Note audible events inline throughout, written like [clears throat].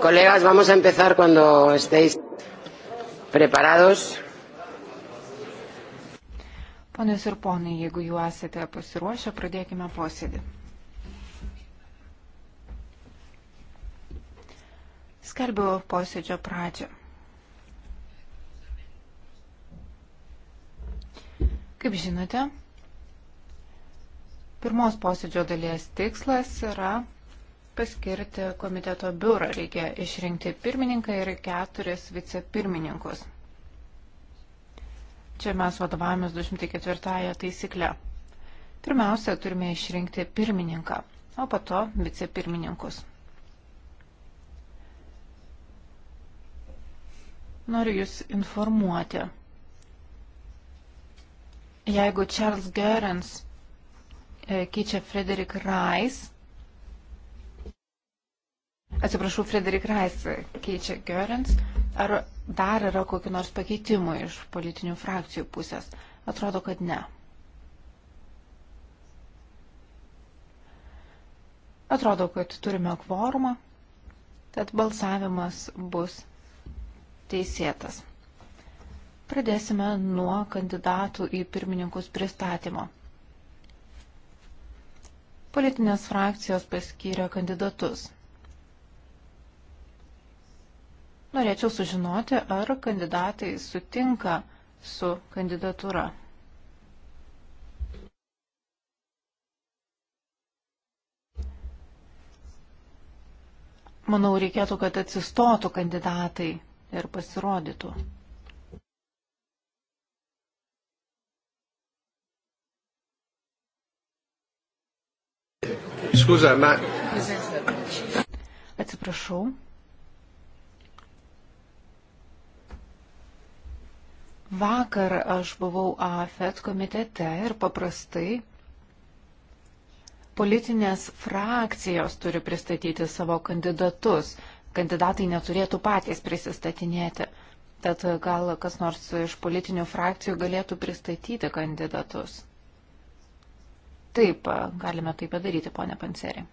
Colegas, vamos a empezar cuando estéis preparados. Ponios ir ponai, jeigu jau esate pasiruošę, pradėkime posėdį. Skelbiu posėdžio pradžią. Kaip žinote, pirmos posėdžio dalies tikslas yra paskirti komiteto biurą. Reikia išrinkti pirmininką ir keturis vicepirmininkus. Čia mes vadovavomės 204 taisykle. Pirmiausia, turime išrinkti pirmininką, o po to vicepirmininkus. Noriu Jūs informuoti. Jeigu Charles Gerens e, keičia Frederick Rice, Atsiprašau, Frederik Rais keičia Görens. Ar dar yra kokiu nors pakeitimu iš politinių frakcijų pusės? Atrodo, kad ne. Atrodo, kad turime kvorumą, tad balsavimas bus teisėtas. Pradėsime nuo kandidatų į pirmininkus pristatymo. Politinės frakcijos paskyrė kandidatus. Norėčiau sužinoti, ar kandidatai sutinka su kandidatūra. Manau, reikėtų, kad atsistotų kandidatai ir pasirodytų. Scusa, ma... Atsiprašau. Vakar aš buvau AFET komitete ir paprastai politinės frakcijos turi pristatyti savo kandidatus. Kandidatai neturėtų patys prisistatinėti. Tad gal kas nors iš politinių frakcijų galėtų pristatyti kandidatus. Taip, galime tai padaryti, ponė Panceri.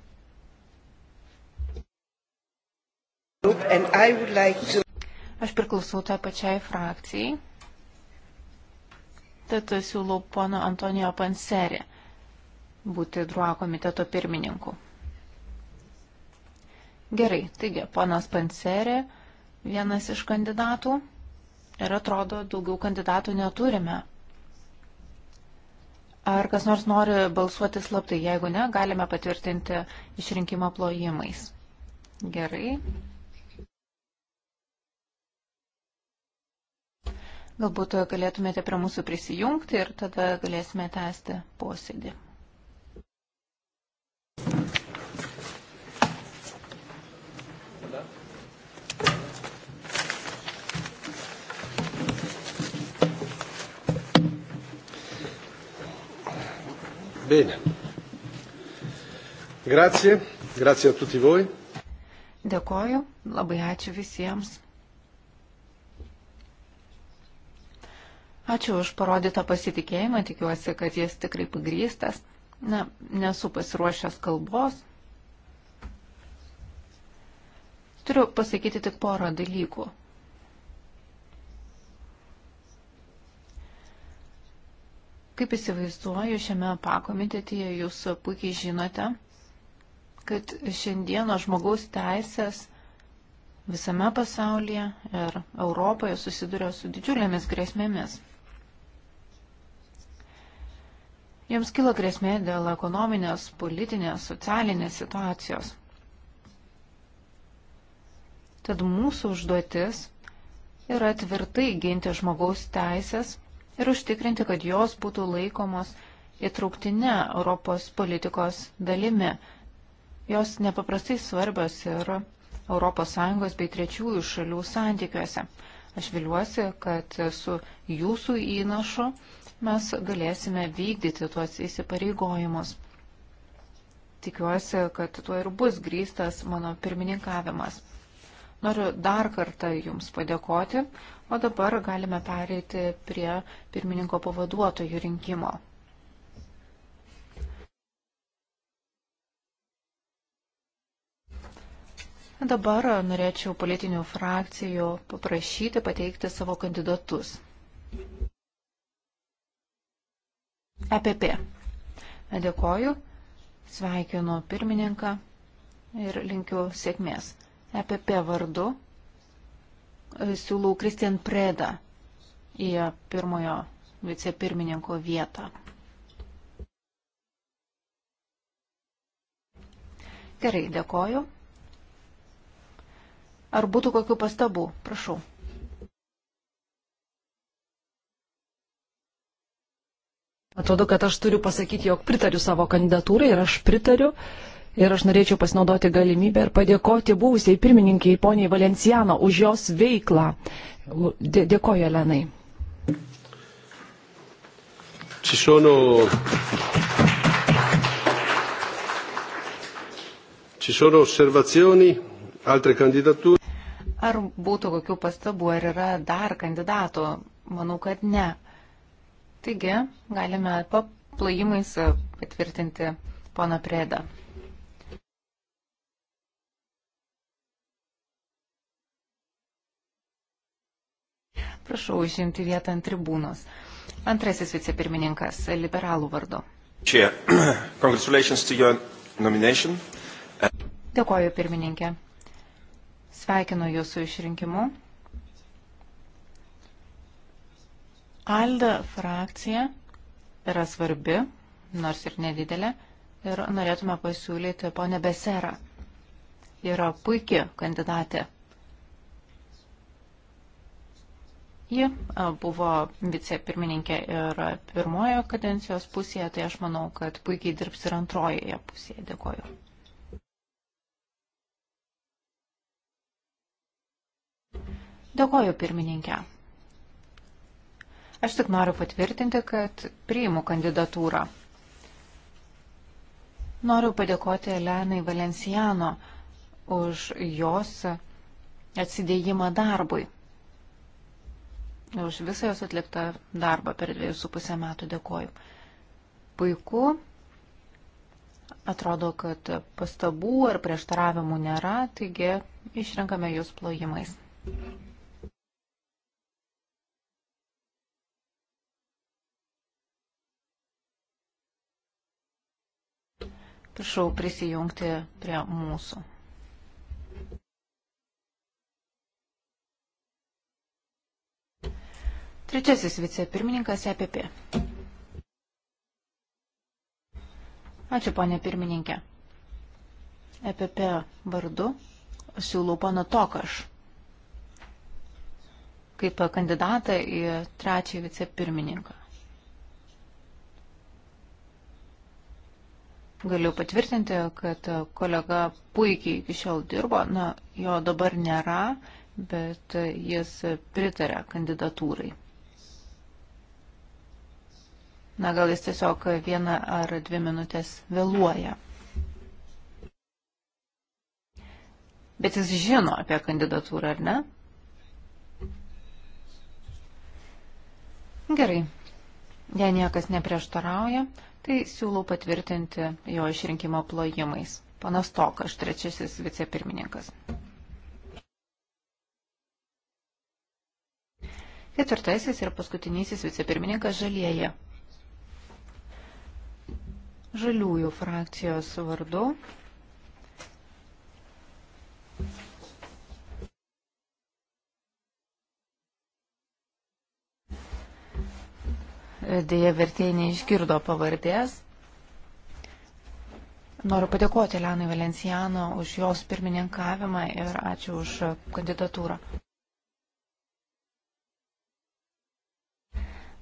Aš priklausau tą tai pačiai frakcijai Tad siūlau pono Antonijo Panserį būti druo komiteto pirmininku. Gerai, taigi ponas Panserį vienas iš kandidatų ir atrodo daugiau kandidatų neturime. Ar kas nors nori balsuoti slaptai? Jeigu ne, galime patvirtinti išrinkimą plojimais. Gerai. Galbūt galėtumėte prie mūsų prisijungti ir tada galėsime tęsti posėdį. Bene. Grazie, grazie a tutti voi. Dėkoju, labai ačiū visiems. Ačiū už parodytą pasitikėjimą, tikiuosi, kad jis tikrai pagrystas. Na, nesu pasiruošęs kalbos. Turiu pasakyti tik porą dalykų. Kaip įsivaizduoju, šiame pakomitetyje jūs puikiai žinote, kad šiandieno žmogaus teisės visame pasaulyje ir Europoje susiduria su didžiulėmis grėsmėmis. Jiems kilo grėsmė dėl ekonominės, politinės, socialinės situacijos. Tad mūsų užduotis yra tvirtai ginti žmogaus teisės ir užtikrinti, kad jos būtų laikomos įtrauktinė Europos politikos dalimi. Jos nepaprastai svarbios ir ES bei trečiųjų šalių santykiuose. Aš viliuosi, kad su jūsų įnašu mes galėsime vykdyti tuos įsipareigojimus. Tikiuosi, kad tuo ir bus grįstas mano pirmininkavimas. Noriu dar kartą Jums padėkoti, o dabar galime pereiti prie pirmininko pavaduotojų rinkimo. Dabar norėčiau politinių frakcijų paprašyti pateikti savo kandidatus. EPP. Dėkoju, sveikinu pirmininką ir linkiu sėkmės. EPP vardu e, siūlau Kristian Preda į pirmojo vicepirmininko vietą. Gerai, dėkoju. Ar būtų kokių pastabų? Prašau. Atrodo, kad aš turiu pasakyti, jog pritariu savo kandidatūrai ir aš pritariu. Ir aš norėčiau pasinaudoti galimybę ir padėkoti buvusiai pirmininkiai poniai Valenciano už jos veiklą. Dė dėkoju, Elenai. Ci sono... Ci sono osservazioni, altre candidature? Ar būtų kokių pastabų, ar yra dar kandidatų? Manau, kad ne. Taigi, galime paplojimais e, patvirtinti pono priedą. Prašau užimti vietą ant tribūnos. Antrasis vicepirmininkas liberalų vardu. Čia. [clears throat] Congratulations to your nomination. Dėkoju pirmininkė. Sveikinu jūsų išrinkimu. Alda frakcija yra svarbi, nors ir nedidelė, ir norėtume pasiūlyti ponę Beserą. Yra puikia kandidatė. Ji buvo vicepirmininkė ir pirmojo kadencijos pusėje, tai aš manau, kad puikiai dirbs ir antrojoje pusėje. Dėkoju. Dėkoju pirmininkė. Aš tik noriu patvirtinti, kad priimu kandidatūrą. Noriu padėkoti Elenai Valenciano už jos atsidėjimą darbui, už visą jos atliktą darbą per dviejus su pusę metų dėkoju. Puiku, atrodo, kad pastabų ar prieštaravimų nėra, taigi išrenkame jūs plojimais. Prašau prisijungti prie mūsų. Trečiasis vicepirmininkas EPP. Ačiū, ponė pirmininkė. EPP vardu siūlau pono Tokaš kaip kandidatą į trečią vicepirmininką. Galiu patvirtinti, kad kolega puikiai iki šiol dirbo, na, jo dabar nėra, bet jis pritarė kandidatūrai. Na, gal jis tiesiog vieną ar dvi minutės vėluoja. Bet jis žino apie kandidatūrą, ar ne? Gerai. Jei niekas neprieštarauja, tai siūlau patvirtinti jo išrinkimo plojimais. Panas Tokas, trečiasis vicepirmininkas. Ketvirtasis ir paskutinysis vicepirmininkas Žalieji. Žaliųjų frakcijos vardu Dėja, vertėjai neišgirdo pavardės. Noriu padėkoti Lenui Valenciano už jos pirmininkavimą ir ačiū už kandidatūrą.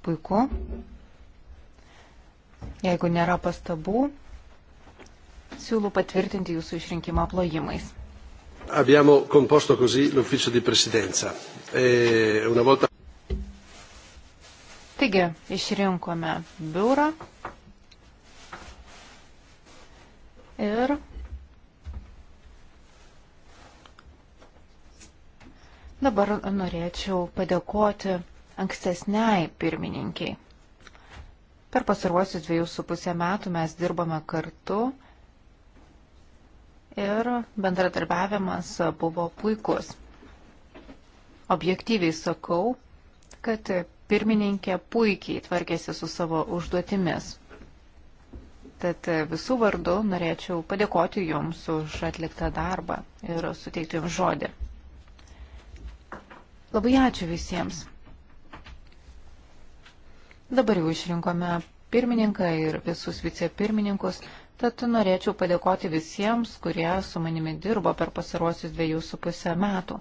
Puiku. Jeigu nėra pastabų, siūlau patvirtinti jūsų išrinkimą plojimais. Abbiamo composto così l'ufficio di presidenza. E una volta... Taigi, išrinkome biurą ir dabar norėčiau padėkoti ankstesniai pirmininkiai. Per pasaruosius dviejus su pusę metų mes dirbame kartu ir bendradarbiavimas buvo puikus. Objektyviai sakau, kad pirmininkė puikiai tvarkėsi su savo užduotimis. Tad visų vardu norėčiau padėkoti Jums už atliktą darbą ir suteikti Jums žodį. Labai ačiū visiems. Dabar jau išrinkome pirmininką ir visus vicepirmininkus, tad norėčiau padėkoti visiems, kurie su manimi dirbo per pasaruosius dviejų su pusę metų.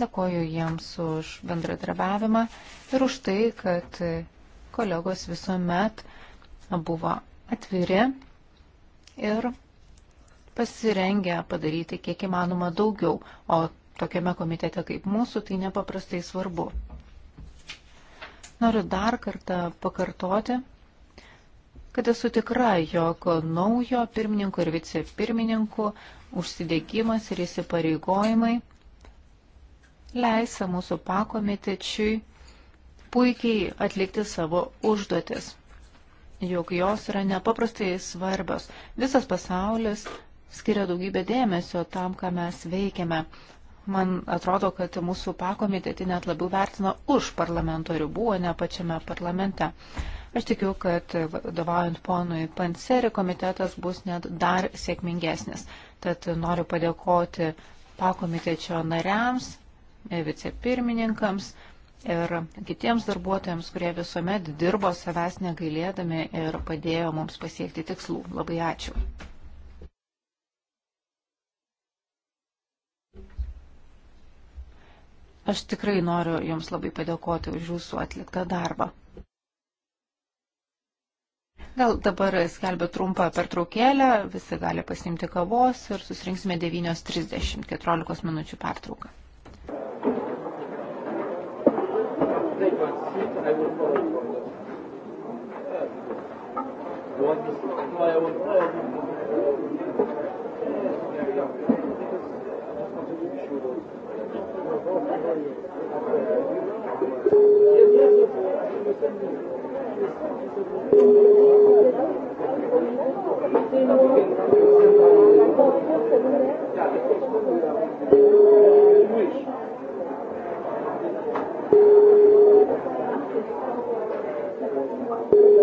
Dėkoju jiems už bendradarbiavimą ir už tai, kad kolegos visuomet buvo atviri ir pasirengę padaryti kiek įmanoma daugiau, o tokiame komitete kaip mūsų tai nepaprastai svarbu. Noriu dar kartą pakartoti, kad esu tikra, jog naujo pirmininko ir vicepirmininkų užsidėgymas ir įsipareigojimai leis mūsų pakomitečiui puikiai atlikti savo užduotis, juk jos yra nepaprastai svarbios. Visas pasaulis skiria daugybę dėmesio tam, ką mes veikiame. Man atrodo, kad mūsų pakomitetį net labiau vertina už parlamento ribų, o ne pačiame parlamente. Aš tikiu, kad vadovaujant ponui Panseri komitetas bus net dar sėkmingesnis. Tad noriu padėkoti pakomitečio nariams vicepirmininkams ir kitiems darbuotojams, kurie visuomet dirbo savęs negailėdami ir padėjo mums pasiekti tikslų. Labai ačiū. Aš tikrai noriu Jums labai padėkoti už Jūsų atliktą darbą. Gal dabar skelbiu trumpą pertraukėlę, visi gali pasimti kavos ir susirinksime 9.30, 14 minučių pertrauką. take one seat and I will follow you on that. Yeah. You want to sit? No, I will follow you. Yes, there you go. Because that's not a big issue though. Yes, yes, yes. I understand you. Yeah, of course. You wish. Thank you.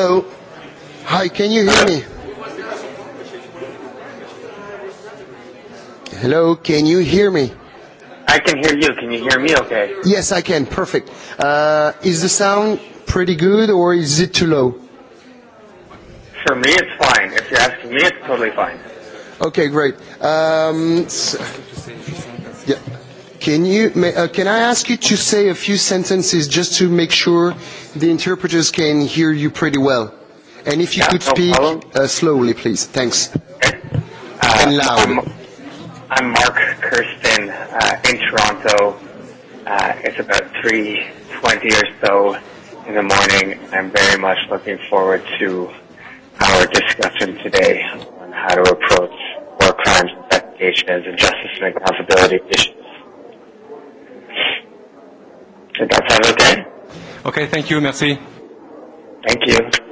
Hello. Hi, can you hear me? Hello, can you hear me? I can hear you. Can you hear me okay? Yes, I can. Perfect. Uh, is the sound pretty good or is it too low? For me, it's fine. If you're asking me, it's totally fine. Okay, great. Um, so Can, you, may, uh, can I ask you to say a few sentences just to make sure the interpreters can hear you pretty well? And if you yeah, could no speak problem. uh, slowly, please. Thanks. Okay. Uh, and loud. I'm, I'm Mark Kirsten uh, in Toronto. Uh, it's about 3.20 or so in the morning. I'm very much looking forward to our discussion today on how to approach war crimes investigations and justice and accountability issues Okay, thank you, merci. Thank you.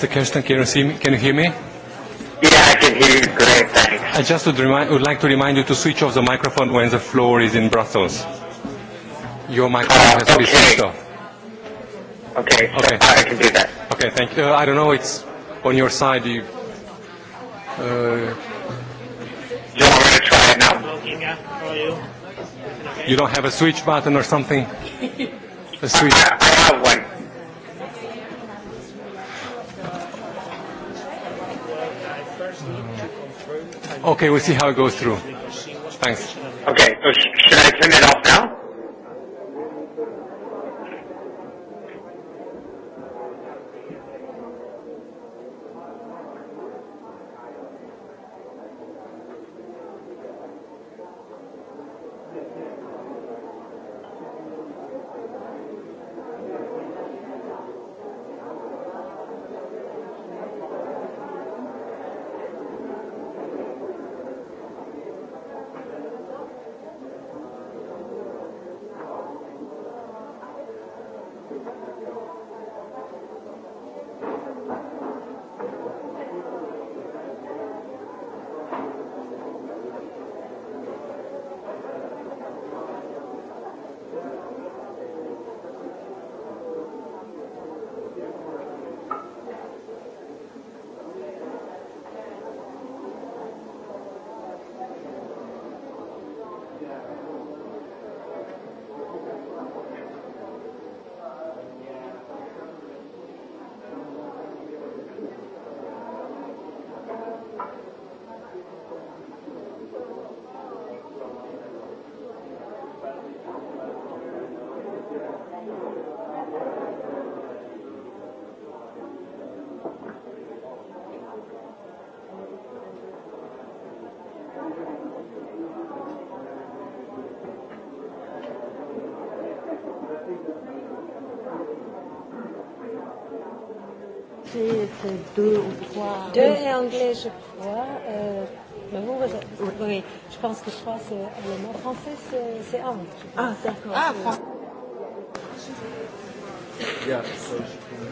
Mr. Kirsten, can you, see me? can you hear me? Yeah, I can hear you. Great, thanks. I just would, remind, would like to remind you to switch off the microphone when the floor is in Brussels. Your microphone uh, has okay. to be switched off. Okay, okay. So I can do that. Okay, thank you. Uh, I don't know, it's on your side. You, uh, you want me to try it now? You? you don't have a switch button or something? A switch. Okay, we'll see how it goes through. deux ou trois. Deux et anglais, je crois. Euh, mais vous, vous oui. oui, je pense que trois, c'est allemand. Français, c'est un. Ah, d'accord. Ah, français. Yeah, so she can, uh,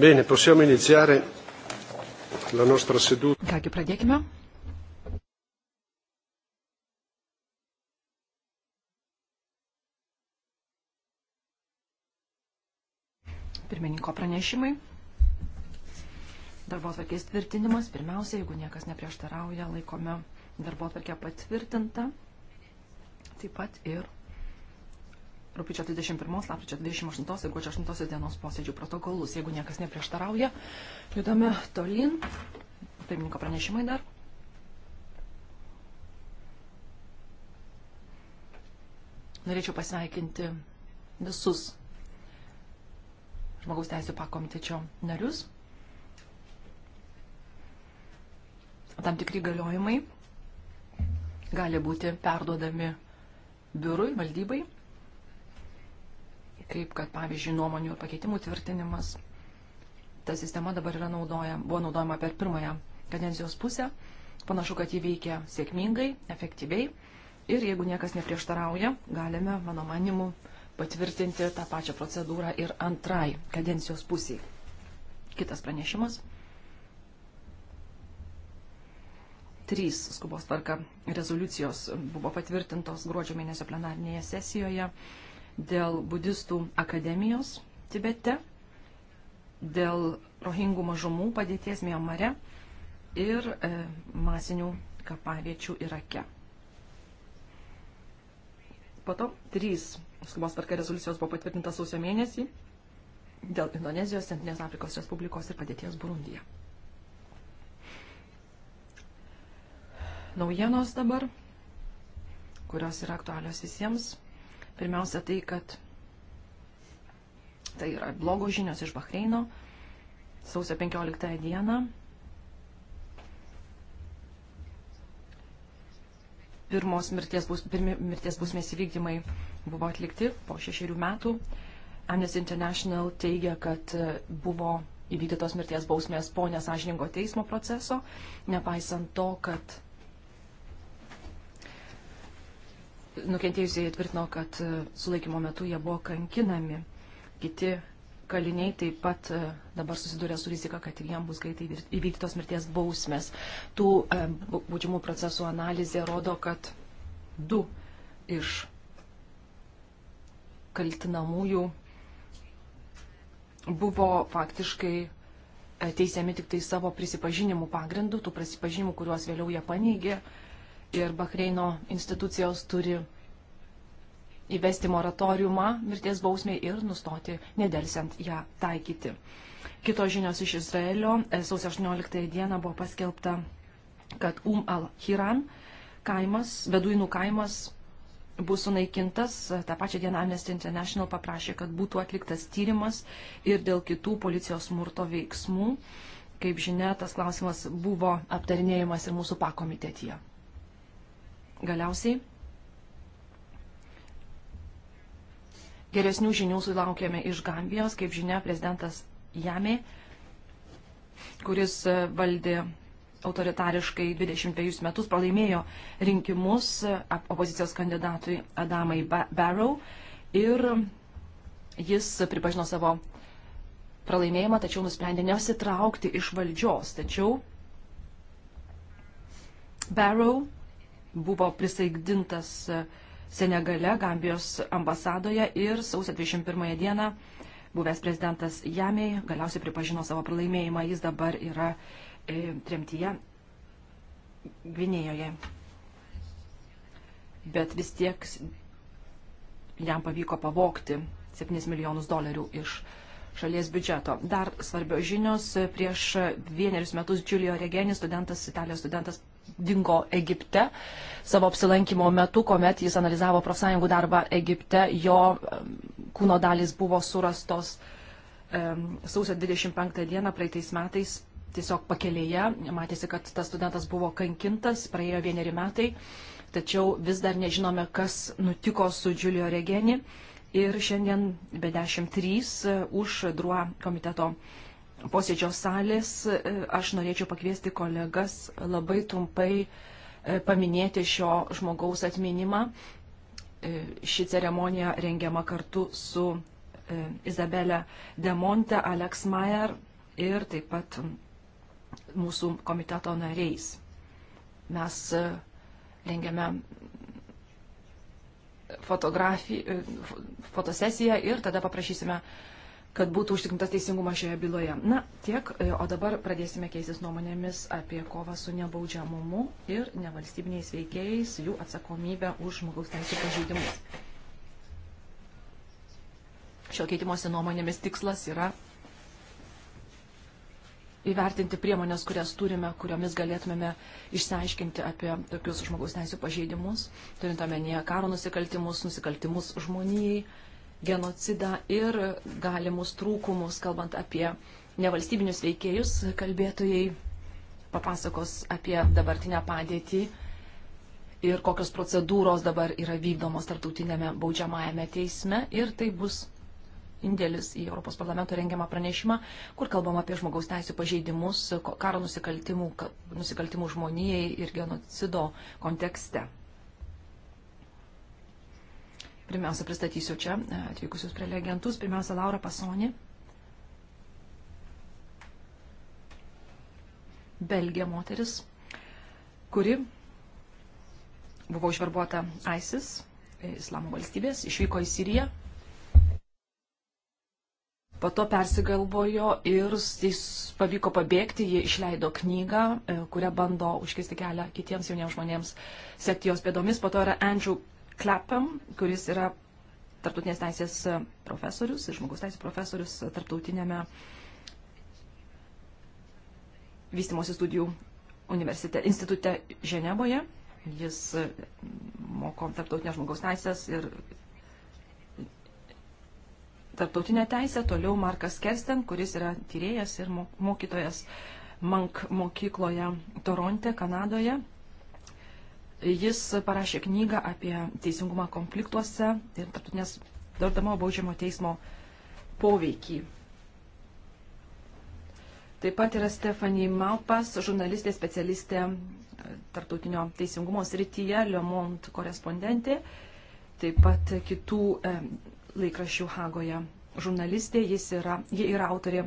Bene, possiamo iniziare la nostra seduta. Kągi, pradėkime. Pirmininko pranešimai. Darbo atvarkės tvirtinimas. Pirmiausia, jeigu niekas neprieštarauja, laikome darbo atvarkę patvirtintą. Taip pat ir rūpiučio 31, lapkričio 28 ir gruodžio 8 dienos posėdžių protokolus. Jeigu niekas neprieštarauja, judame tolin. Pirmininko pranešimai dar. Norėčiau pasveikinti visus žmogaus teisų pakomitečio narius. Tam tikri galiojimai gali būti perduodami biurui, valdybai kaip kad, pavyzdžiui, nuomonių ir pakeitimų tvirtinimas. Ta sistema dabar yra naudojama, buvo naudojama per pirmąją kadencijos pusę. Panašu, kad ji veikia sėkmingai, efektyviai. Ir jeigu niekas neprieštarauja, galime, mano manimu, patvirtinti tą pačią procedūrą ir antrai kadencijos pusiai. Kitas pranešimas. Trys skubos tvarka rezoliucijos buvo patvirtintos gruodžio mėnesio plenarinėje sesijoje dėl budistų akademijos Tibete, dėl rohingų mažumų padėties Miamare ir e, masinių kapaviečių Irake. Po to trys skubos tvarka rezoliucijos buvo patvirtinta sausio mėnesį dėl Indonezijos, Centrinės Afrikos Respublikos ir padėties Burundija. Naujienos dabar, kurios yra aktualios visiems Pirmiausia tai, kad tai yra blogos žinios iš Bahreino sausio 15 dieną. Pirmos mirties, bus, pirmi, mirties busmės įvykdymai buvo atlikti po šešerių metų. Amnesty International teigia, kad e, buvo įvykdytos mirties bausmės po nesažiningo teismo proceso, nepaisant to, kad nukentėjusieji tvirtino, kad e, sulaikymo metu jie buvo kankinami. Kiti kaliniai taip pat e, dabar susiduria su rizika, kad ir jiems bus greitai įvykdytos mirties bausmės. Tų e, būdžiamų procesų analizė rodo, kad du iš kaltinamųjų buvo faktiškai teisiami tik tai savo prisipažinimų pagrindų, tų prisipažinimų, kuriuos vėliau jie paneigė. Uh, ir Bahreino institucijos turi įvesti moratoriumą mirties bausmiai ir nustoti nedelsiant ją taikyti. Kitos žinios iš Izraelio. E, sausio 18 dieną buvo paskelbta, kad Um al-Hiran kaimas, beduinų kaimas bus sunaikintas. E, Ta pačia diena Amnesty International paprašė, kad būtų atliktas tyrimas ir dėl kitų policijos smurto veiksmų. Kaip žinia, tas klausimas buvo aptarinėjimas ir mūsų pakomitetyje. Galiausiai geresnių žinių sulaukėme iš Gambijos, kaip žinia, prezidentas Jamė, kuris e, valdė autoritariškai 25 metus, pralaimėjo rinkimus e, opozicijos kandidatui Adamai Barrow ir jis pripažino savo pralaimėjimą, tačiau nusprendė nesitraukti iš valdžios. Tačiau Barrow buvo prisaigdintas Senegale, Gambijos ambasadoje ir sausio 21 dieną buvęs prezidentas Jamiai galiausiai pripažino savo pralaimėjimą, jis dabar yra e, tremtyje Gvinėjoje. Bet vis tiek jam pavyko pavokti 7 milijonus dolerių iš šalies biudžeto. Dar svarbios žinios, prieš vienerius metus Giulio Regeni, studentas, italijos studentas, dingo Egipte. Savo apsilankimo metu, kuomet jis analizavo profsąjungų darbą Egipte, jo kūno dalis buvo surastos sausio 25 dieną praeitais metais tiesiog pakelėje. Matėsi, kad tas studentas buvo kankintas, praėjo vieneri metai, tačiau vis dar nežinome, kas nutiko su Giulio Regeni. Ir šiandien be 10.3 e, už Druo komiteto posėdžio salės, e, aš norėčiau pakviesti kolegas labai trumpai e, paminėti šio žmogaus atminimą. E, ši ceremonija rengiama kartu su Izabelė Demonte, Alex Mayer ir taip pat mūsų komiteto nariais. Mes rengiame fotosesiją ir tada paprašysime uh, kad būtų užtikrintas teisingumas šioje byloje. Na, tiek, e, o dabar pradėsime keistis nuomonėmis apie kovą su nebaudžiamumu ir nevalstybiniais veikėjais, jų atsakomybę už žmogaus teisų pažeidimus. Šio keitimosi nuomonėmis tikslas yra įvertinti priemonės, kurias turime, kuriomis galėtumėme išsiaiškinti apie tokius žmogaus teisų pažeidimus, turint omenyje karo nusikaltimus, nusikaltimus žmonijai genocidą ir galimus trūkumus, kalbant apie nevalstybinius veikėjus, kalbėtojai papasakos apie dabartinę padėtį ir kokios procedūros dabar yra vykdomos tarptautinėme baudžiamajame teisme ir tai bus indėlis į Europos parlamento rengiamą pranešimą, kur kalbama apie žmogaus teisų pažeidimus, karo nusikaltimų, nusikaltimų žmonijai ir genocido kontekste. Pirmiausia, pristatysiu čia e, atvykusius prelegentus. Pirmiausia, Laura Pasonė. Belgija moteris, kuri buvo užverbuota ISIS, e, Islamo valstybės, išvyko į Siriją. Po to persigalvojo ir jis pavyko pabėgti, jie išleido knygą, e, kurią bando užkisti kelią kitiems jauniems žmonėms sekti jos pėdomis. Po to yra Andrew Clapham, kuris yra tarptautinės teisės profesorius, žmogus teisės profesorius tarptautinėme vystimosi studijų universitete, institute Ženeboje. Jis mm, moko tarptautinės žmogaus teisės ir tarptautinę teisę. Toliau Markas Kersten, kuris yra tyrėjas ir mokytojas Mank mokykloje Toronte, Kanadoje. Jis parašė knygą apie teisingumą konfliktuose ir tarptautinės dardamo baudžiamo teismo poveikį. Taip pat yra Stephanie Maupas, žurnalistė, specialistė e, tarptautinio teisingumo srityje, Le Monde korespondentė, taip pat kitų e, laikraščių Hagoje žurnalistė, jis yra, ji yra autorė,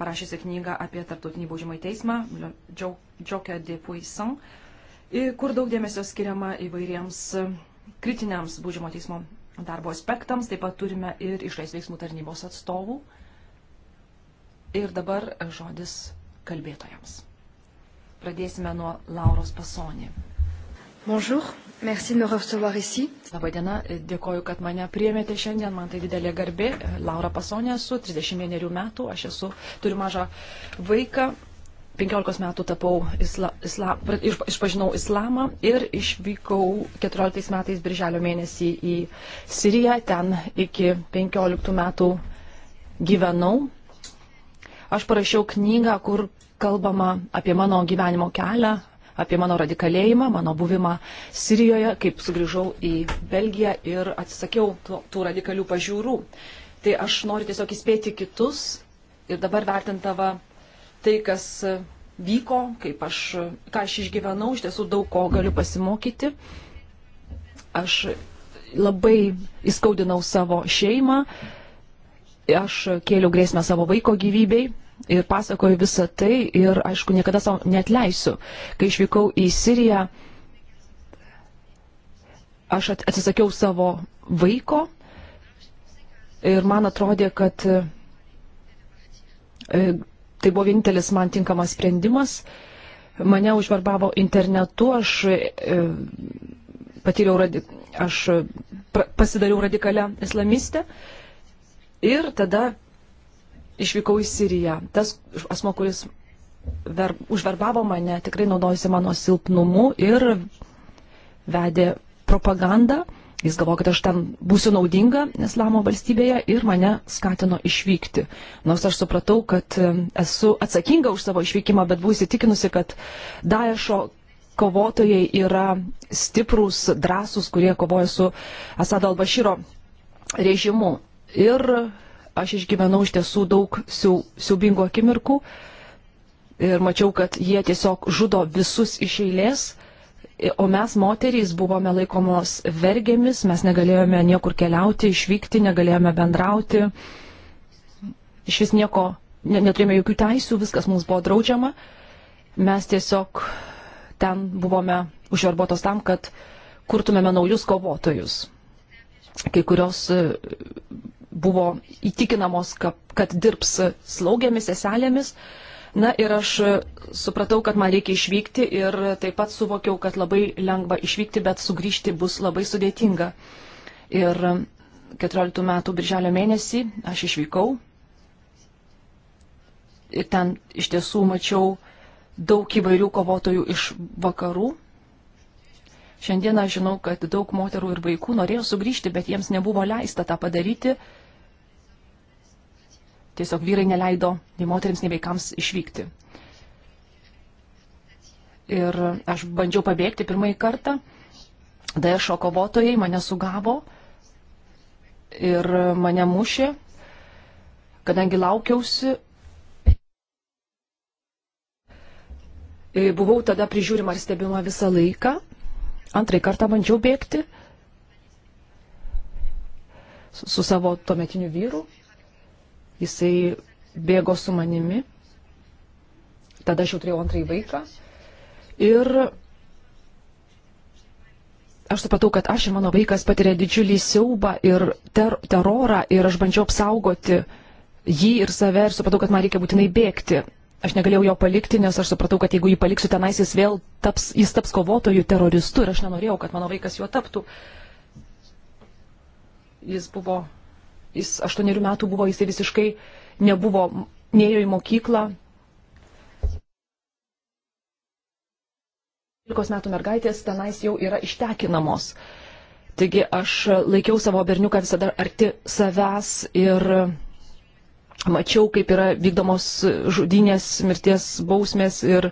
parašysi knygą apie tarptautinį baudžiamą teismą, Džokia de Puissant, kur daug dėmesio skiriama įvairiems kritiniams būdžiamo teismo darbo aspektams, taip pat turime ir išorės veiksmų tarnybos atstovų. Ir dabar žodis kalbėtojams. Pradėsime nuo Lauros Pasonį. Bonjour, merci de me recevoir ici. Labadiena, dėkoju, kad mane priemėte šiandien, man tai didelė garbė. Laura Pasonė esu, 31 metų, aš esu, turiu mažą vaiką, 15 metų tapau isla, isla, iš, išpažinau islamą ir išvykau 14 metais birželio mėnesį į Siriją. Ten iki 15 metų gyvenau. Aš parašiau knygą, kur kalbama apie mano gyvenimo kelią, apie mano radikalėjimą, mano buvimą Sirijoje, kaip sugrįžau į Belgiją ir atsisakiau tų, tų radikalių pažiūrų. Tai aš noriu tiesiog įspėti kitus ir dabar vertintava tai, kas vyko, kaip aš, ką aš išgyvenau, iš tiesų daug ko galiu pasimokyti. Aš labai įskaudinau savo šeimą, aš kėliau grėsmę savo vaiko gyvybei ir pasakoju visą tai ir, aišku, niekada savo netleisiu. Kai išvykau į Siriją, aš atsisakiau savo vaiko ir man atrodė, kad e, Tai buvo vienintelis man tinkamas sprendimas. Mane užverbavo internetu, aš e, patyriau, radi, aš e, pra, pasidariau radikalią islamistę ir tada išvykau į Siriją. Tas asmo, kuris ver, užverbavo mane, tikrai naudojusi mano silpnumu ir vedė propagandą Jis galvojo, kad aš ten būsiu naudinga islamo valstybėje ir mane skatino išvykti. Nors aš supratau, kad esu atsakinga už savo išvykimą, bet buvau įsitikinusi, kad Daesho kovotojai yra stiprūs, drąsūs, kurie kovoja su Asado Albašyro režimu. Ir aš išgyvenau iš tiesų daug siaubingų akimirkų ir mačiau, kad jie tiesiog žudo visus iš eilės O mes moterys buvome laikomos vergėmis, mes negalėjome niekur keliauti, išvykti, negalėjome bendrauti. Iš vis nieko, neturėjome jokių teisių, viskas mums buvo draudžiama. Mes tiesiog ten buvome užverbotos tam, kad kurtumėme naujus kovotojus. Kai kurios e, buvo įtikinamos, kad dirbs slaugėmis, seselėmis Na ir aš supratau, kad man reikia išvykti ir taip pat suvokiau, kad labai lengva išvykti, bet sugrįžti bus labai sudėtinga. Ir 14 metų birželio mėnesį aš išvykau ir ten iš tiesų mačiau daug įvairių kovotojų iš vakarų. Šiandieną žinau, kad daug moterų ir vaikų norėjo sugrįžti, bet jiems nebuvo leista tą padaryti tiesiog vyrai neleido nei moteriams, nei vaikams išvykti. Ir aš bandžiau pabėgti pirmąjį kartą. Daešo kovotojai mane sugavo ir mane mušė, kadangi laukiausi. E, buvau tada prižiūrima ir stebima visą laiką. Antrąjį kartą bandžiau bėgti su savo tuometiniu vyru jisai bėgo su manimi. Tada aš jau turėjau antrąjį vaiką. Ir aš supratau, kad aš ir mano vaikas patiria didžiulį siaubą ir ter terorą ir aš bandžiau apsaugoti jį ir save ir supratau, kad man reikia būtinai bėgti. Aš negalėjau jo palikti, nes aš supratau, kad jeigu jį paliksiu tenais, jis vėl taps, jis taps kovotojų teroristu ir aš nenorėjau, kad mano vaikas juo taptų. Jis buvo jis aštuonerių metų buvo, jisai visiškai nebuvo, neėjo į mokyklą. 12 metų mergaitės tenais jau yra ištekinamos. Taigi aš laikiau savo berniuką visada arti savęs ir mačiau, kaip yra vykdomos žudynės, mirties bausmės ir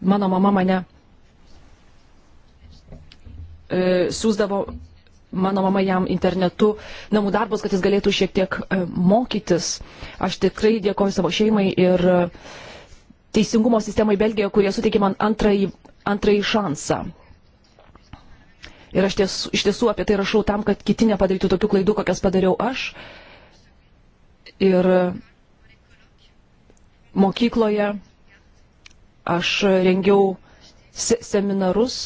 mano mama mane e, siūsdavo mano mama jam internetu namų darbus, kad jis galėtų šiek tiek e, mokytis. Aš tikrai dėkoju savo šeimai ir e, teisingumo sistemai Belgijoje, kurie suteikė man antrąjį, antrąjį šansą. Ir aš ties, iš tiesų apie tai rašau tam, kad kiti nepadarytų tokių klaidų, kokias padariau aš. Ir mokykloje aš rengiau se seminarus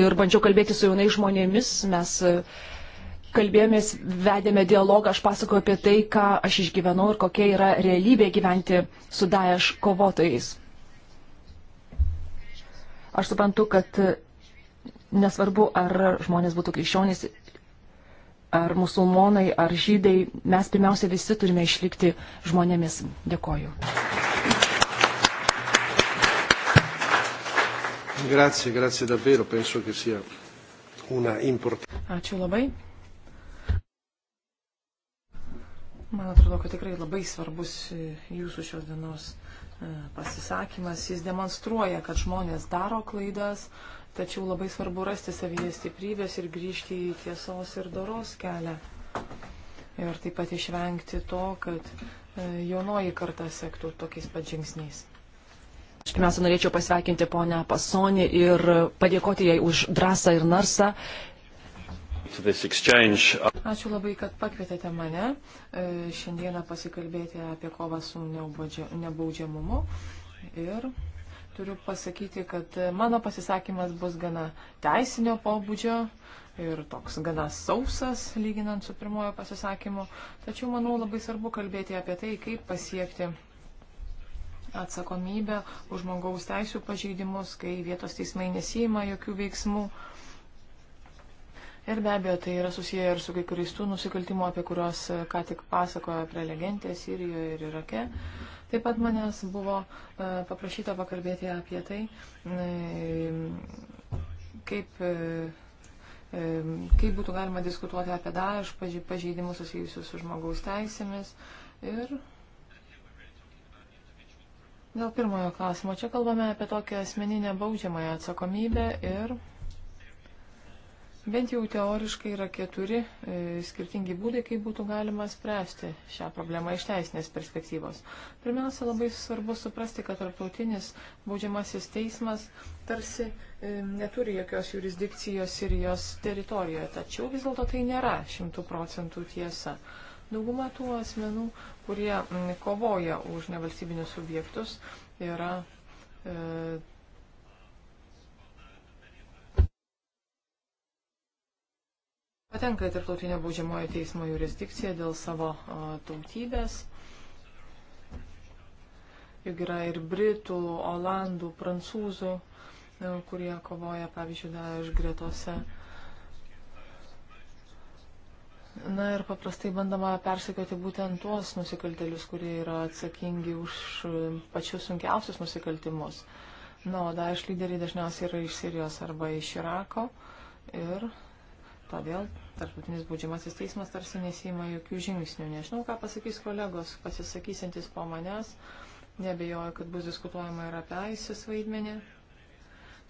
ir bandžiau kalbėti su jaunais žmonėmis, mes e, kalbėjomės, vedėme dialogą, aš pasakoju apie tai, ką aš išgyvenau ir kokia yra realybė gyventi su Daesh kovotojais. Aš suprantu, kad e, nesvarbu, ar žmonės būtų krikščionys, ar musulmonai, ar žydai, mes pirmiausia visi turime išlikti žmonėmis. Dėkoju. Grazie, grazie davvero, penso che sia una importante. Ačiū labai. Man atrodo, kad tikrai labai svarbus jūsų šios dienos e, pasisakymas. Jis demonstruoja, kad žmonės daro klaidas, tačiau labai svarbu rasti savyje stiprybės ir grįžti į tiesos ir doros kelią. Ir taip pat išvengti to, kad e, jaunoji karta sektų tokiais pat žingsniais. Aš pirmiausia norėčiau pasveikinti ponę Pasonį ir padėkoti jai už drąsą ir narsą. Ačiū labai, kad pakvietėte mane e, šiandieną pasikalbėti apie kovą su nebaudžiamumu. Ir turiu pasakyti, kad mano pasisakymas bus gana teisinio pobūdžio ir toks gana sausas, lyginant su pirmojo pasisakymu. Tačiau manau labai svarbu kalbėti apie tai, kaip pasiekti atsakomybę už žmogaus teisų pažeidimus, kai vietos teismai nesijima jokių veiksmų. Ir be abejo, tai yra susiję ir su kai kuriais tų nusikaltimų, apie kuriuos e, ką tik pasakojo prelegentė Sirijoje ir Irake. Taip pat manęs buvo e, paprašyta pakalbėti apie tai, e, kaip kaip būtų galima diskutuoti apie dar pažeidimus susijusius su žmogaus teisėmis. Ir Dėl pirmojo klausimo. Čia kalbame apie tokią asmeninę baudžiamąją atsakomybę ir bent jau teoriškai yra keturi e, skirtingi būdai, kaip būtų galima spręsti šią problemą iš teisinės perspektyvos. Pirmiausia, labai svarbu suprasti, kad tarptautinis baudžiamasis teismas tarsi e, neturi jokios jurisdikcijos Sirijos teritorijoje, tačiau vis dėlto tai nėra šimtų procentų tiesa. E, Dauguma tų asmenų, kurie mm, kovoja už nevalstybinius subjektus, yra. E, Patenka į tarptautinę baudžiamojo teismo jurisdikciją dėl savo a, tautybės. Juk yra ir britų, olandų, prancūzų, a, e, kurie kovoja, pavyzdžiui, dar iš gretose. A, Na ir paprastai bandama persekioti būtent tuos nusikaltelius, kurie yra atsakingi už pačius sunkiausius nusikaltimus. Na, o Daesh lyderiai dažniausiai yra iš Sirijos arba iš Irako ir todėl tarptautinis būdžiamasis teismas tarsi nesima jokių žingsnių. Nežinau, ką pasakys kolegos, pasisakysintis po manęs. Nebejoju, kad bus diskutuojama ir apie ISIS vaidmenį.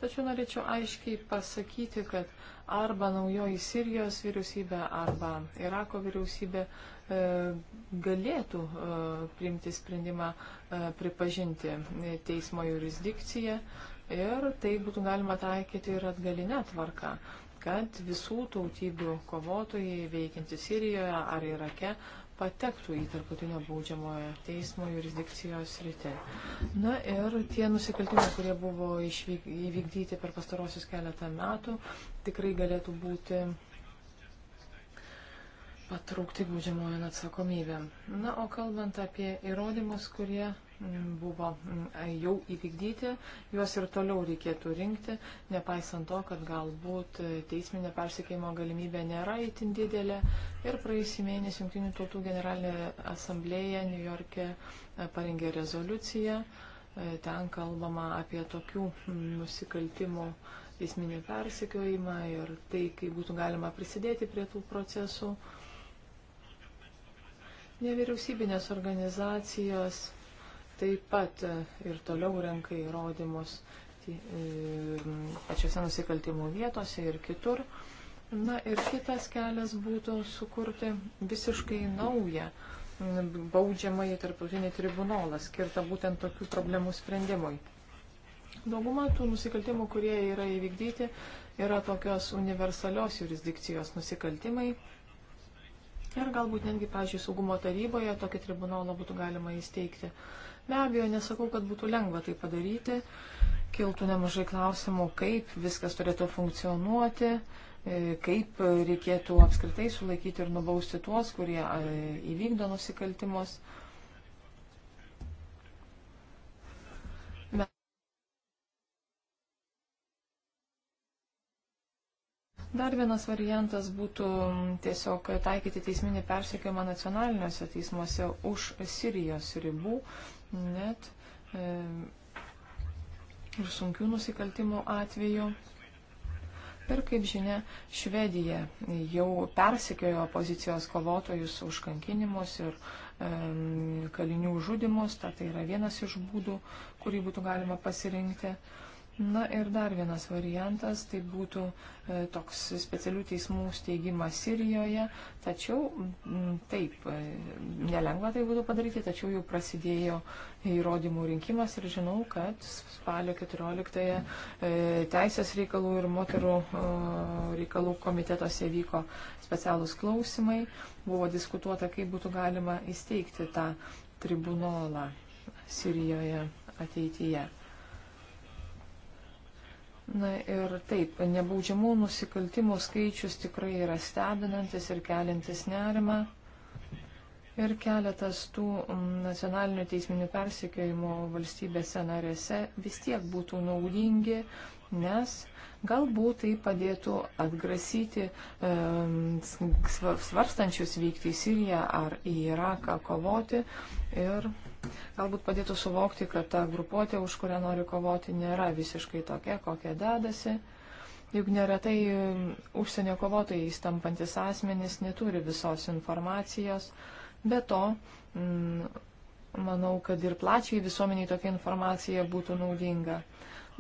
Tačiau norėčiau aiškiai pasakyti, kad arba naujoji Sirijos vyriausybė, arba Irako vyriausybė e, galėtų e, priimti sprendimą e, pripažinti teismo jurisdikciją ir tai būtų galima taikyti ir atgalinę tvarką kad visų tautybių kovotojai veikianti Sirijoje ar Irake patektų į tarptautinio baudžiamojo teismo jurisdikcijos rytį. Na ir tie nusikaltimai, kurie buvo išvyk, įvykdyti per pastarosius keletą metų, tikrai galėtų būti patraukti baudžiamojo atsakomybę. Na, o kalbant apie įrodymus, kurie buvo mm, jau įvykdyti, juos ir toliau reikėtų rinkti, nepaisant to, kad galbūt teisminė persikėjimo galimybė nėra itin didelė. Ir praėjusį mėnesį Junktinių tautų generalinė asamblėja New York'e e, parengė rezoliuciją. E, ten kalbama apie tokių mm, nusikaltimų teisminį persekiojimą ir tai, kaip būtų galima prisidėti prie tų procesų. Nevyriausybinės organizacijos taip pat e, ir toliau renka įrodymus e, pačiose nusikaltimų vietose ir kitur. Na ir kitas kelias būtų sukurti visiškai naują baudžiamąjį tarptautinį tribunolą skirtą būtent tokių problemų sprendimui. Dauguma tų nusikaltimų, kurie yra įvykdyti, yra tokios universalios jurisdikcijos nusikaltimai. Ir galbūt netgi, pažiūrėjau, saugumo taryboje tokį tribunolą būtų galima įsteigti. Uh, Be abejo, nesakau, kad būtų lengva tai padaryti. Kiltų nemažai klausimų, kaip viskas turėtų funkcionuoti, e, kaip reikėtų apskritai sulaikyti ir nubausti tuos, kurie e, įvykdo nusikaltimus. Dar vienas variantas būtų tiesiog taikyti teisminį persekiojimą nacionaliniuose teismuose už Sirijos ribų net e, ir sunkių nusikaltimų atveju. Ir kaip žinia, Švedija jau persikėjo opozicijos kovotojus už kankinimus ir e, kalinių žudimus, tad tai yra vienas iš būdų, kurį būtų galima pasirinkti. E, Na ir dar vienas variantas, tai būtų e, toks specialių teismų steigimas Sirijoje, tačiau m, taip, e, nelengva tai būtų padaryti, tačiau jau prasidėjo įrodymų rinkimas ir žinau, kad spalio 14-ąją e, Teisės reikalų ir moterų e, reikalų komitetuose vyko specialūs klausimai, buvo diskutuota, kaip būtų galima įsteigti tą tribunolą Sirijoje ateityje. Na ir taip, nebaudžiamų nusikaltimų skaičius tikrai yra stebinantis ir keliantis nerimą. Ir keletas tų mm, nacionalinių teisminių persikėjimų valstybėse narėse vis tiek būtų naudingi, nes Galbūt tai padėtų atgrasyti e, svarstančius vykti į Siriją ar į Iraką kovoti ir galbūt padėtų suvokti, kad ta grupuotė, už kurią nori kovoti, nėra visiškai tokia, kokia dedasi. Juk neretai užsienio kovotojai stampantis asmenys neturi visos informacijos. Be to, manau, kad ir plačiai visuomeniai tokia informacija būtų naudinga.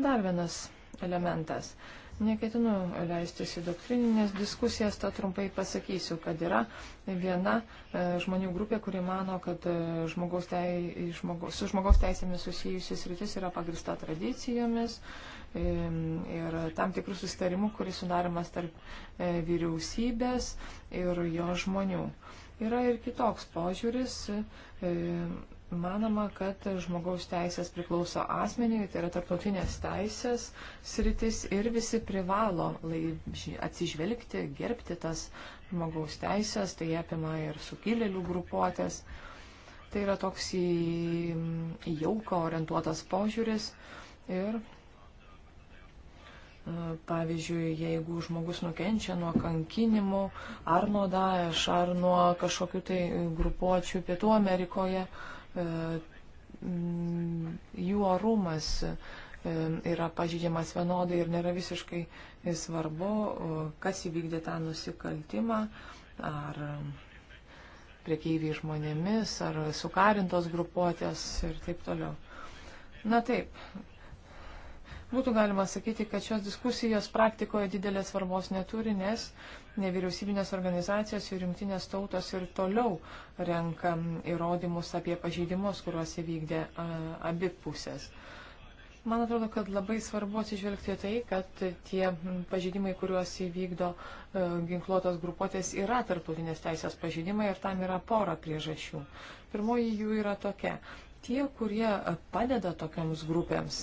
Dar vienas elementas. Neketinu leistis į doktrininės diskusijas, to trumpai pasakysiu, kad yra viena e, žmonių grupė, kuri mano, kad e, žmogaus tei, žmogaus, su žmogaus teisėmis susijusis rytis yra pagrista tradicijomis ir tam tikrų susitarimų, kuris sudarimas tarp e, vyriausybės ir jo žmonių. Yra ir kitoks požiūris, Manoma, kad žmogaus teisės priklauso asmeniui, tai yra tarptautinės teisės sritis ir visi privalo atsižvelgti, gerbti tas žmogaus teisės, tai apima ir sukilėlių grupuotės. Tai yra toks į, į jauką orientuotas požiūris ir Pavyzdžiui, jeigu žmogus nukenčia nuo kankinimų, ar nuo Daesh, ar nuo kažkokių tai grupuočių Pietų Amerikoje, uh, E, mm, jų orumas e, yra pažydžiamas vienodai ir nėra visiškai e, svarbu, kas įvykdė tą nusikaltimą, ar priekeiviai žmonėmis, ar sukarintos grupuotės ir taip toliau. Na taip, būtų galima sakyti, kad šios diskusijos praktikoje didelės svarbos neturi, nes nevyriausybinės organizacijos ir jungtinės tautos ir toliau renka įrodymus apie pažeidimus, kuriuos įvykdė abi pusės. Man atrodo, kad labai svarbu atsižvelgti tai, kad tie pažydimai, kuriuos įvykdo e, ginkluotos grupuotės, yra tarptautinės teisės pažydimai ir tam yra pora priežasčių. Pirmoji jų yra tokia. Tie, kurie padeda tokiams grupėms,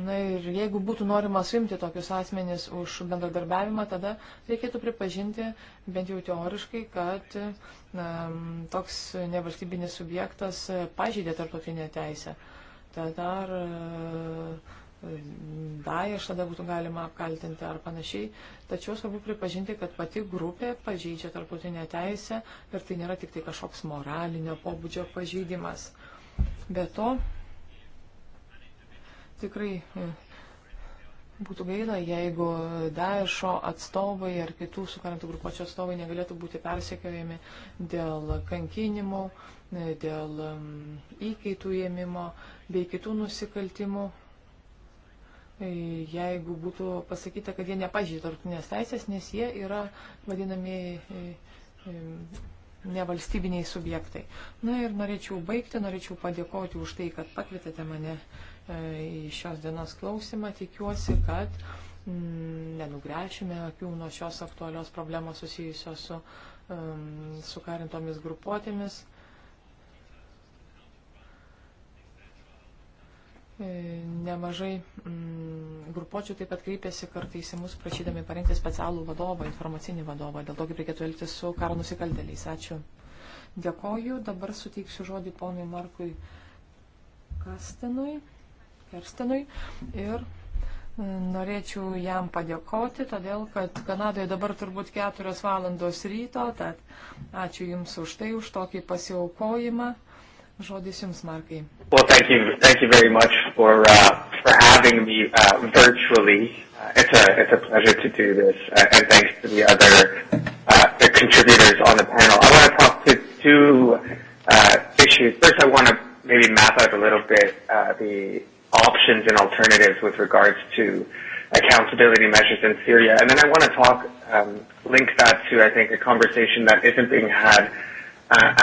Na ir jeigu būtų norima suimti tokius asmenis už bendradarbiavimą, tada reikėtų pripažinti, bent jau teoriškai, kad na, toks nevalstybinis subjektas pažydė tarptautinę teisę. Tada ar e, Daesh tada būtų galima apkaltinti ar panašiai. Tačiau svarbu pripažinti, kad pati grupė pažydžia tarptautinę teisę ir tai nėra tik tai kažkoks moralinio pobūdžio pažydimas. Be to, tikrai e, būtų gaila, jeigu Daesho atstovai ar kitų sukarantų grupuočių atstovai negalėtų būti persekiojami dėl kankinimų, e, dėl įkaitų ėmimo bei kitų nusikaltimų, e, jeigu būtų pasakyta, kad jie nepažįsta tarptautinės teisės, nes jie yra vadinamieji nevalstybiniai subjektai. Na ir norėčiau baigti, norėčiau padėkoti už tai, kad pakvietėte mane E, į šios dienos klausimą. Tikiuosi, kad mm, nenugręšime akių nuo šios aktualios problemos susijusios su um, sukarintomis grupuotėmis. E, nemažai mm, grupuočių taip pat kreipėsi kartais į mus prašydami parinkti specialų vadovą, informacinį vadovą, dėl to, kaip reikėtų elgtis su karo nusikalteliais. Ačiū. Dėkoju. Dabar suteiksiu žodį ponui Markui Kastinui. Kerstenui ir e, norėčiau jam padėkoti, todėl kad Kanadoje dabar turbūt 4 valandos ryto, tad ačiū Jums už tai, už tokį pasiaukojimą. Žodis Jums, Markai. Well, thank you, thank you very much for, uh, for having me uh, virtually. Uh, it's, a, it's a pleasure to do this, uh, and thanks to the other uh, the contributors on the panel. I want to talk to two uh, issues. First, I want to maybe map out a little bit uh, the options and alternatives with regards to accountability measures in Syria. And then I want to talk, um, link that to, I think, a conversation that isn't being had uh,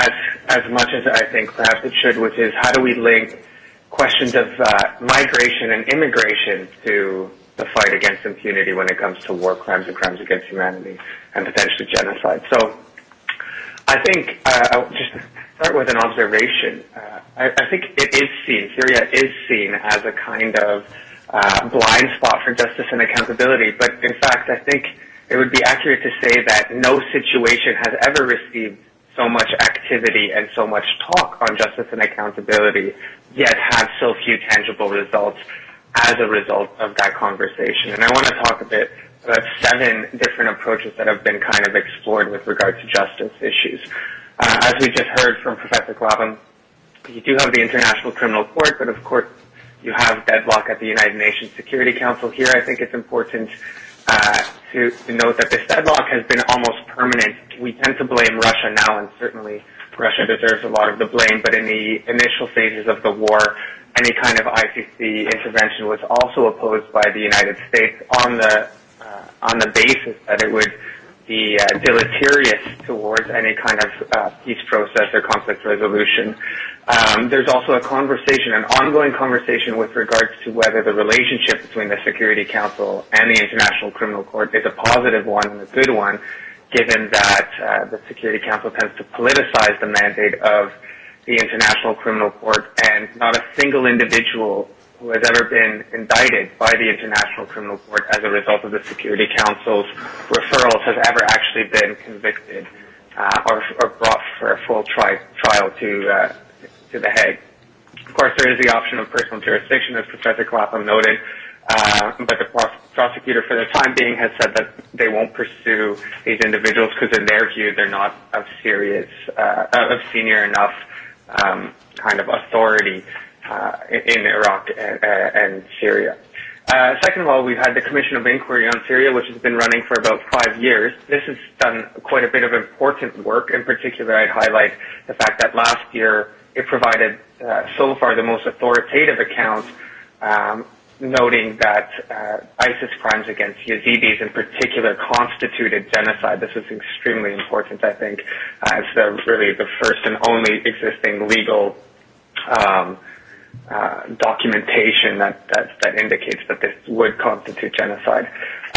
as, as much as I think perhaps it should, which is how do we link questions of uh, migration and immigration to the fight against impunity when it comes to war crimes and crimes against humanity and potentially genocide. So I think uh, I'll just start with an observation. Uh, I, I think it is seen, Syria is seen as a kind of uh, blind spot for justice and accountability. But in fact, I think it would be accurate to say that no situation has ever received so much activity and so much talk on justice and accountability, yet have so few tangible results as a result of that conversation. And I want to talk a bit about seven different approaches that have been kind of explored with regard to justice issues. Uh, as we just heard from Professor Globham, you do have the International Criminal Court, but of course you have deadlock at the United Nations Security Council. Here I think it's important uh, to, to note that this deadlock has been almost permanent. We tend to blame Russia now, and certainly Russia deserves a lot of the blame, but in the initial phases of the war, any kind of ICC intervention was also opposed by the United States on the Uh, on the basis that it would be uh, deleterious towards any kind of uh, peace process or conflict resolution. Um, there's also a conversation, an ongoing conversation with regards to whether the relationship between the Security Council and the International Criminal Court is a positive one and a good one, given that uh, the Security Council tends to politicize the mandate of the International Criminal Court and not a single individual who has ever been indicted by the International Criminal Court as a result of the Security Council's referrals has ever actually been convicted uh, or, or brought for a full tri- trial to, uh, to The Hague. Of course, there is the option of personal jurisdiction, as Professor Clapham noted, uh, but the pro- prosecutor, for the time being, has said that they won't pursue these individuals because, in their view, they're not of serious, uh, of senior enough um, kind of authority uh, in Iraq and, uh, and Syria. Uh, second of all, we've had the Commission of Inquiry on Syria, which has been running for about five years. This has done quite a bit of important work. In particular, I'd highlight the fact that last year it provided uh, so far the most authoritative account, um, noting that uh, ISIS crimes against Yazidis in particular constituted genocide. This is extremely important, I think. Uh, it's the, really the first and only existing legal um, uh, documentation that, that, that indicates that this would constitute genocide.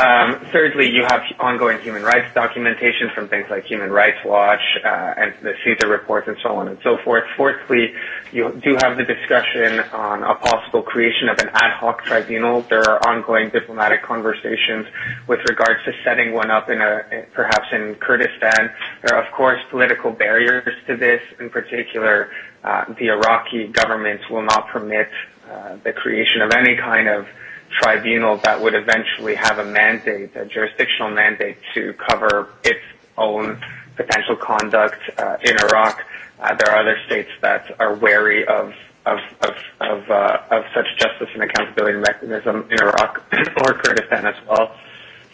Um, thirdly, you have ongoing human rights documentation from things like Human Rights Watch uh, and the CESAR reports and so on and so forth. Fourthly, you do have the discussion on a possible creation of an ad hoc tribunal. There are ongoing diplomatic conversations with regards to setting one up in a perhaps in Kurdistan. There are of course political barriers to this, in particular Uh, the Iraqi government will not permit uh, the creation of any kind of tribunal that would eventually have a mandate, a jurisdictional mandate to cover its own potential conduct uh, in Iraq. There are other states that are wary of such justice and accountability mechanism in Iraq [coughs] or Kurdistan as well.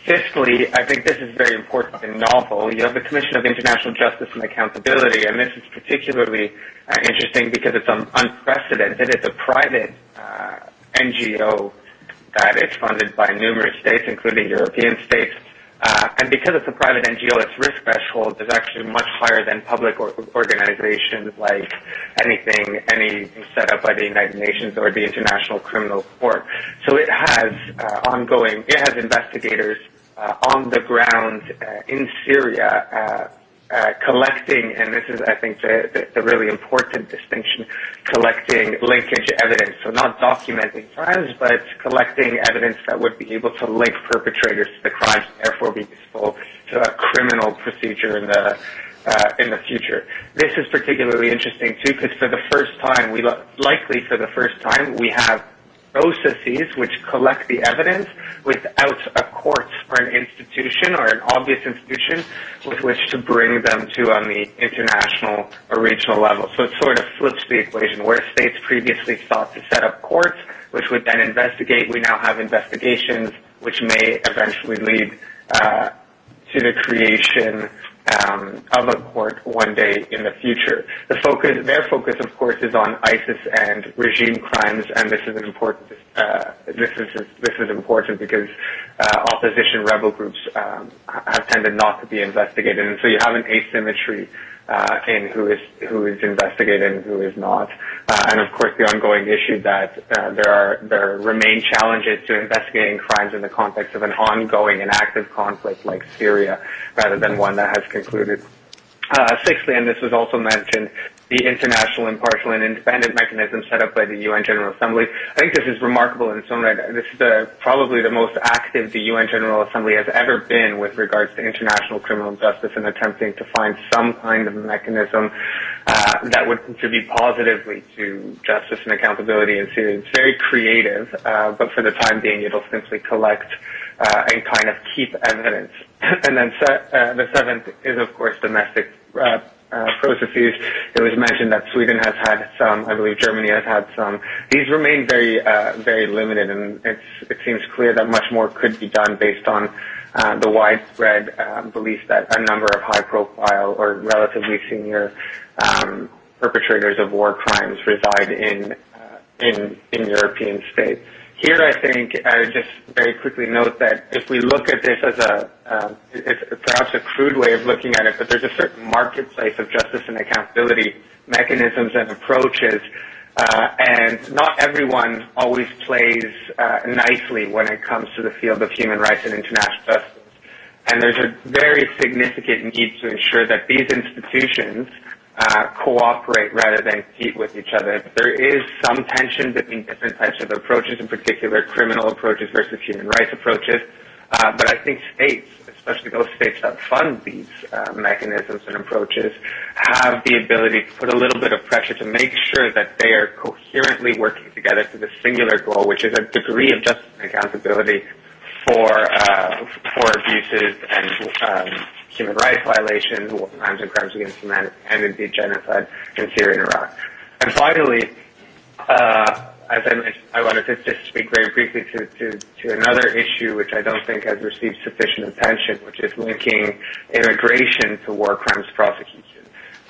Fiscally, I think this is very important and novel. You have the Commission of International Justice and Accountability, and this is particularly uh, interesting because it's un- unprecedented. It's a private uh, NGO that is funded by numerous states, including European states. Uh, and because it's a private NGO, its risk threshold is actually much higher than public or- organizations like anything, anything set up by the United Nations or the International Criminal Court. So it has uh, ongoing, it has investigators Uh, on the ground uh, in Syria uh, collecting, and this is, I think, the really important distinction, collecting linkage evidence. Not documenting crimes, but collecting evidence that would be able to link perpetrators to the crimes, therefore be useful to a criminal procedure in the future. This is particularly interesting too, because likely for the first time, we have processes which collect the evidence without a court or an institution or an obvious institution with which to bring them to on the international or regional level. So it sort of flips the equation where states previously sought to set up courts which would then investigate. We now have investigations which may eventually lead uh, to the creation Um, of a court one day in the future. The focus, their focus, of course, is on ISIS and regime crimes, and this is an important. Uh, this is this is important because uh, opposition rebel groups um, have tended not to be investigated, and so you have an asymmetry uh, uh, in who is who is investigated and who is not, uh, and of course the ongoing issue that uh, there are there remain challenges to investigating crimes in the context of an ongoing and active conflict like Syria, rather than one that has concluded. Uh, sixthly, and this was also mentioned, the international impartial and independent mechanism set up by the UN General Assembly. I think this is remarkable in its own right. This is the, probably the most active the UN General Assembly has ever been with regards to international criminal justice and attempting to find some kind of mechanism uh, that would contribute positively to justice and accountability in Syria. It's very creative, uh, but for the time being, it'll simply collect uh, and kind of keep evidence. [laughs] and then se- uh, the seventh is, of course, domestic uh, uh, processes, it was mentioned that Sweden has had some, I believe Germany has had some. These remain very, uh, very limited, and it's, it seems clear that much more could be done based on uh, the widespread uh, belief that a number of high-profile or relatively senior um, perpetrators of war crimes reside in uh, in in European states. Here, I think I would just very quickly note that if we look at this as a, um, it's perhaps a crude way of looking at it, but there's a certain marketplace of justice and accountability mechanisms and approaches, uh, and not everyone always plays uh, nicely when it comes to the field of human rights and international justice. There's a very significant need to ensure that these institutions Uh, cooperate rather than compete with each other. There is some tension between different types of approaches, in particular criminal approaches versus human rights approaches. Uh, I think states, especially those states that fund these uh, mechanisms and approaches, have the ability to put a little bit of pressure to make sure that they are coherently working together to the singular goal, which is a degree of justice and accountability for abuses and um, human rights violations, war crimes and crimes against humanity, and indeed genocide in Syria and Iraq. And finally, uh, as I mentioned, I wanted to just speak very briefly to, to, to another issue which I don't think has received sufficient attention, which is linking immigration to war crimes prosecution.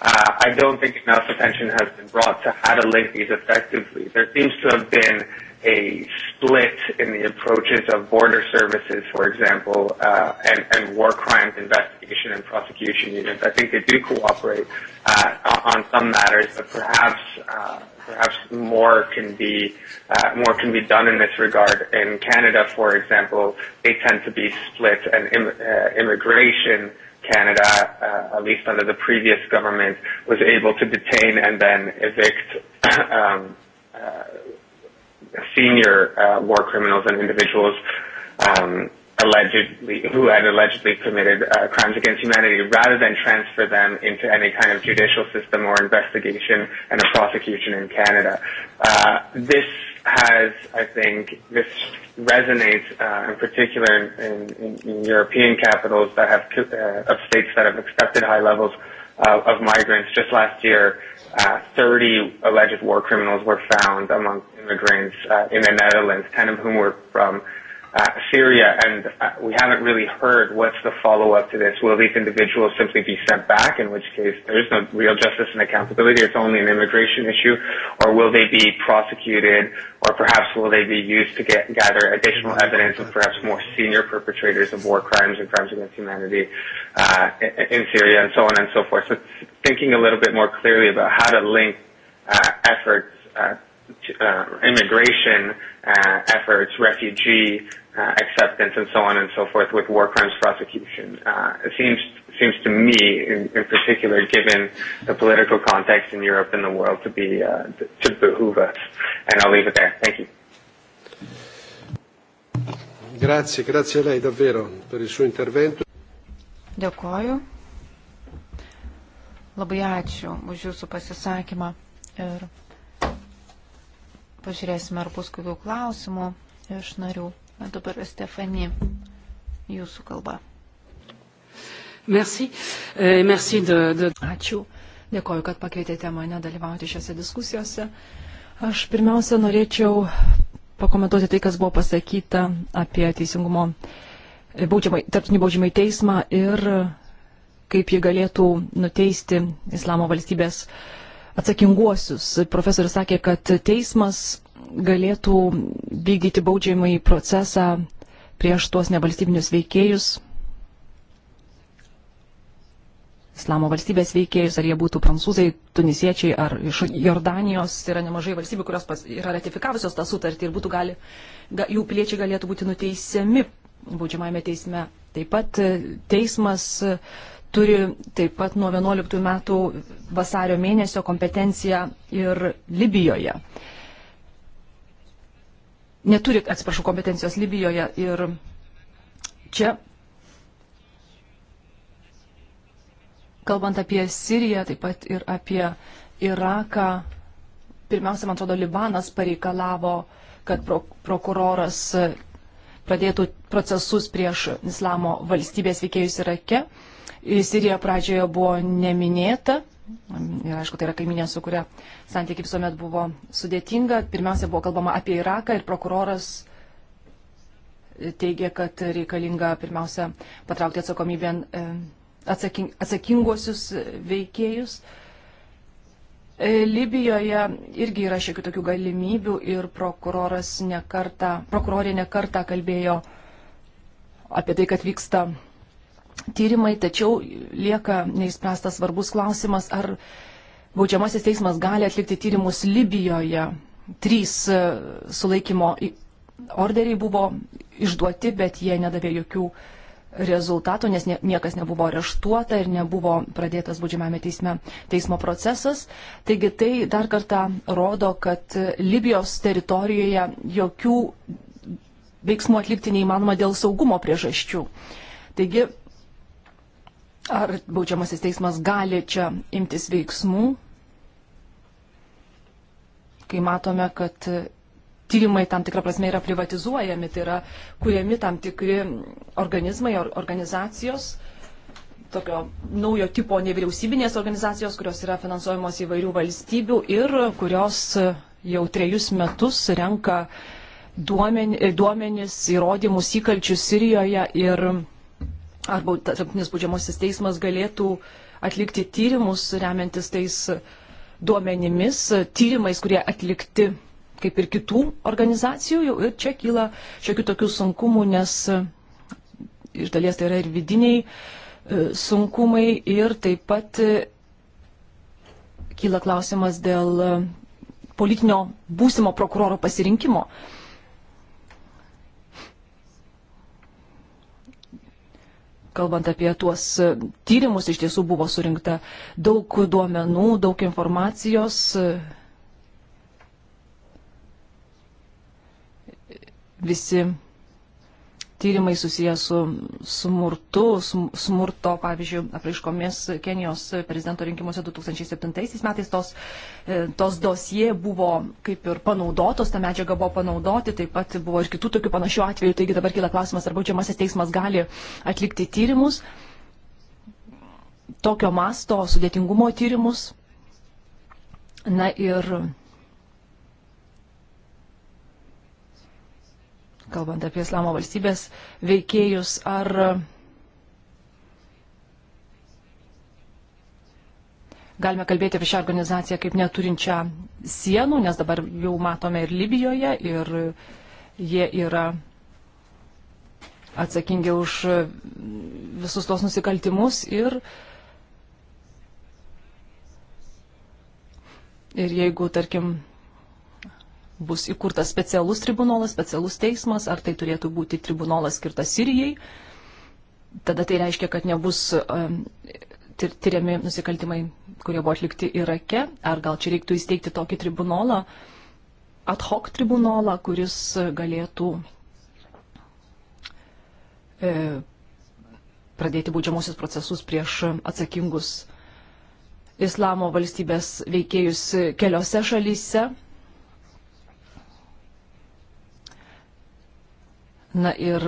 Uh, I don't think enough attention has been brought to how to link these effectively. There seems to have been a split in the approaches of border services, for example, uh, and, and war crimes investigation and prosecution units. I think they do cooperate uh, on some matters, but perhaps uh, perhaps more can be uh, more can be done in this regard. In Canada, for example, they tend to be split, and Im- uh, immigration. Canada, uh, at least under the previous government, was able to detain and then evict [clears throat] um, uh, senior uh, war criminals and individuals um, allegedly who had allegedly committed uh, crimes against humanity, rather than transfer them into any kind of judicial system or investigation and a prosecution in Canada. Uh, this has, I think, this resonates uh, in particular in, in, in European capitals that have uh, of states that have accepted high levels uh, of migrants. Just last year, uh, 30 alleged war criminals were found among immigrants uh, in the Netherlands, 10 of whom were from uh, Syria. Uh, we haven't really heard what's the follow-up to this. Will these individuals simply be sent back, in which case there is no real justice and accountability, it's only an immigration issue? Will they be prosecuted, or perhaps will they be used to gather additional evidence of perhaps more senior perpetrators of war crimes and crimes against humanity in Syria and so on and so forth? Thinking a little bit more clearly about how to link efforts Uh, immigration uh, efforts, refugee uh, acceptance, and so on and so forth with war crimes prosecution. Uh, it seems seems to me, in, in particular, given the political context in Europe and the world, to be uh, to behoove us. And I'll leave it there. Thank you. Grazie, grazie a lei davvero per il suo intervento. Dėkoju. Labai ačiū už jūsų pasisakymą ir Pažiūrėsime, ar bus kokių klausimų iš narių. O dabar Stefani, jūsų kalba. Merci. Merci de, de... Ačiū. Dėkoju, kad pakvietėte mane dalyvauti šiose diskusijose. Aš pirmiausia norėčiau pakomentuoti tai, kas buvo pasakyta apie teisingumo baudžiamai, tarptinį baudžiamai teismą ir kaip jie galėtų nuteisti Islamo valstybės uh, atsakinguosius. Profesorius sakė, kad teismas galėtų vykdyti baudžiamąjį procesą prieš tuos nevalstybinius veikėjus, islamo valstybės veikėjus, ar jie būtų prancūzai, tunisiečiai ar iš Jordanijos, yra nemažai valstybių, kurios pas, yra ratifikavusios tą sutartį ir būtų gali, ga, jų piliečiai galėtų būti nuteisiami baudžiamajame teisme. Taip pat teismas turi taip pat nuo 11 metų vasario mėnesio kompetenciją ir Libijoje. Neturi, atsiprašau, kompetencijos Libijoje ir čia, kalbant apie Siriją, taip pat ir apie Iraką, pirmiausia, man atrodo, Libanas pareikalavo, kad pro, prokuroras pradėtų procesus prieš islamo valstybės veikėjus Irake. Ir Sirija pradžioje buvo neminėta. Ir aišku, tai yra kaiminė, su kuria santykiai visuomet buvo sudėtinga. Pirmiausia, buvo kalbama apie Iraką ir prokuroras teigia, kad reikalinga pirmiausia patraukti atsakomybėn e, atsaking, atsakinguosius veikėjus. E, Libijoje irgi yra šiek tiek tokių galimybių ir prokuroras nekarta, prokurorė nekarta kalbėjo apie tai, kad vyksta tyrimai, tačiau lieka neįspręstas svarbus klausimas, ar baudžiamasis teismas gali atlikti tyrimus Libijoje. Trys e, sulaikymo orderiai buvo išduoti, bet jie nedavė jokių rezultatų, nes niekas nebuvo areštuota ir nebuvo pradėtas baudžiamame teisme teismo procesas. Taigi tai dar kartą rodo, kad Libijos teritorijoje jokių veiksmų atlikti neįmanoma dėl saugumo priežasčių. Taigi ar baudžiamasis teismas gali čia imtis veiksmų, kai matome, kad tyrimai tam tikrą prasme yra privatizuojami, tai yra kuriami tam tikri organizmai, organizacijos, tokio naujo tipo nevyriausybinės organizacijos, kurios yra finansuojamos įvairių valstybių ir kurios jau trejus metus renka duomenys, įrodymus, įkalčius Sirijoje ir arba tarptautinis būdžiamasis teismas galėtų atlikti tyrimus remiantis tais duomenimis, tyrimais, kurie atlikti kaip ir kitų organizacijų. Ir čia kyla šiokių tokių sunkumų, nes iš dalies tai yra ir vidiniai e, sunkumai ir taip pat e, kyla klausimas dėl e, politinio būsimo prokuroro pasirinkimo. Uh, kalbant apie tuos e, tyrimus, iš tiesų buvo surinkta daug duomenų, daug informacijos. Visi tyrimai susijęs su smurtu, smurto, pavyzdžiui, apraiškomis Kenijos prezidento rinkimuose 2007 metais tos, e, tos dosie buvo kaip ir panaudotos, ta medžiaga buvo panaudoti, taip pat buvo ir kitų tokių panašių atvejų, taigi dabar kyla klausimas, ar baudžiamasis teismas gali atlikti tyrimus, tokio masto sudėtingumo tyrimus. Na ir kalbant apie islamo valstybės veikėjus, ar galime kalbėti apie šią organizaciją kaip neturinčią sienų, nes dabar jau matome ir Libijoje, ir jie yra atsakingi už visus tos nusikaltimus ir Ir jeigu, tarkim, bus įkurtas specialus tribunolas, specialus teismas, ar tai turėtų būti tribunolas skirtas Sirijai. Tada tai reiškia, kad nebus um, tyriami nusikaltimai, kurie buvo atlikti Irake, ar gal čia reiktų įsteigti tokį tribunolą, ad hoc tribunolą, kuris galėtų e, pradėti būdžiamosius procesus prieš atsakingus islamo valstybės veikėjus keliose šalyse Na ir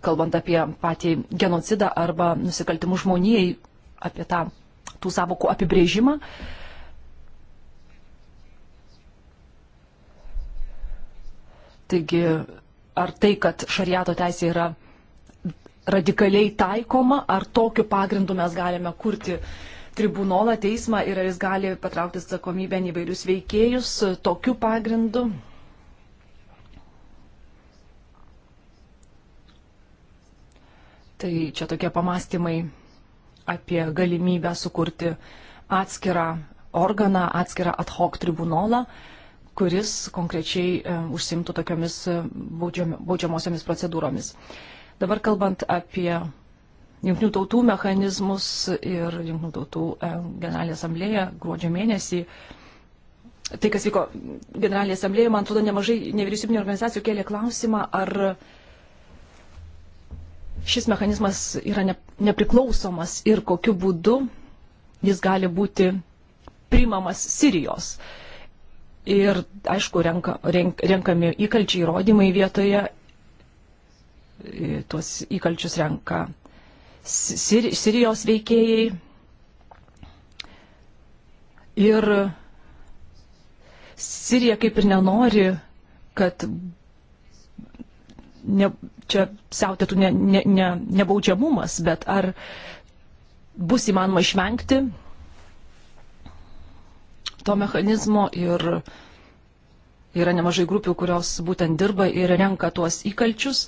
kalbant apie patį genocidą arba nusikaltimus žmonijai, apie tą tų savokų apibrėžimą. Taigi, ar tai, kad šariato teisė yra radikaliai taikoma, ar tokiu pagrindu mes galime kurti tribunolą, teismą ir ar jis gali patraukti atsakomybę įvairius veikėjus tokiu pagrindu? Tai čia tokie pamastymai apie galimybę sukurti atskirą organą, atskirą ad hoc tribunolą, kuris konkrečiai e, užsimtų tokiomis e, baudžiamosiomis procedūromis. Dabar kalbant apie Junktinių tautų mechanizmus ir Junktinių tautų e, generalinė asamblėja gruodžio mėnesį. Tai, kas vyko generalinėje asamblėje, man atrodo, nemažai nevyriausybinio organizacijų kėlė klausimą, ar šis mechanizmas yra ne, nepriklausomas ir kokiu būdu jis gali būti primamas Sirijos. Ir, aišku, renka, renk, renkami įkalčiai įrodymai vietoje, e, tuos įkalčius renka Sir, Sirijos veikėjai. Ir Sirija kaip ir nenori, kad ne, čia siautėtų ne, ne, ne, nebaudžiamumas, bet ar bus įmanoma išvengti to mechanizmo ir yra nemažai grupių, kurios būtent dirba ir renka tuos įkalčius.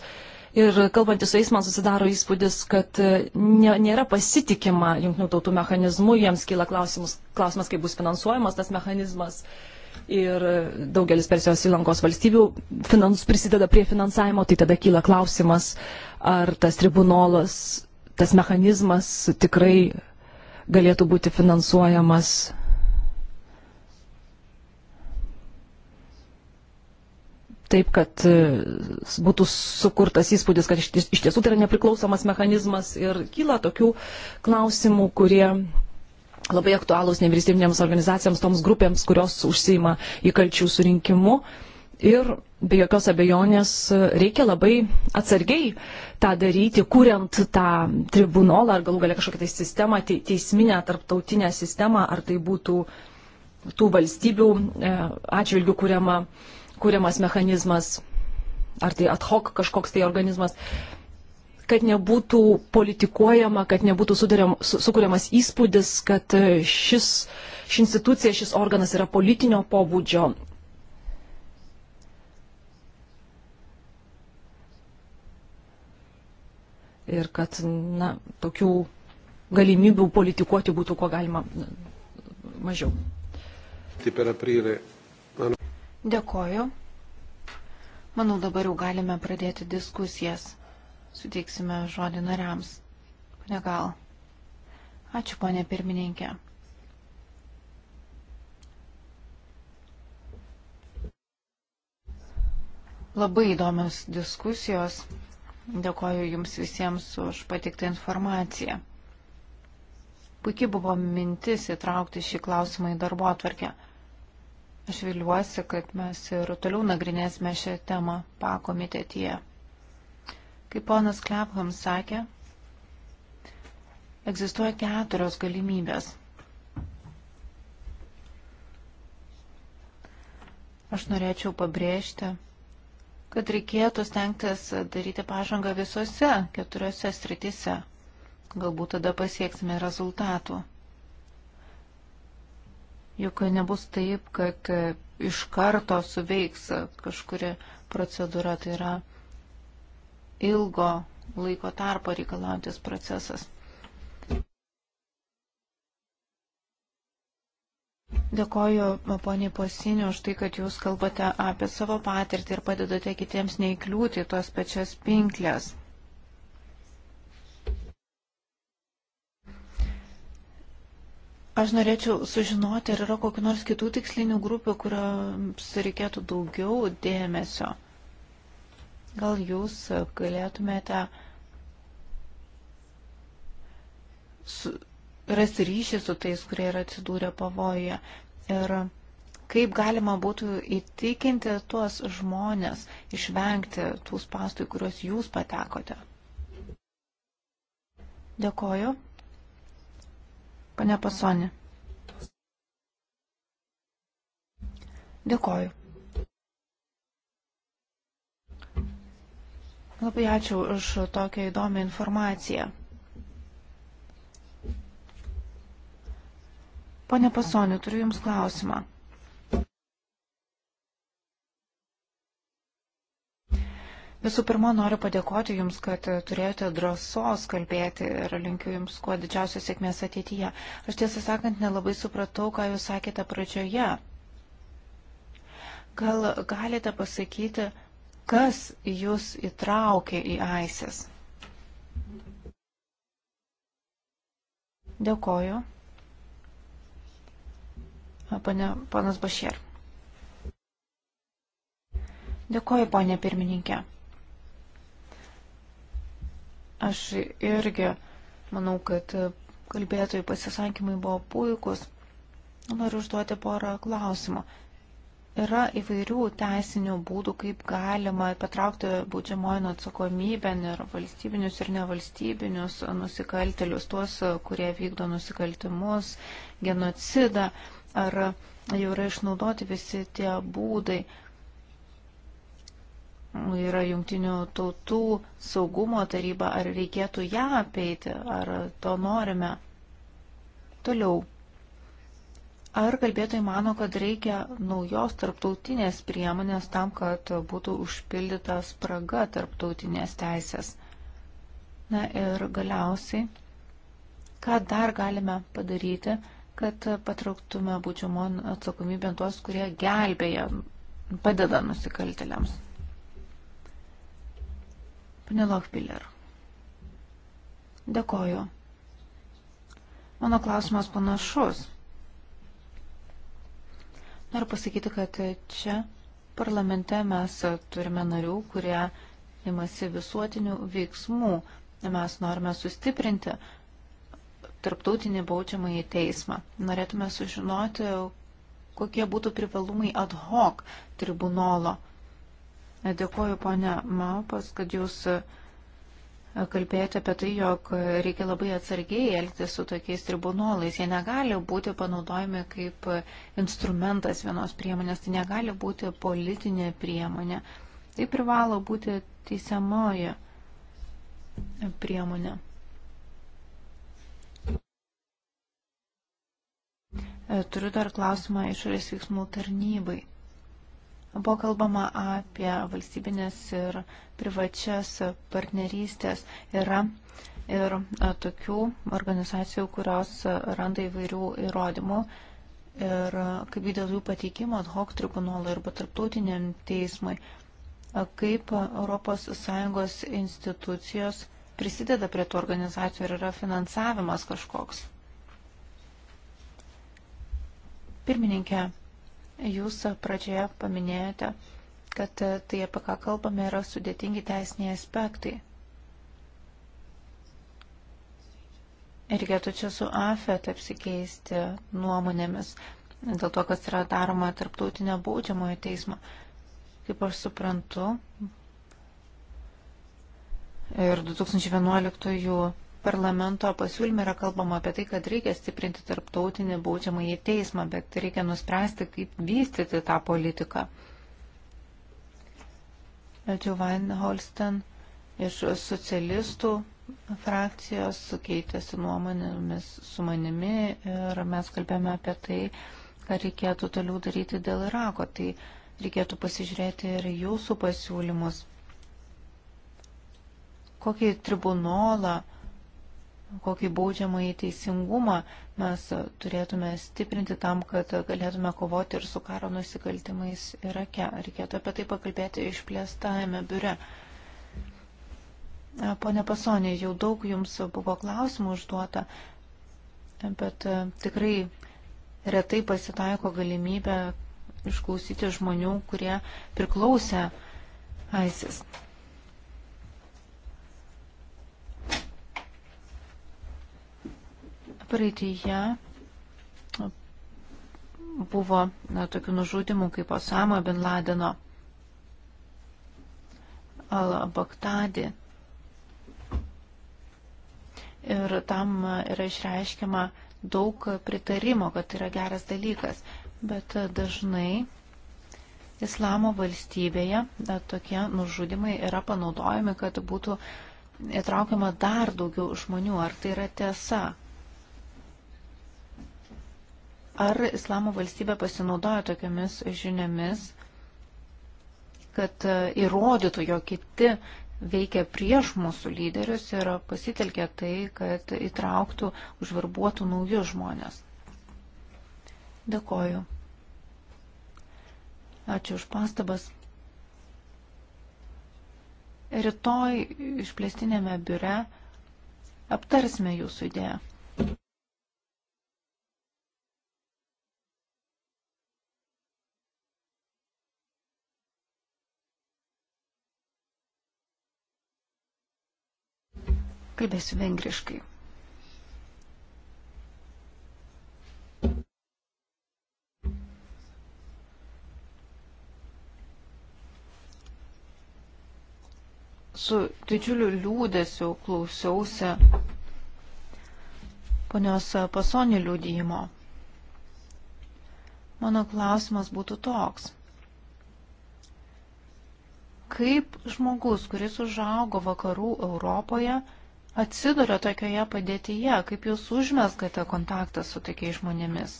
Ir kalbantis su jais man susidaro įspūdis, kad ne, nėra pasitikima jungtinių tautų mechanizmu, jiems kyla klausimas, kaip bus finansuojamas tas mechanizmas. Uh, ir daugelis Persijos įlankos valstybių finans, prisideda prie finansavimo, tai tada kyla klausimas, ar tas tribunolas, tas mechanizmas tikrai galėtų būti finansuojamas. Taip, kad e, būtų sukurtas įspūdis, kad iš tiesų tai yra nepriklausomas mechanizmas ir kyla tokių klausimų, kurie labai aktualūs nevyriausybinėms organizacijoms, toms grupėms, kurios užsima įkalčių surinkimu. Ir be jokios abejonės reikia labai atsargiai tą daryti, kuriant tą tribunolą ar galų galę kažkokią tai sistemą, teisminę, tarptautinę sistemą, ar tai būtų tų valstybių e, atžvilgių kuriama, kuriamas mechanizmas, ar tai ad hoc kažkoks tai organizmas kad nebūtų politikuojama, kad nebūtų sudariam, su, sukūriamas įspūdis, kad e, šis, ši institucija, šis organas yra politinio pobūdžio. Ir kad na, tokių galimybių politikuoti būtų ko galima mažiau. Dėkoju. Manau, dabar jau galime pradėti diskusijas suteiksime žodį nariams. Pane Gal. Ačiū, ponė pirmininkė. Labai įdomios diskusijos. Dėkoju Jums visiems už patiktą informaciją. Puikiai buvo mintis įtraukti šį klausimą į darbo atvarkę. Aš viliuosi, kad mes ir toliau nagrinėsime šią temą pakomitetyje. Kaip ponas Klepham sakė, egzistuoja keturios galimybės. Aš norėčiau pabrėžti, kad reikėtų stengtis daryti pažangą visose keturiose sritise. Galbūt tada pasieksime rezultatų. Juk nebus taip, kad iš karto suveiks kažkuri procedūra, tai yra ilgo laiko tarpo reikalaujantis procesas. Dėkoju poniai Posiniu už tai, kad jūs kalbate apie savo patirtį ir padedate kitiems neįkliūti tos pačias pinklės. Aš norėčiau sužinoti, ar yra kokiu nors kitų tikslinių grupių, kurioms reikėtų daugiau dėmesio. Gal jūs galėtumėte su, rasti ryšį su tais, kurie yra atsidūrę pavojuje. Ir kaip galima būtų įtikinti tuos žmonės išvengti tų spastų, į kuriuos jūs patekote. Dėkoju. Pane Pasoni. Dėkoju. Labai ačiū už tokią įdomią informaciją. Pone Pasonį, turiu Jums klausimą. Visų pirma, noriu padėkoti Jums, kad turėjote drąsos kalbėti ir linkiu Jums kuo didžiausios sėkmės ateityje. Aš tiesą sakant, nelabai supratau, ką Jūs sakėte pradžioje. Gal galite pasakyti, Kas jūs įtraukė į AISIS? Dėkoju. Pane, panas Bašer. Dėkoju, ponė pirmininkė. Aš irgi manau, kad kalbėtojų pasisakymai buvo puikus. Noriu užduoti porą klausimų. Yra įvairių teisinių būdų, kaip galima patraukti baudžiamojino atsakomybę ir valstybinius ir nevalstybinius nusikaltelius, tuos, kurie vykdo nusikaltimus, genocidą, ar jau yra išnaudoti visi tie būdai. Yra jungtinių tautų saugumo taryba, ar reikėtų ją apeiti, ar to norime. Toliau Ar kalbėtojai mano, kad reikia naujos tarptautinės priemonės tam, kad būtų užpildyta spraga tarptautinės teisės? Na ir galiausiai, ką dar galime padaryti, kad patrauktume būčiamon atsakomybę tuos, kurie gelbėja, padeda nusikaltėliams? Pane Lochpiller. Dėkoju. Mano klausimas panašus. Noriu pasakyti, kad čia parlamente mes turime narių, kurie imasi visuotinių veiksmų. Mes norime sustiprinti tarptautinį baudžiamą į teismą. Norėtume sužinoti, kokie būtų privalumai ad hoc tribunolo. Dėkuoju, ponia Maupas, kad jūs kalbėti apie tai, jog reikia labai atsargiai elgtis su tokiais tribunolais. Jie negali būti panaudojami kaip instrumentas vienos priemonės, tai negali būti politinė priemonė. Tai privalo būti teisiamoji priemonė. Turiu dar klausimą išorės veiksmų tarnybai. Buvo kalbama apie valstybinės ir privačias partnerystės. Yra ir e, tokių organizacijų, kurios e, randa įvairių įrodymų ir e, kaip dėl jų pateikimo ad hoc tribunolai arba tarptautiniam teismui, kaip ES institucijos prisideda prie tų organizacijų ir yra finansavimas kažkoks. Pirmininkė, Jūs pradžioje paminėjote, kad tai, apie ką kalbame, yra sudėtingi teisiniai aspektai. Reikėtų čia su AFET apsikeisti nuomonėmis dėl to, kas yra daroma tarptautinio baudžiamojo teismo. Kaip aš suprantu, ir 2011 parlamento pasiūlyme yra kalbama apie tai, kad reikia stiprinti tarptautinį baudžiamąjį teismą, bet reikia nuspręsti, kaip vystyti tą politiką. Džiuvain Holsten iš socialistų frakcijos keitėsi nuomonėmis su manimi ir mes kalbėjome apie tai, ką reikėtų toliau daryti dėl Irako. Tai reikėtų pasižiūrėti ir jūsų pasiūlymus. Kokį tribunolą kokį baudžiamą į teisingumą mes turėtume stiprinti tam, kad galėtume kovoti ir su karo nusikaltimais Irake. Reikėtų apie tai pakalbėti išplėstajame biure. Pone Pasonė, jau daug jums buvo klausimų užduota, bet e, tikrai retai pasitaiko galimybę išklausyti žmonių, kurie priklausė ISIS. Praeitėje buvo na, tokių nužudimų kaip Osama bin Ladeno, Al-Baghdadi. Ir tam yra išreiškiama daug pritarimo, kad tai yra geras dalykas. Bet dažnai islamo valstybėje da, tokie nužudimai yra panaudojami, kad būtų įtraukiama dar daugiau žmonių. Ar tai yra tiesa? Ar Islamo valstybė pasinaudojo tokiamis žiniomis, kad e, įrodytų, jog kiti veikia prieš mūsų lyderius ir pasitelkė tai, kad įtrauktų, užverbuotų naujus žmonės. Dėkoju. Ačiū už pastabas. Rytoj išplėstinėme biure aptarsime jūsų idėją. Kalbėsiu vengriškai. Su didžiuliu liūdėsiu klausiausi ponios pasonį liūdėjimo. Mano klausimas būtų toks. Kaip žmogus, kuris užaugo vakarų Europoje, atsiduria tokioje padėtyje, kaip jūs užmesgate kontaktą su tokiais žmonėmis?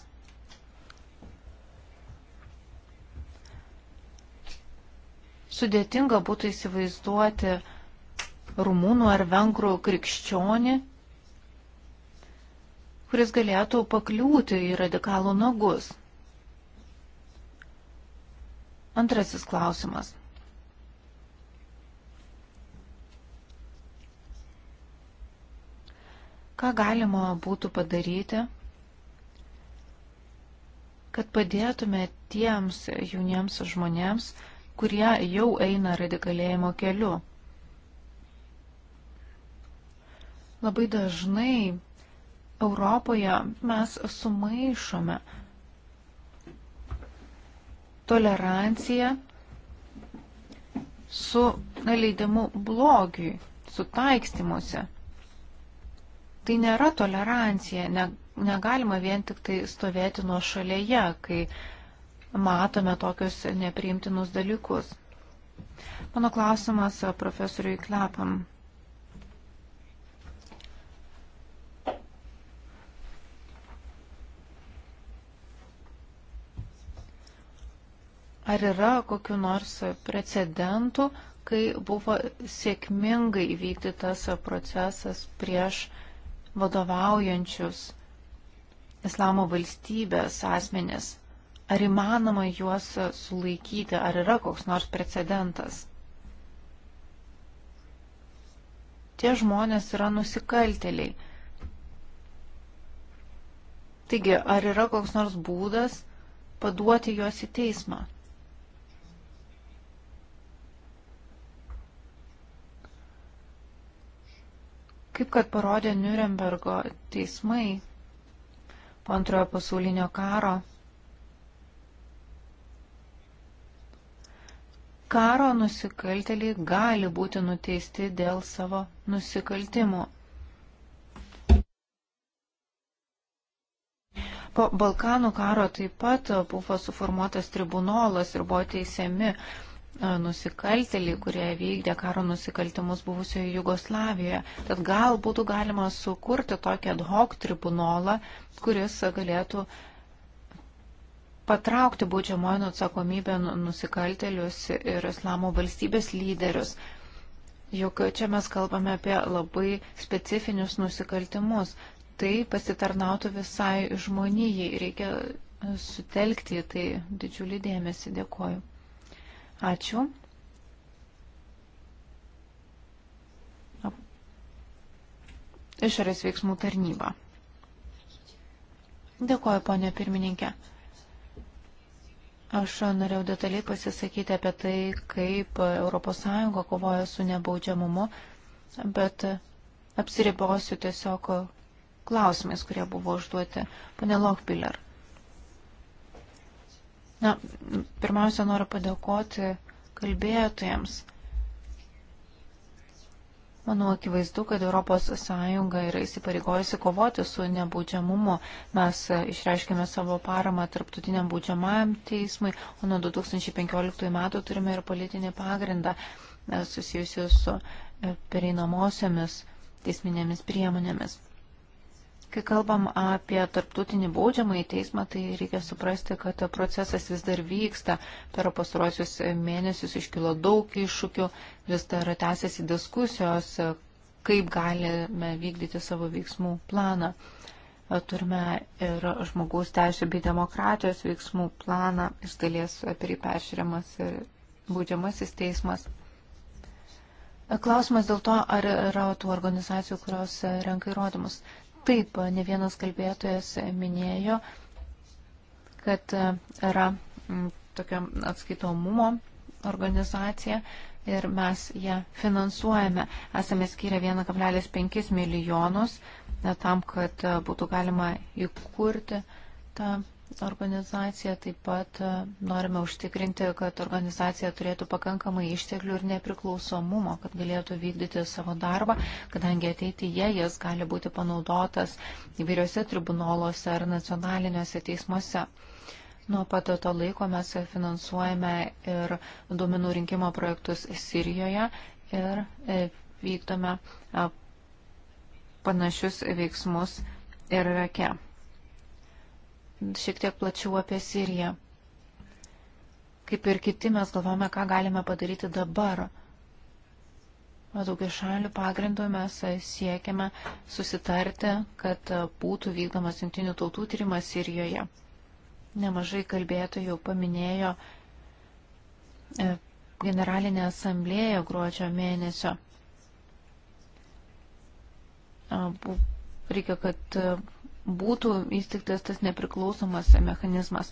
Sudėtinga būtų įsivaizduoti rumūnų ar vengrų krikščionį, kuris galėtų pakliūti į radikalų nagus. Antrasis klausimas. Ką galima būtų padaryti, kad padėtume tiems jauniems žmonėms, kurie jau eina radikalėjimo keliu. Labai dažnai Europoje mes sumaišome toleranciją su leidimu blogiui, su taikstymuose. Tai nėra tolerancija, ne, negalima vien tik tai stovėti nuo šalyje, kai matome tokius nepriimtinus dalykus. Mano klausimas profesoriui Klepam. Ar yra kokiu nors precedentų, kai buvo sėkmingai įvykdytas procesas prieš vadovaujančius islamo valstybės asmenis. Ar įmanoma juos sulaikyti, ar yra koks nors precedentas? Tie žmonės yra nusikalteliai. Taigi, ar yra koks nors būdas paduoti juos į teismą? Kaip kad parodė Nurembergo teismai po antrojo pasaulinio karo, karo nusikaltėliai gali būti nuteisti dėl savo nusikaltimų. Po Balkanų karo taip pat buvo suformuotas tribunolas ir buvo teisiami E, nusikaltėliai, kurie vykdė karo nusikaltimus buvusioje Jugoslavijoje. Tad gal būtų galima sukurti tokį ad hoc tribunolą, kuris galėtų patraukti būdžiamojo atsakomybę nusikaltelius ir islamo valstybės lyderius. Juk čia mes kalbame apie labai specifinius nusikaltimus. Tai pasitarnautų visai žmonijai. Reikia sutelkti į tai didžiulį dėmesį. Dėkuoju. Ačiū. Išorės veiksmų tarnyba. Dėkuoju, ponė pirmininkė. Aš norėjau detaliai pasisakyti apie tai, kaip ES kovoja su nebaudžiamumu, bet apsiribosiu tiesiog klausimais, kurie buvo užduoti. Pane Lochbiller, Na, pirmiausia, noriu padėkoti kalbėtojams. Manau, akivaizdu, kad ES yra įsipareigojusi kovoti su nebaudžiamumu. Mes e, išreiškėme savo paramą tarptautiniam baudžiamajam teismui, o nuo 2015 metų turime ir politinį pagrindą e, susijusiu su e, pereinamosiamis teisminėmis priemonėmis. Kai kalbam apie tarptautinį baudžiamą į teismą, tai reikia suprasti, kad procesas vis dar vyksta. Per pastarosius mėnesius iškilo daug iššūkių, vis dar tęsiasi diskusijos, kaip galime vykdyti savo veiksmų planą. Turime ir žmogaus teisų bei demokratijos veiksmų planą, iš dalies per jį peržiūrimas ir baudžiamasis teismas. Klausimas dėl to, ar yra tų organizacijų, kurios renka įrodymus. Taip, ne vienas kalbėtojas minėjo, kad yra mm, tokia atskaitomumo organizacija ir mes ją finansuojame. Esame skiria 1,5 milijonus tam, kad būtų galima įkurti tą organizacija, taip pat e, norime užtikrinti, kad organizacija turėtų pakankamai išteklių ir nepriklausomumo, kad galėtų vykdyti savo darbą, kadangi ateityje jis gali būti panaudotas įvairiose tribunoluose ar nacionaliniuose teismuose. Nuo pat to laiko mes finansuojame ir duomenų rinkimo projektus Sirijoje ir e, vykdome panašius veiksmus ir rake šiek tiek plačiau apie Siriją. Kaip ir kiti, mes galvojame, ką galime padaryti dabar. Daugia šalių pagrindų mes siekiame susitarti, kad būtų vykdomas jungtinių tautų tyrimas Sirijoje. Nemažai kalbėtojų paminėjo e, generalinė asamblėja gruodžio mėnesio. Reikia, kad būtų įstiktas tas nepriklausomas mechanizmas.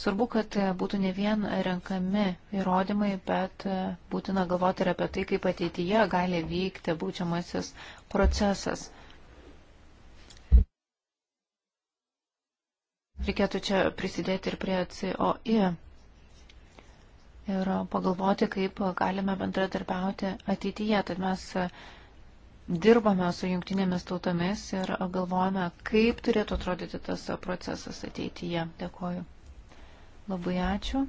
Svarbu, kad būtų ne vien renkami įrodymai, bet būtina galvoti ir apie tai, kaip ateityje gali vykti būčiamasis procesas. Reikėtų čia prisidėti ir prie COI ir pagalvoti, kaip galime bendradarbiauti ateityje. Tad mes dirbame su jungtinėmis tautomis ir galvojame, kaip turėtų atrodyti tas procesas ateityje. Dėkoju. Labai ačiū.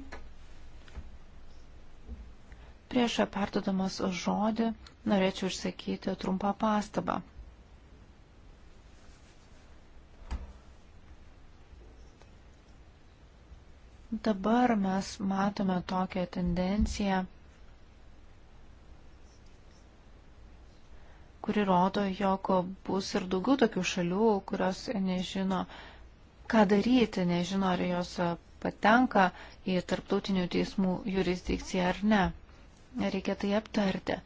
Prieš perdodamas žodį norėčiau išsakyti trumpą pastabą. Dabar mes matome tokią tendenciją kuri rodo, jog bus ir daugiau tokių šalių, kurios nežino, ką daryti, nežino, ar jos patenka į tarptautinių teismų jurisdikciją ar ne. Reikia tai aptarti.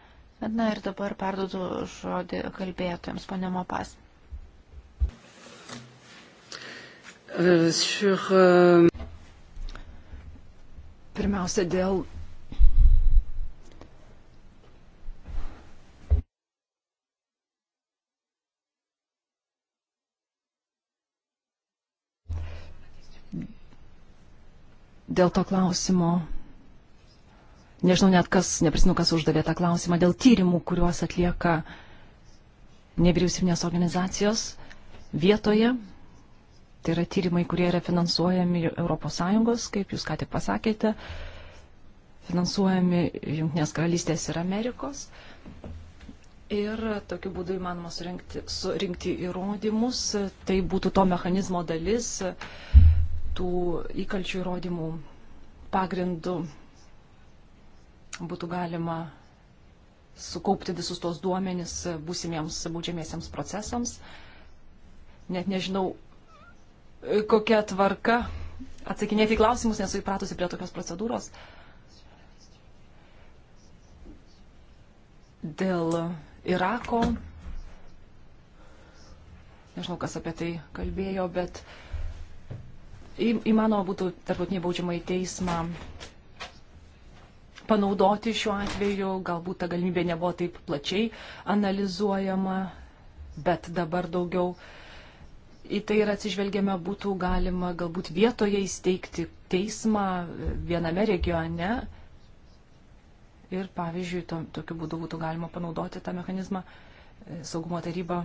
Na ir dabar perdodu žodį kalbėtojams, ponė Mopas. Euh, Pirmiausia, dėl dėl to klausimo. Nežinau net kas, neprisinu, kas uždavė tą klausimą dėl tyrimų, kuriuos atlieka nevyriausybinės organizacijos vietoje. Tai yra tyrimai, kurie yra finansuojami ES, kaip jūs ką tik pasakėte, finansuojami Junktinės karalystės ir Amerikos. Ir tokiu būdu įmanoma surinkti, surinkti įrodymus. Tai būtų to mechanizmo dalis, tų įkalčių įrodymų pagrindų būtų galima sukaupti visus tos duomenis būsimiems baudžiamiesiems procesams. Net nežinau, kokia tvarka atsakinėti į klausimus, nesu įpratusi prie tokios procedūros. Dėl Irako, nežinau, kas apie tai kalbėjo, bet uh, įmanoma būtų tarptautinį baudžiamą į teismą panaudoti šiuo atveju, galbūt ta galimybė nebuvo taip plačiai analizuojama, bet dabar daugiau į tai ir atsižvelgiame, būtų galima galbūt vietoje įsteigti teismą viename regione ir, pavyzdžiui, to, tokiu būdu būtų galima panaudoti tą mechanizmą e, saugumo taryba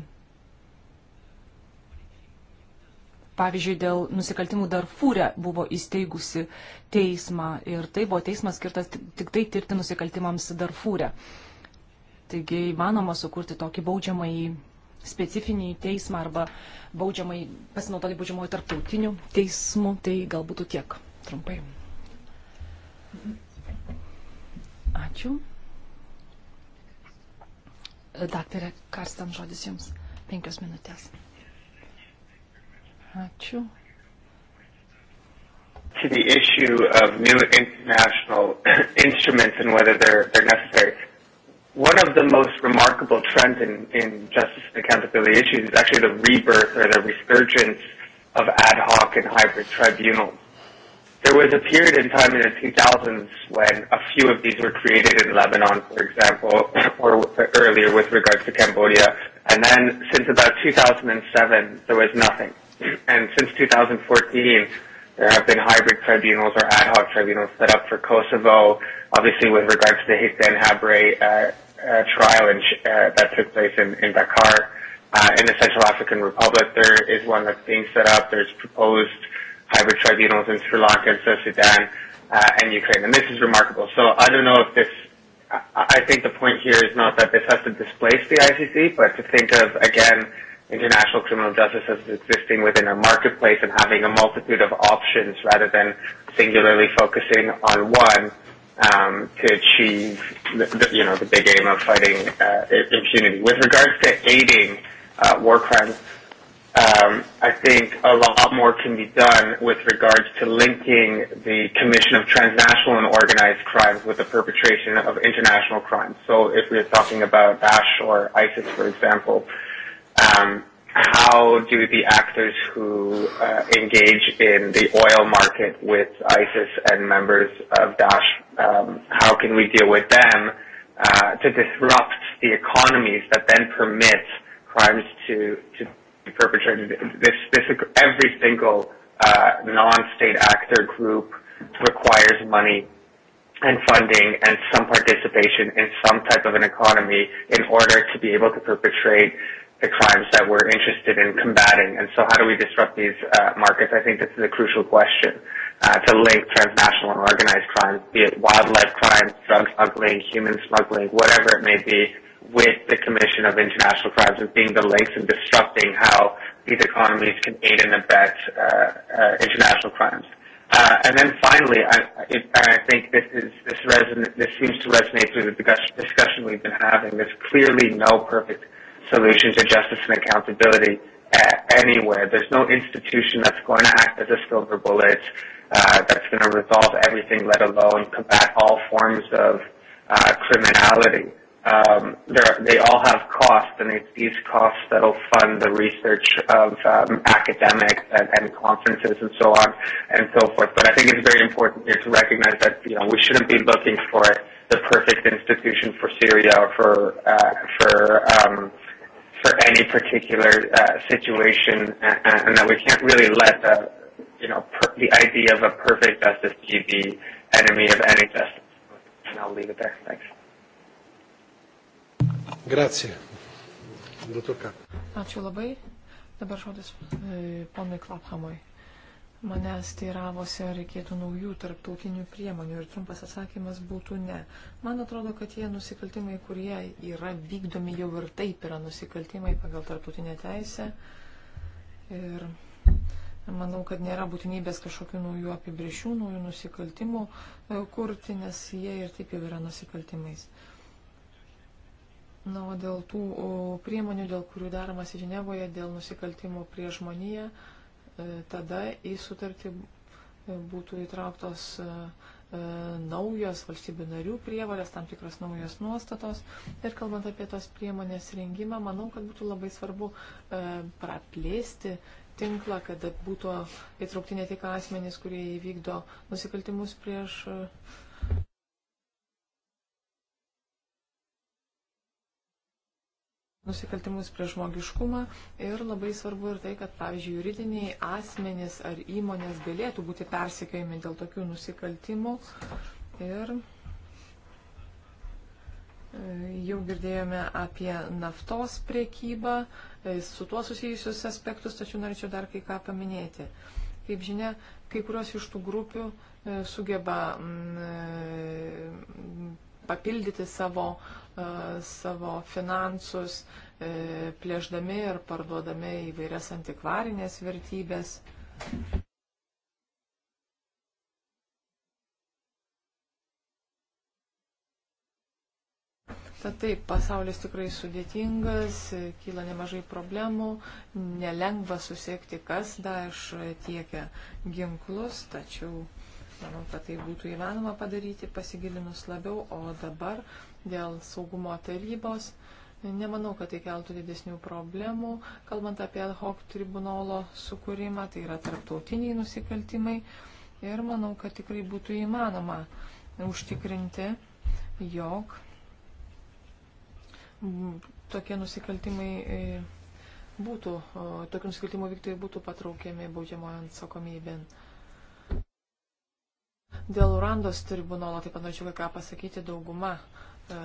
pavyzdžiui, dėl nusikaltimų Darfūrė buvo įsteigusi teismą ir tai buvo teismas skirtas tik tai tirti nusikaltimams Darfūrė. Taigi įmanoma sukurti tokį baudžiamąjį specifinį teismą arba baudžiamai, pasinaudoti baudžiamojo tarptautiniu teismu, tai galbūt tiek trumpai. Ačiū. Daktarė Karsten, žodis Jums. Penkios minutės. Ačiū. To the issue of new international [clears throat] instruments and whether they're, they're necessary, one of the most remarkable trends in, in justice and accountability issues is actually the rebirth or the resurgence of ad hoc and hybrid tribunals. There was a period in time in the 2000s when a few of these were created in Lebanon, for example, [clears throat] or earlier with regards to Cambodia. And then since about 2007, there was nothing and since 2014, there have been hybrid tribunals or ad hoc tribunals set up for Kosovo, obviously with regards to the Hiten Habre uh, uh, trial in, uh, that took place in, in Dakar. Uh, in the Central African Republic, there is one that's being set up. There's proposed hybrid tribunals in Sri Lanka and South Sudan uh, and Ukraine. And this is remarkable. So I don't know if this, I, I think the point here is not that this has to displace the ICC, but to think of, again, international criminal justice as existing within a marketplace and having a multitude of options rather than singularly focusing on one um, to achieve the, the, you know the big aim of fighting uh, impunity. With regards to aiding uh, war crimes, um, I think a lot more can be done with regards to linking the commission of transnational and organized crimes with the perpetration of international crimes. So if we're talking about Daesh or ISIS, for example. Uh, um, how do the actors who uh, engage in the oil market with ISIS and members of Daesh, um, how can we deal with them uh, to disrupt the economies that then permit crimes to, to be perpetrated? This, this, every single uh, non-state actor group requires money and funding and some participation in some type of an economy in order to be able to perpetrate the crimes that we're interested in combating. How do we disrupt these uh, markets? I think this is a crucial question uh, to link transnational and organized crimes, be it wildlife crimes, drug smuggling, human smuggling, whatever it may be, with the commission of international crimes as being the links and disrupting how these economies can aid and abet uh, international crimes. Finally, I think this seems to resonate through the discussion we've been having. There's clearly no perfect solutions to justice and accountability uh, anywhere. There's no institution that's going to act as a silver bullet uh, that's going to resolve everything, let alone combat all forms of uh, criminality. Um, they all have costs, and it's these costs that'll fund the research of um, academics and conferences and so on and so forth. I think it's very important here to recognize that we shouldn't be looking for the perfect institution for Syria or for um, for any particular uh, situation, uh, and that we can't really let the idea of a perfect justice be the enemy of any justice. I'll leave it there. Thanks. Grazie. Ačiū labai. Dabar žodis e, ponui Klaphamui. Manęs teiravosi, ar reikėtų naujų tarptautinių priemonių ir trumpas atsakymas būtų ne. Man atrodo, kad tie nusikaltimai, kurie yra vykdomi jau ir taip, yra nusikaltimai pagal tarptautinę teisę. Ir manau, kad nėra būtinybės kažkokių naujų apibriešių, naujų nusikaltimų e, kurti, nes jie ir taip jau yra nusikaltimais. Na, o dėl tų priemonių, dėl kurių daromas Ženevoje, dėl nusikaltimų prie žmoniją, uh, E, tada į sutartį būtų įtrauktos e, e, naujos valstybių narių prievalės, tam tikros naujos nuostatos. Ir kalbant apie tos priemonės rengimą, manau, kad būtų labai svarbu praplėsti tinklą, kad būtų įtraukti ne tik asmenys, kurie įvykdo nusikaltimus prieš nusikaltimus prieš žmogiškumą ir labai svarbu ir tai, kad, pavyzdžiui, juridiniai asmenys ar įmonės galėtų būti persikėjami dėl tokių nusikaltimų. Ir e, jau girdėjome apie naftos priekybą, e, su tuo susijusius aspektus, tačiau norėčiau dar kai ką paminėti. Kaip žinia, kai kurios iš tų grupių e, sugeba mm, papildyti savo, e, savo finansus, e, plėždami ir parduodami įvairias antikvarinės vertybės. Tad taip, pasaulis tikrai sudėtingas, kyla nemažai problemų, nelengva susiekti, kas Daesh tiekia ginklus, tačiau Manau, kad tai būtų įmanoma padaryti pasigilinus labiau, o dabar dėl saugumo tarybos. Nemanau, kad tai keltų didesnių problemų, kalbant apie ad hoc tribunolo sukūrimą, tai yra tarptautiniai nusikaltimai. Ir manau, kad tikrai būtų įmanoma užtikrinti, jog tokie nusikaltimai e, būtų, tokių nusikaltimų vyktojai būtų patraukiami baudžiamojo atsakomybėn. Dėl Urandos tribunolo taip pat norėčiau ką pasakyti dauguma e,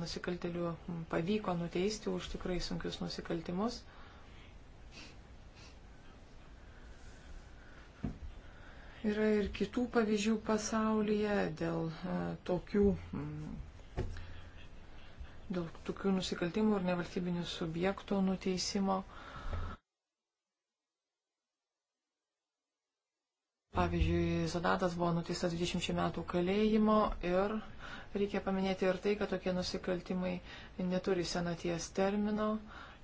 nusikaltelių pavyko nuteisti už tikrai sunkius nusikaltimus. Yra ir kitų pavyzdžių pasaulyje dėl e, tokių, mm, dėl tokių nusikaltimų ir nevalstybinių subjektų nuteisimo. Uh, Pavyzdžiui, Zadatas buvo nuteistas 20 metų kalėjimo ir reikia paminėti ir tai, kad tokie nusikaltimai neturi senaties termino,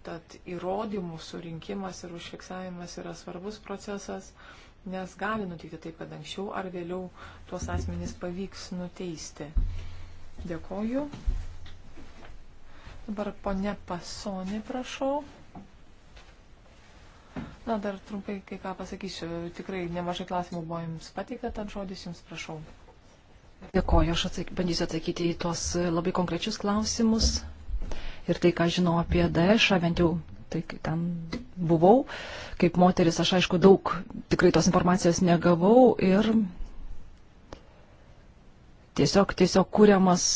tad įrodymų surinkimas ir užfiksavimas yra svarbus procesas, nes gali nutikti taip, kad anksčiau ar vėliau tuos asmenys pavyks nuteisti. Dėkoju. Dabar ponia Pasonė, prašau. Na, dar trumpai kai ką pasakysiu. Tikrai nemažai klausimų buvo jums pateikta, tad žodis jums prašau. Dėkoju, aš atsaky, bandysiu atsakyti į tuos labai konkrečius klausimus ir tai, ką žinau apie Daešą, bent jau tai, kai ten buvau. Kaip moteris, aš aišku, daug tikrai tos informacijos negavau ir tiesiog, tiesiog kūriamas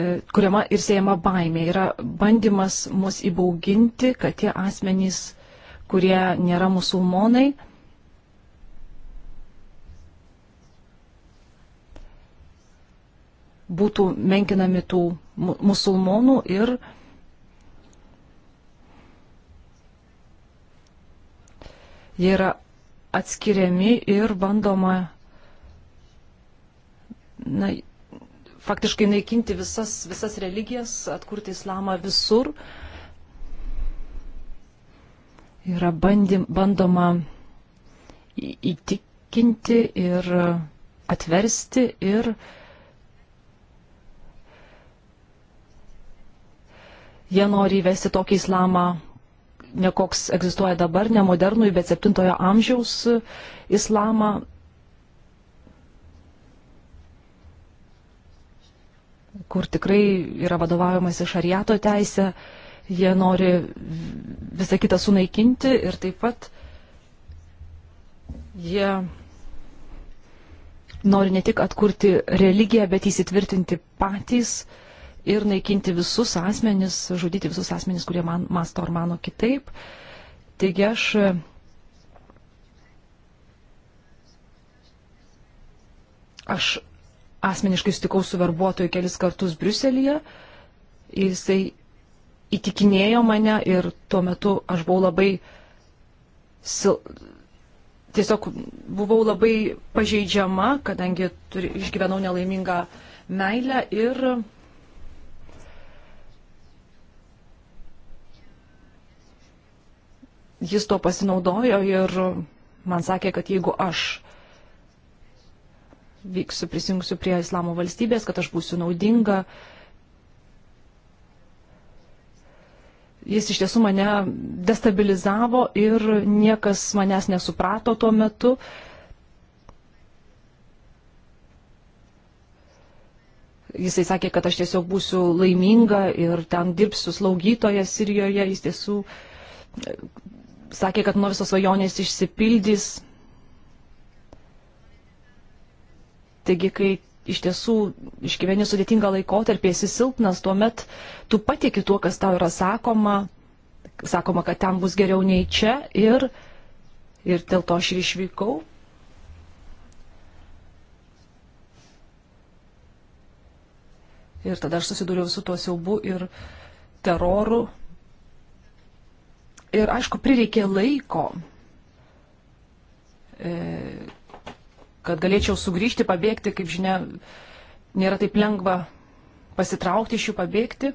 e, kuriama ir siejama baimė. Yra bandymas mus įbauginti, kad tie asmenys kurie nėra musulmonai. būtų menkinami tų musulmonų ir jie yra atskiriami ir bandoma na, faktiškai naikinti visas, visas religijas, atkurti islamą visur. Uh, yra bandym, bandoma įtikinti ir atversti ir jie nori įvesti tokį islamą, ne koks egzistuoja dabar, ne modernųjį, bet 7 amžiaus islamą. kur tikrai yra vadovaujamas iš ariato teisė, uh, jie nori visą kitą sunaikinti ir taip pat jie nori ne tik atkurti religiją, bet įsitvirtinti patys ir naikinti visus asmenis, žudyti visus asmenis, kurie man masto ar mano kitaip. Taigi aš aš asmeniškai sutikau su verbuotoju kelis kartus Briuselėje. Jisai įtikinėjo mane ir tuo metu aš buvau labai sil... tiesiog buvau labai pažeidžiama, kadangi turi... išgyvenau nelaimingą meilę ir jis tuo pasinaudojo ir man sakė, kad jeigu aš vyksiu, prisijungsiu prie islamo valstybės, kad aš būsiu naudinga, uh, Jis iš tiesų mane destabilizavo ir niekas manęs nesuprato tuo metu. Jisai sakė, kad aš tiesiog būsiu laiminga ir ten dirbsiu slaugytoje Sirijoje. Jis tiesų e, sakė, kad nuo visos svajonės išsipildys. Taigi, kai iš tiesų išgyveni sudėtingą laikotarpį, esi silpnas, tuomet tu patiki tuo, kas tau yra sakoma, sakoma, kad ten bus geriau nei čia ir, ir dėl to aš ir išvykau. Ir tada aš susidūriau su tuo siaubu ir teroru. Ir aišku, prireikė laiko, e, kad galėčiau sugrįžti, pabėgti, kaip žinia, nėra taip lengva pasitraukti iš jų, pabėgti.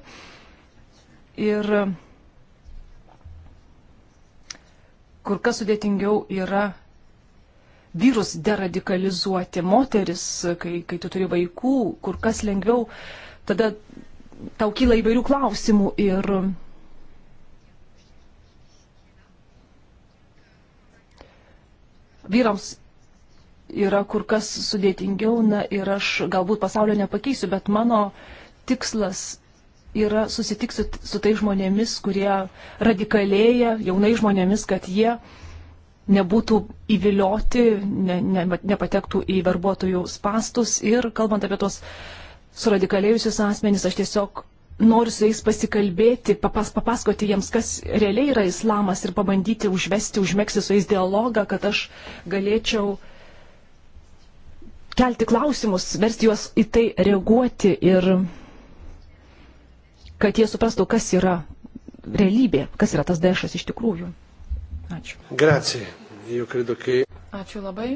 Ir kur kas sudėtingiau yra vyrus deradikalizuoti, moteris, kai, kai tu turi vaikų, kur kas lengviau, tada tau kyla įvairių klausimų ir vyrams yra kur kas sudėtingiau, na ir aš galbūt pasaulio nepakeisiu, bet mano tikslas yra susitikti su, su tai žmonėmis, kurie radikalėja, jaunai žmonėmis, kad jie nebūtų įvilioti, ne, ne, nepatektų į darbuotojų spastus. Ir kalbant apie tos suradikalėjusius asmenys, aš tiesiog noriu su jais pasikalbėti, papas, papasakoti jiems, kas realiai yra islamas ir pabandyti užvesti, užmėgsti su jais dialogą, kad aš galėčiau uh, kelti klausimus, versti juos į tai reaguoti ir kad jie suprastų, kas yra realybė, kas yra tas dešas iš tikrųjų. Ačiū. Grazie. Io credo che... Ačiū labai.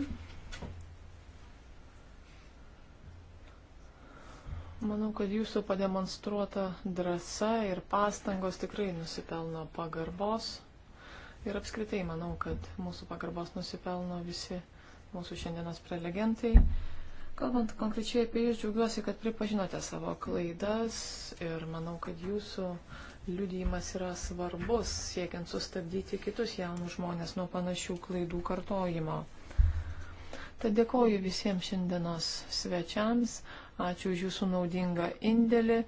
Manau, kad jūsų pademonstruota drąsa ir pastangos tikrai nusipelno pagarbos. Ir apskritai manau, kad mūsų pagarbos nusipelno visi mūsų šiandienos prelegentai. Kalbant konkrečiai apie jūs, džiaugiuosi, kad pripažinote savo klaidas ir manau, kad jūsų liudijimas yra svarbus, siekiant sustabdyti kitus jaunus žmonės nuo panašių klaidų kartojimo. Tad dėkoju visiems šiandienos svečiams, ačiū už jūsų naudingą indėlį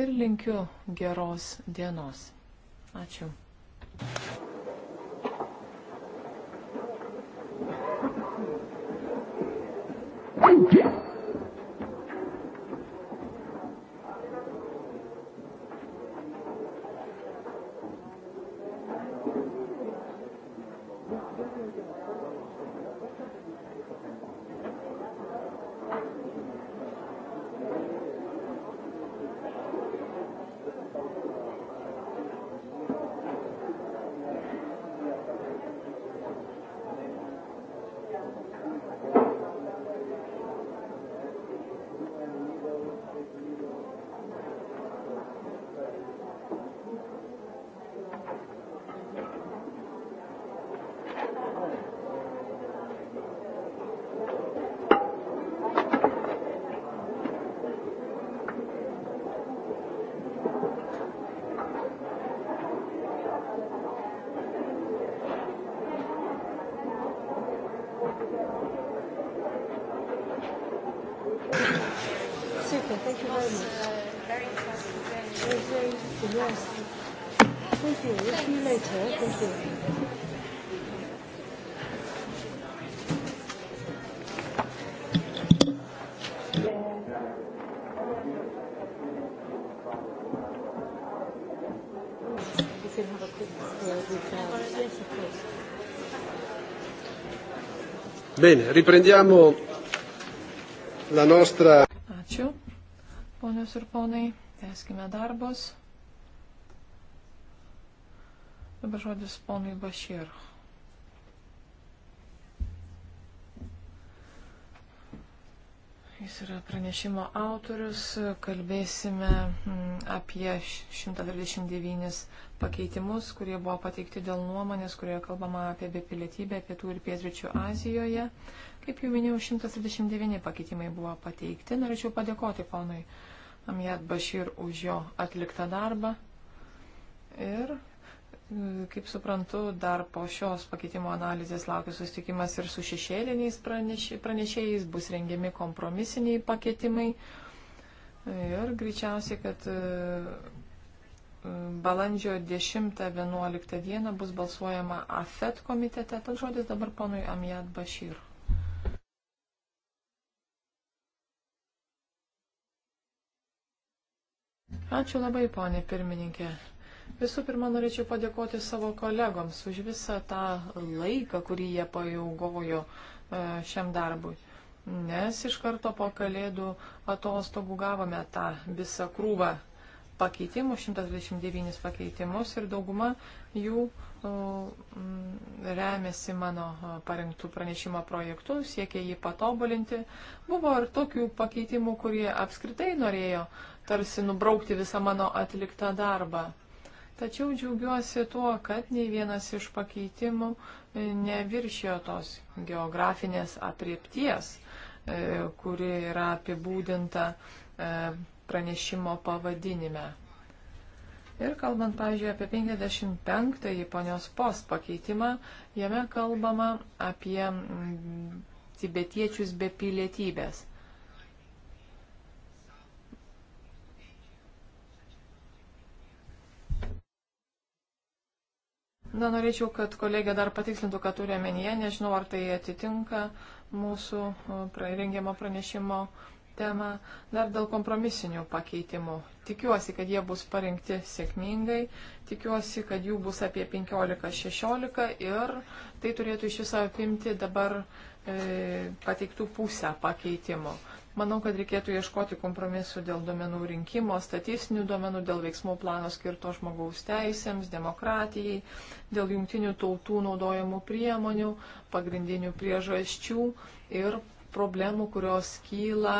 ir linkiu geros dienos. Ačiū. Thank you. Bene, riprendiamo la nostra. Ačiū, ponios ir ponai, tęskime darbus. Dabar žodis ponui Bashir. Jis yra pranešimo autorius, kalbėsime mm, apie 129 pakeitimus, kurie buvo pateikti dėl nuomonės, kurioje kalbama apie bepilietybę pietų ir pietryčių Azijoje. Kaip jau minėjau, 129 pakeitimai buvo pateikti. Norėčiau padėkoti ponui Amjad Bashir už jo atliktą darbą. Ir, kaip suprantu, dar po šios pakeitimo analizės laukia susitikimas ir su šešėliniais pranešėjais, bus rengiami kompromisiniai pakeitimai. Ir greičiausiai, kad balandžio 10-11 dieną bus balsuojama AFET komitete. Tad žodis dabar ponui Amjad Bashir. Ačiū labai, ponė pirmininkė. Visų pirma, norėčiau padėkoti savo kolegoms už visą tą laiką, kurį jie pajaugojo e, šiam darbui. Nes iš karto po kalėdų atostogų gavome tą visą krūvą pakeitimus, 129 pakeitimus ir dauguma jų mm, remiasi mano parengtų pranešimo projektų, siekia jį patobulinti. Buvo ir tokių pakeitimų, kurie apskritai norėjo tarsi nubraukti visą mano atliktą darbą. Tačiau džiaugiuosi tuo, kad nei vienas iš pakeitimų e, neviršėjo tos geografinės apriepties, e, kuri yra apibūdinta e, pranešimo pavadinime. Ir kalbant, pavyzdžiui, apie 55-ąjį ponios post pakeitimą, jame kalbama apie mm, tibetiečius be pilietybės. Na, norėčiau, kad kolegė dar patikslintų, ką turi omenyje, nežinau, ar tai atitinka mūsų mm, rengiamo pranešimo temą dar dėl kompromisinių pakeitimų. Tikiuosi, kad jie bus parengti sėkmingai, tikiuosi, kad jų bus apie 15-16 ir tai turėtų iš viso apimti dabar e, pateiktų pusę pakeitimų. Manau, kad reikėtų ieškoti kompromisų dėl duomenų rinkimo, statistinių duomenų, dėl veiksmų plano skirto žmogaus teisėms, demokratijai, dėl jungtinių tautų naudojamų priemonių, pagrindinių priežasčių ir problemų, kurios kyla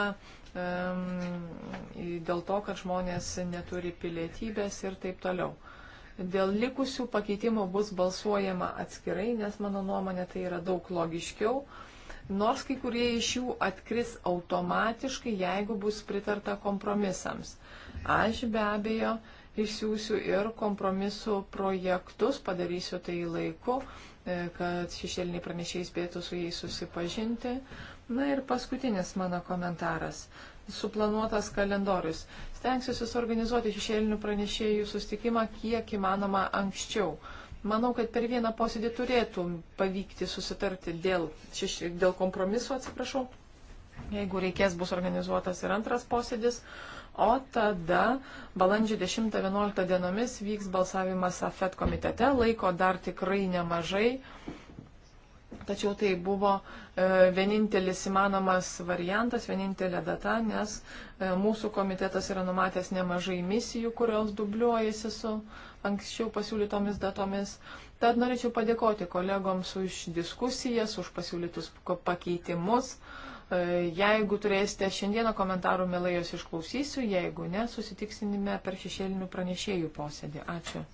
dėl to, kad žmonės neturi pilietybės ir taip toliau. Dėl likusių pakeitimų bus balsuojama atskirai, nes mano nuomonė tai yra daug logiškiau, nors kai kurie iš jų atkris automatiškai, jeigu bus pritarta kompromisams. Aš be abejo išsiųsiu ir kompromisų projektus, padarysiu tai laiku, e, kad šešėliniai pranešėjai spėtų su jais susipažinti. Na ir paskutinis mano komentaras. Suplanuotas kalendorius. Stengsiuosi suorganizuoti šešėlinių pranešėjų sustikimą kiek įmanoma anksčiau. Manau, kad per vieną posėdį turėtų pavykti susitarti dėl, šeši, dėl kompromiso, atsiprašau. Jeigu reikės, bus organizuotas ir antras posėdis. O tada balandžio 10-11 dienomis vyks balsavimas AFET komitete. Laiko dar tikrai nemažai. Tačiau tai buvo e, vienintelis įmanomas variantas, vienintelė data, nes e, mūsų komitetas yra numatęs nemažai misijų, kurios dubliuojasi su anksčiau pasiūlytomis datomis. Tad norėčiau padėkoti kolegoms už diskusijas, už pasiūlytus pakeitimus. E, jeigu turėsite šiandieną komentarų, mielai jos išklausysiu, jeigu ne, susitiksime per šešėlinių pranešėjų posėdį. Ačiū.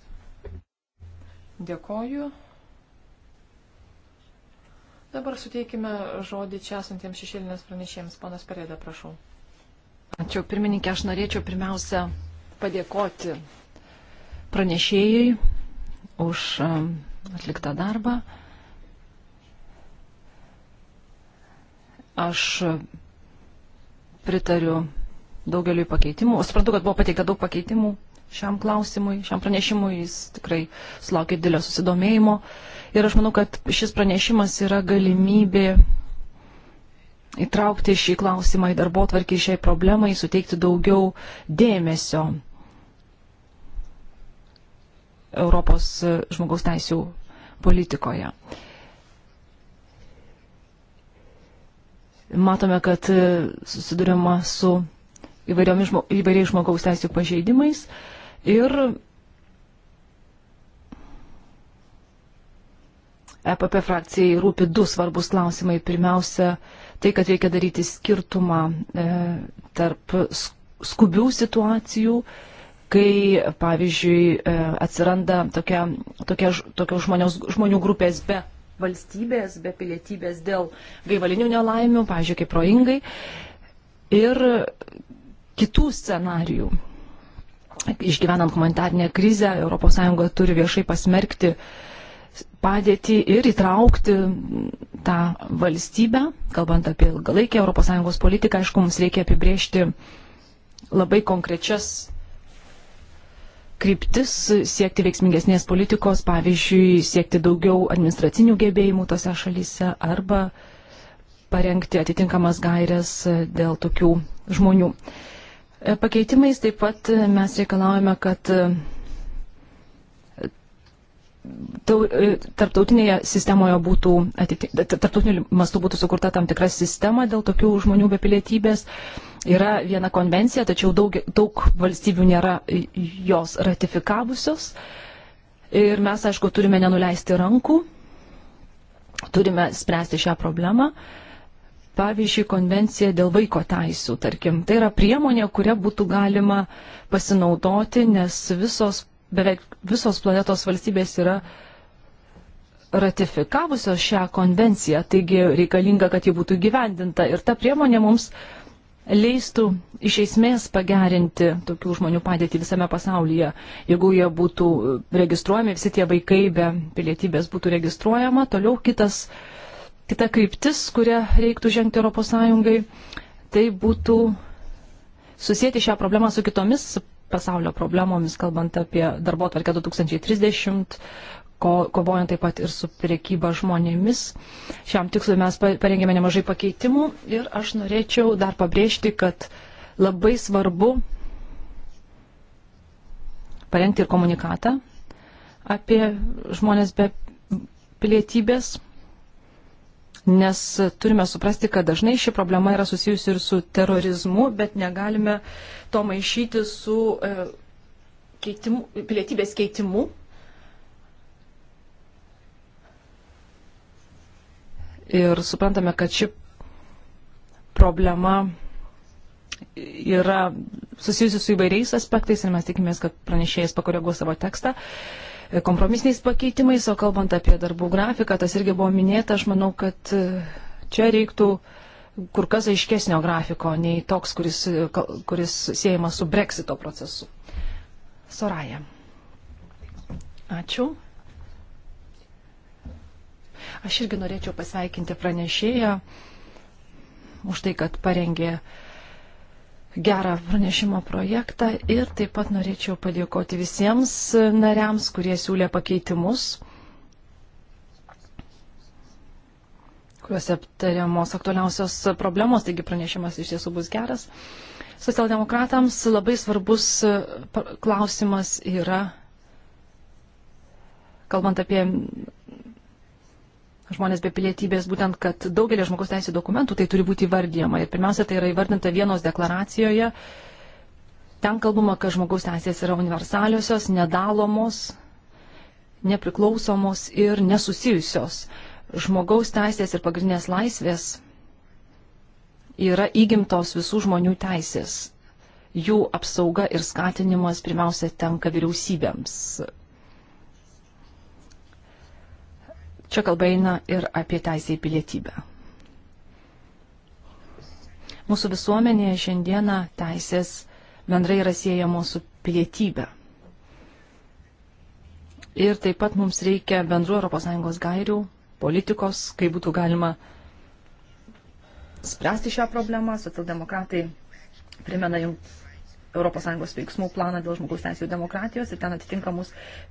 Dėkoju. Dabar suteikime žodį čia esantiems šešėlinės pranešėjams. Panas Perėda, prašau. Ačiū, pirmininkė, aš norėčiau pirmiausia padėkoti pranešėjai už um, atliktą darbą. Aš pritariu daugeliu pakeitimų. Suprantu, kad buvo pateikta daug pakeitimų šiam klausimui, šiam pranešimui. Jis tikrai sulaukė didelio susidomėjimo. Uh, Ir aš manau, kad šis pranešimas yra galimybė įtraukti šį klausimą į darbo tvarkį, šiai problemai, suteikti daugiau dėmesio Europos žmogaus teisų politikoje. Matome, kad susidurima su įvairiomis, įvairiais žmogaus teisų pažeidimais ir EPP frakcijai rūpi du svarbus klausimai. Pirmiausia, tai, kad reikia daryti skirtumą e, tarp skubių situacijų, kai, pavyzdžiui, e, atsiranda tokia, tokia, tokios žmonios, žmonių grupės be valstybės, be pilietybės dėl gaivalinių nelaimių, pavyzdžiui, kaip proingai, ir kitų scenarijų. Išgyvenant humanitarnę krizę, ES turi viešai pasmerkti uh, padėtį ir įtraukti tą valstybę, kalbant apie ilgalaikę ES politiką, aišku, mums reikia apibriežti labai konkrečias kryptis, siekti veiksmingesnės politikos, pavyzdžiui, siekti daugiau administracinių gebėjimų tose šalyse arba parengti atitinkamas gairias dėl tokių žmonių. E, pakeitimais taip pat mes reikalavome, kad E, tarptautinėje sistemoje būtų, tarptautiniu mastu būtų sukurta tam tikra sistema dėl tokių žmonių be pilietybės. Yra viena konvencija, tačiau daug, daug valstybių nėra jos ratifikavusios. Ir mes, aišku, turime nenuleisti rankų, turime spręsti šią problemą. Pavyzdžiui, konvencija dėl vaiko teisų, tarkim. Tai yra priemonė, kurią būtų galima pasinaudoti, nes visos beveik visos planetos valstybės yra ratifikavusios šią konvenciją, taigi reikalinga, kad ji būtų gyvendinta. Ir ta priemonė mums leistų iš esmės pagerinti tokių žmonių padėtį visame pasaulyje. Jeigu jie būtų registruojami, visi tie vaikai be pilietybės būtų registruojama, toliau kitas, kita kryptis, kurią reiktų žengti ES, tai būtų susijęti šią problemą su kitomis pasaulio problemomis, kalbant apie darbo tvarkę 2030, ko, kovojant taip pat ir su priekyba žmonėmis. Šiam tikslui mes parengėme nemažai pakeitimų ir aš norėčiau dar pabrėžti, kad labai svarbu parengti ir komunikatą apie žmonės be pilietybės nes turime suprasti, kad dažnai ši problema yra susijusi ir su terorizmu, bet negalime to maišyti su e, keitimu, pilietybės keitimu. Ir suprantame, kad ši problema yra susijusi su įvairiais aspektais ir mes tikimės, kad pranešėjas pakoreguos savo tekstą. E, kompromisiniais pakeitimais, o kalbant apie darbų grafiką, tas irgi buvo minėta, aš manau, kad e, čia reiktų kur kas aiškesnio grafiko nei toks, kuris, e, kuris siejamas su breksito procesu. Soraja. Ačiū. Aš irgi norėčiau pasveikinti pranešėją už tai, kad parengė uh, gerą pranešimo projektą ir taip pat norėčiau padėkoti visiems nariams, kurie siūlė pakeitimus, kuriuose aptariamos aktualiausios problemos, taigi pranešimas iš tiesų bus geras. Socialdemokratams labai svarbus e, klausimas yra, kalbant apie žmonės be pilietybės, būtent, kad daugelį žmogus teisų dokumentų tai turi būti įvardyjama. Ir pirmiausia, tai yra įvardinta vienos deklaracijoje. Ten kalbama, kad žmogaus teisės yra universaliosios, nedalomos, nepriklausomos ir nesusijusios. Žmogaus teisės ir pagrindinės laisvės yra įgimtos visų žmonių teisės. Jų apsauga ir skatinimas pirmiausia tenka vyriausybėms, Čia kalba eina ir apie teisę į pilietybę. Mūsų visuomenėje šiandieną teisės bendrai yra siejamos su pilietybė. Ir taip pat mums reikia bendrų ES gairių, politikos, kaip būtų galima spręsti šią problemą. Socialdemokratai primena jums ES veiksmų planą dėl žmogaus teisų ir demokratijos ir ten atitinkamus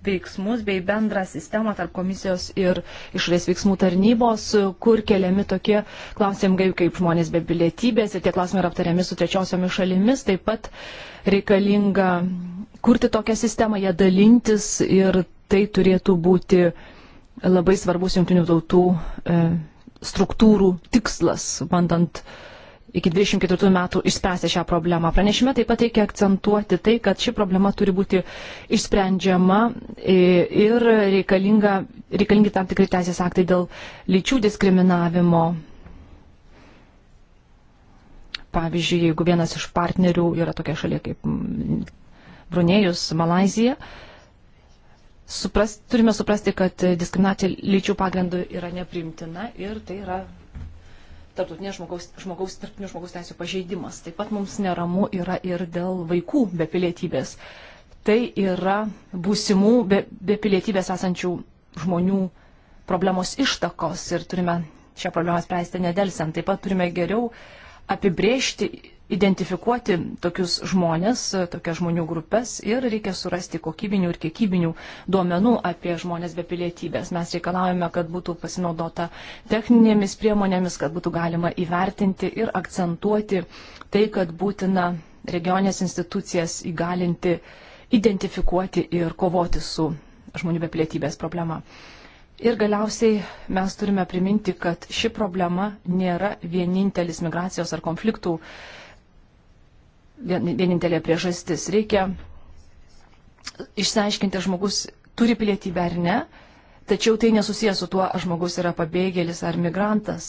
veiksmus bei bendrą sistemą tarp komisijos ir išorės veiksmų tarnybos, kur keliami tokie klausimai kaip žmonės be pilietybės ir tie klausimai yra aptariami su trečiosiomis šalimis. Taip pat reikalinga kurti tokią sistemą, ją dalintis ir tai turėtų būti labai svarbus jungtinių tautų e, struktūrų tikslas, bandant uh, iki 24 metų išspręsti šią problemą. Pranešime taip pat reikia akcentuoti tai, kad ši problema turi būti išsprendžiama e, ir reikalingi tam tikri teisės aktai dėl lyčių diskriminavimo. Pavyzdžiui, jeigu vienas iš partnerių yra tokia šalia kaip mm, Brunėjus, Malazija, supras, turime suprasti, kad diskriminacija lyčių pagrindų yra neprimtina ir tai yra tarptautinės žmogaus, žmogaus, tarptautinių žmogaus teisų pažeidimas. Taip pat mums neramu yra ir dėl vaikų be pilietybės. Tai yra būsimų be, be pilietybės esančių žmonių problemos ištakos ir turime šią problemą spręsti nedelsiant. Taip pat turime geriau apibriežti identifikuoti tokius žmonės, tokias žmonių grupės ir reikia surasti kokybinių ir kiekybinių duomenų apie žmonės be pilietybės. Mes reikalavome, kad būtų pasinaudota techninėmis priemonėmis, kad būtų galima įvertinti ir akcentuoti tai, kad būtina regionės institucijas įgalinti, identifikuoti ir kovoti su žmonių be pilietybės problema. Ir galiausiai mes turime priminti, kad ši problema nėra vienintelis migracijos ar konfliktų uh, vienintelė priežastis. Reikia išsiaiškinti, ar žmogus turi pilietybę ar ne, tačiau tai nesusijęs su tuo, ar žmogus yra pabėgėlis ar migrantas.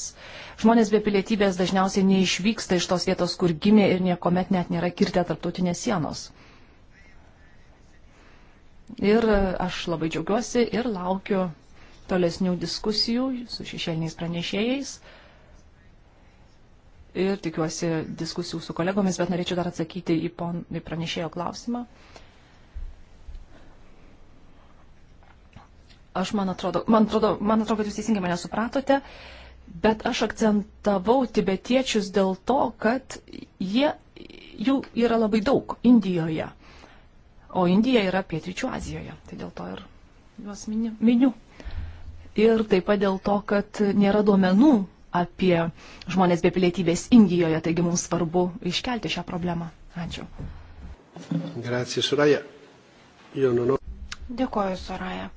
Žmonės be pilietybės dažniausiai neišvyksta iš tos vietos, kur gimė ir niekuomet net nėra kirtę tarptautinės sienos. Ir aš labai džiaugiuosi ir laukiu tolesnių diskusijų su šešėliniais pranešėjais ir tikiuosi diskusijų su kolegomis, bet norėčiau dar atsakyti į, pon, į pranešėjo klausimą. Aš man atrodo, man atrodo, man atrodo, kad jūs teisingai mane supratote, bet aš akcentavau tibetiečius dėl to, kad jie, jų yra labai daug Indijoje, o Indija yra pietryčių Azijoje, tai dėl to ir juos miniu. miniu. Ir taip pat dėl to, kad nėra duomenų apie žmonės be pilietybės Indijoje, taigi mums svarbu iškelti šią problemą. Ačiū. Grazie, Soraya. Non... Dėkoju, Soraya.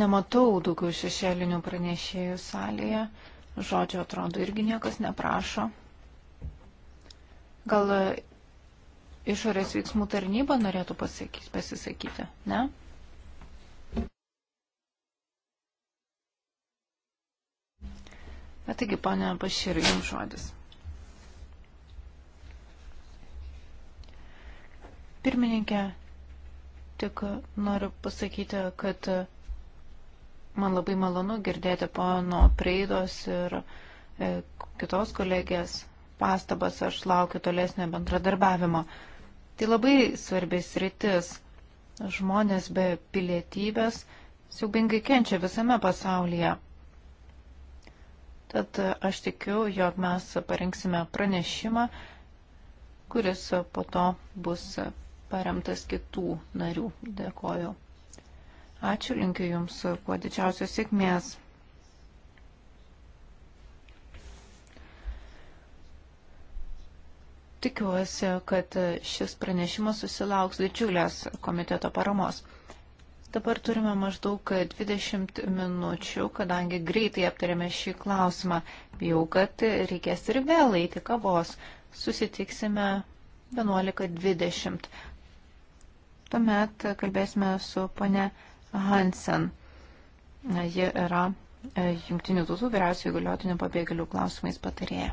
Nematau daugiau šešėlinių pranešėjų salėje. Žodžio atrodo irgi niekas neprašo. Gal e, išorės veiksmų tarnyba norėtų pasakyti, pasisakyti, ne? Bet taigi, ponia Pašyrai, jums žodis. Pirmininkė, tik noriu pasakyti, kad man labai malonu girdėti pono Preidos ir e, kitos kolegės pastabas, aš laukiu tolesnio bendradarbiavimo. Tai labai svarbis rytis. Žmonės be pilietybės siubingai kenčia visame pasaulyje. Tad e, aš tikiu, jog mes parinksime pranešimą, kuris po to bus paremtas kitų narių. Dėkoju. Ačiū, linkiu Jums kuo didžiausios sėkmės. Tikiuosi, kad šis pranešimas susilauks didžiulės komiteto paramos. Dabar turime maždaug 20 minučių, kadangi greitai aptarėme šį klausimą. Bijau, kad reikės ir vėl eiti kavos. Susitiksime 11.20. Tuomet kalbėsime su pane Hansen. Ji yra e, Junktinių tautų vyriausiojo įgaliotinio pabėgėlių klausimais patarėja.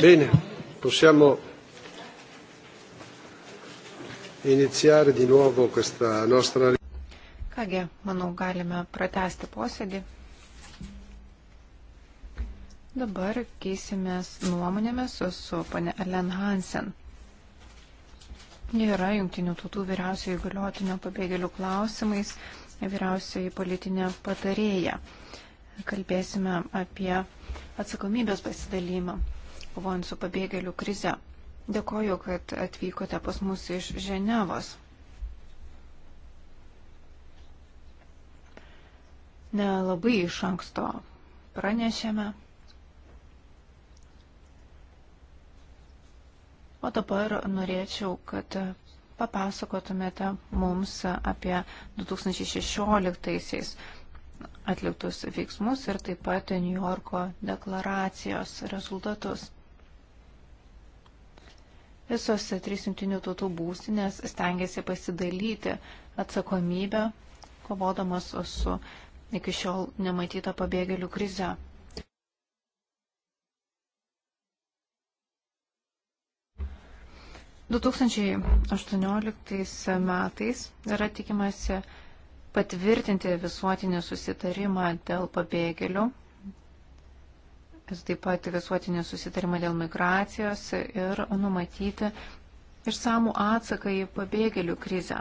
Bene, possiamo iniziare di nuovo questa nostra. Kągi, manau, galime pratesti posėdį. Dabar keisimės nuomonėmis su, su pane Ellen Hansen. Ji yra Junktinių tautų vyriausiojo įgaliotinio pabėgėlių klausimais, vyriausioji politinė patarėja. Kalbėsime apie atsakomybės pasidalymą kovojant su pabėgėlių krize. Dėkoju, kad atvykote pas mus iš Ženevos. Nelabai iš anksto pranešėme. O dabar norėčiau, kad papasakotumėte mums apie 2016 atliktus veiksmus ir taip pat New Yorko deklaracijos rezultatus. Visos trys jungtinių tautų būstinės stengiasi pasidalyti atsakomybę, kovodamas su iki šiol nematyta pabėgėlių krize. Du 2018 metais yra tikimasi patvirtinti visuotinį susitarimą dėl pabėgėlių taip pat visuotinį susitarimą dėl migracijos ir numatyti išsamų atsaką į pabėgėlių krizę.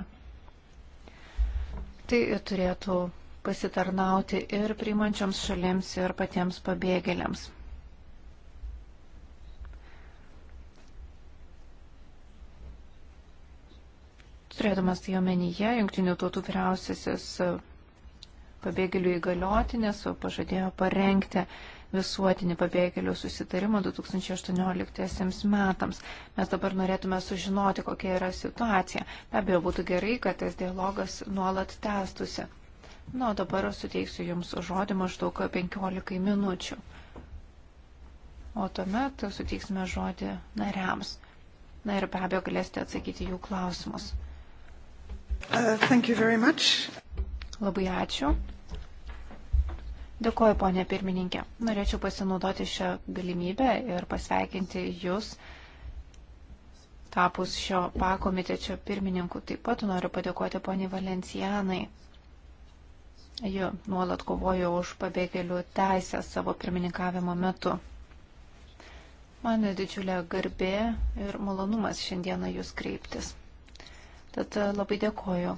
Tai turėtų pasitarnauti ir priimančioms šalims, ir patiems pabėgėliams. Turėdamas tai omenyje, jungtinių tautų vyriausiasis pabėgėlių įgaliotinės pažadėjo parengti visuotinį pabėgėlių susitarimą 2018 metams. Mes dabar norėtume sužinoti, kokia yra situacija. Be abejo, būtų gerai, kad tas dialogas nuolat tęstusi. Na, nu, dabar suteiksiu Jums žodį maždaug 15 minučių. O tuomet suteiksime žodį nariams. Na ir be abejo, galėsite atsakyti jų klausimus. Uh, Labai ačiū. Dėkuoju, ponė pirmininkė. Norėčiau pasinaudoti šią galimybę ir pasveikinti Jūs tapus šio pakomitečio pirmininku. Taip pat noriu padėkoti poniai Valencijanai. Ji nuolat kovojo už pabėgėlių teisę savo pirmininkavimo metu. Man didžiulė garbė ir malonumas šiandieną jūs kreiptis. Tad labai dėkoju.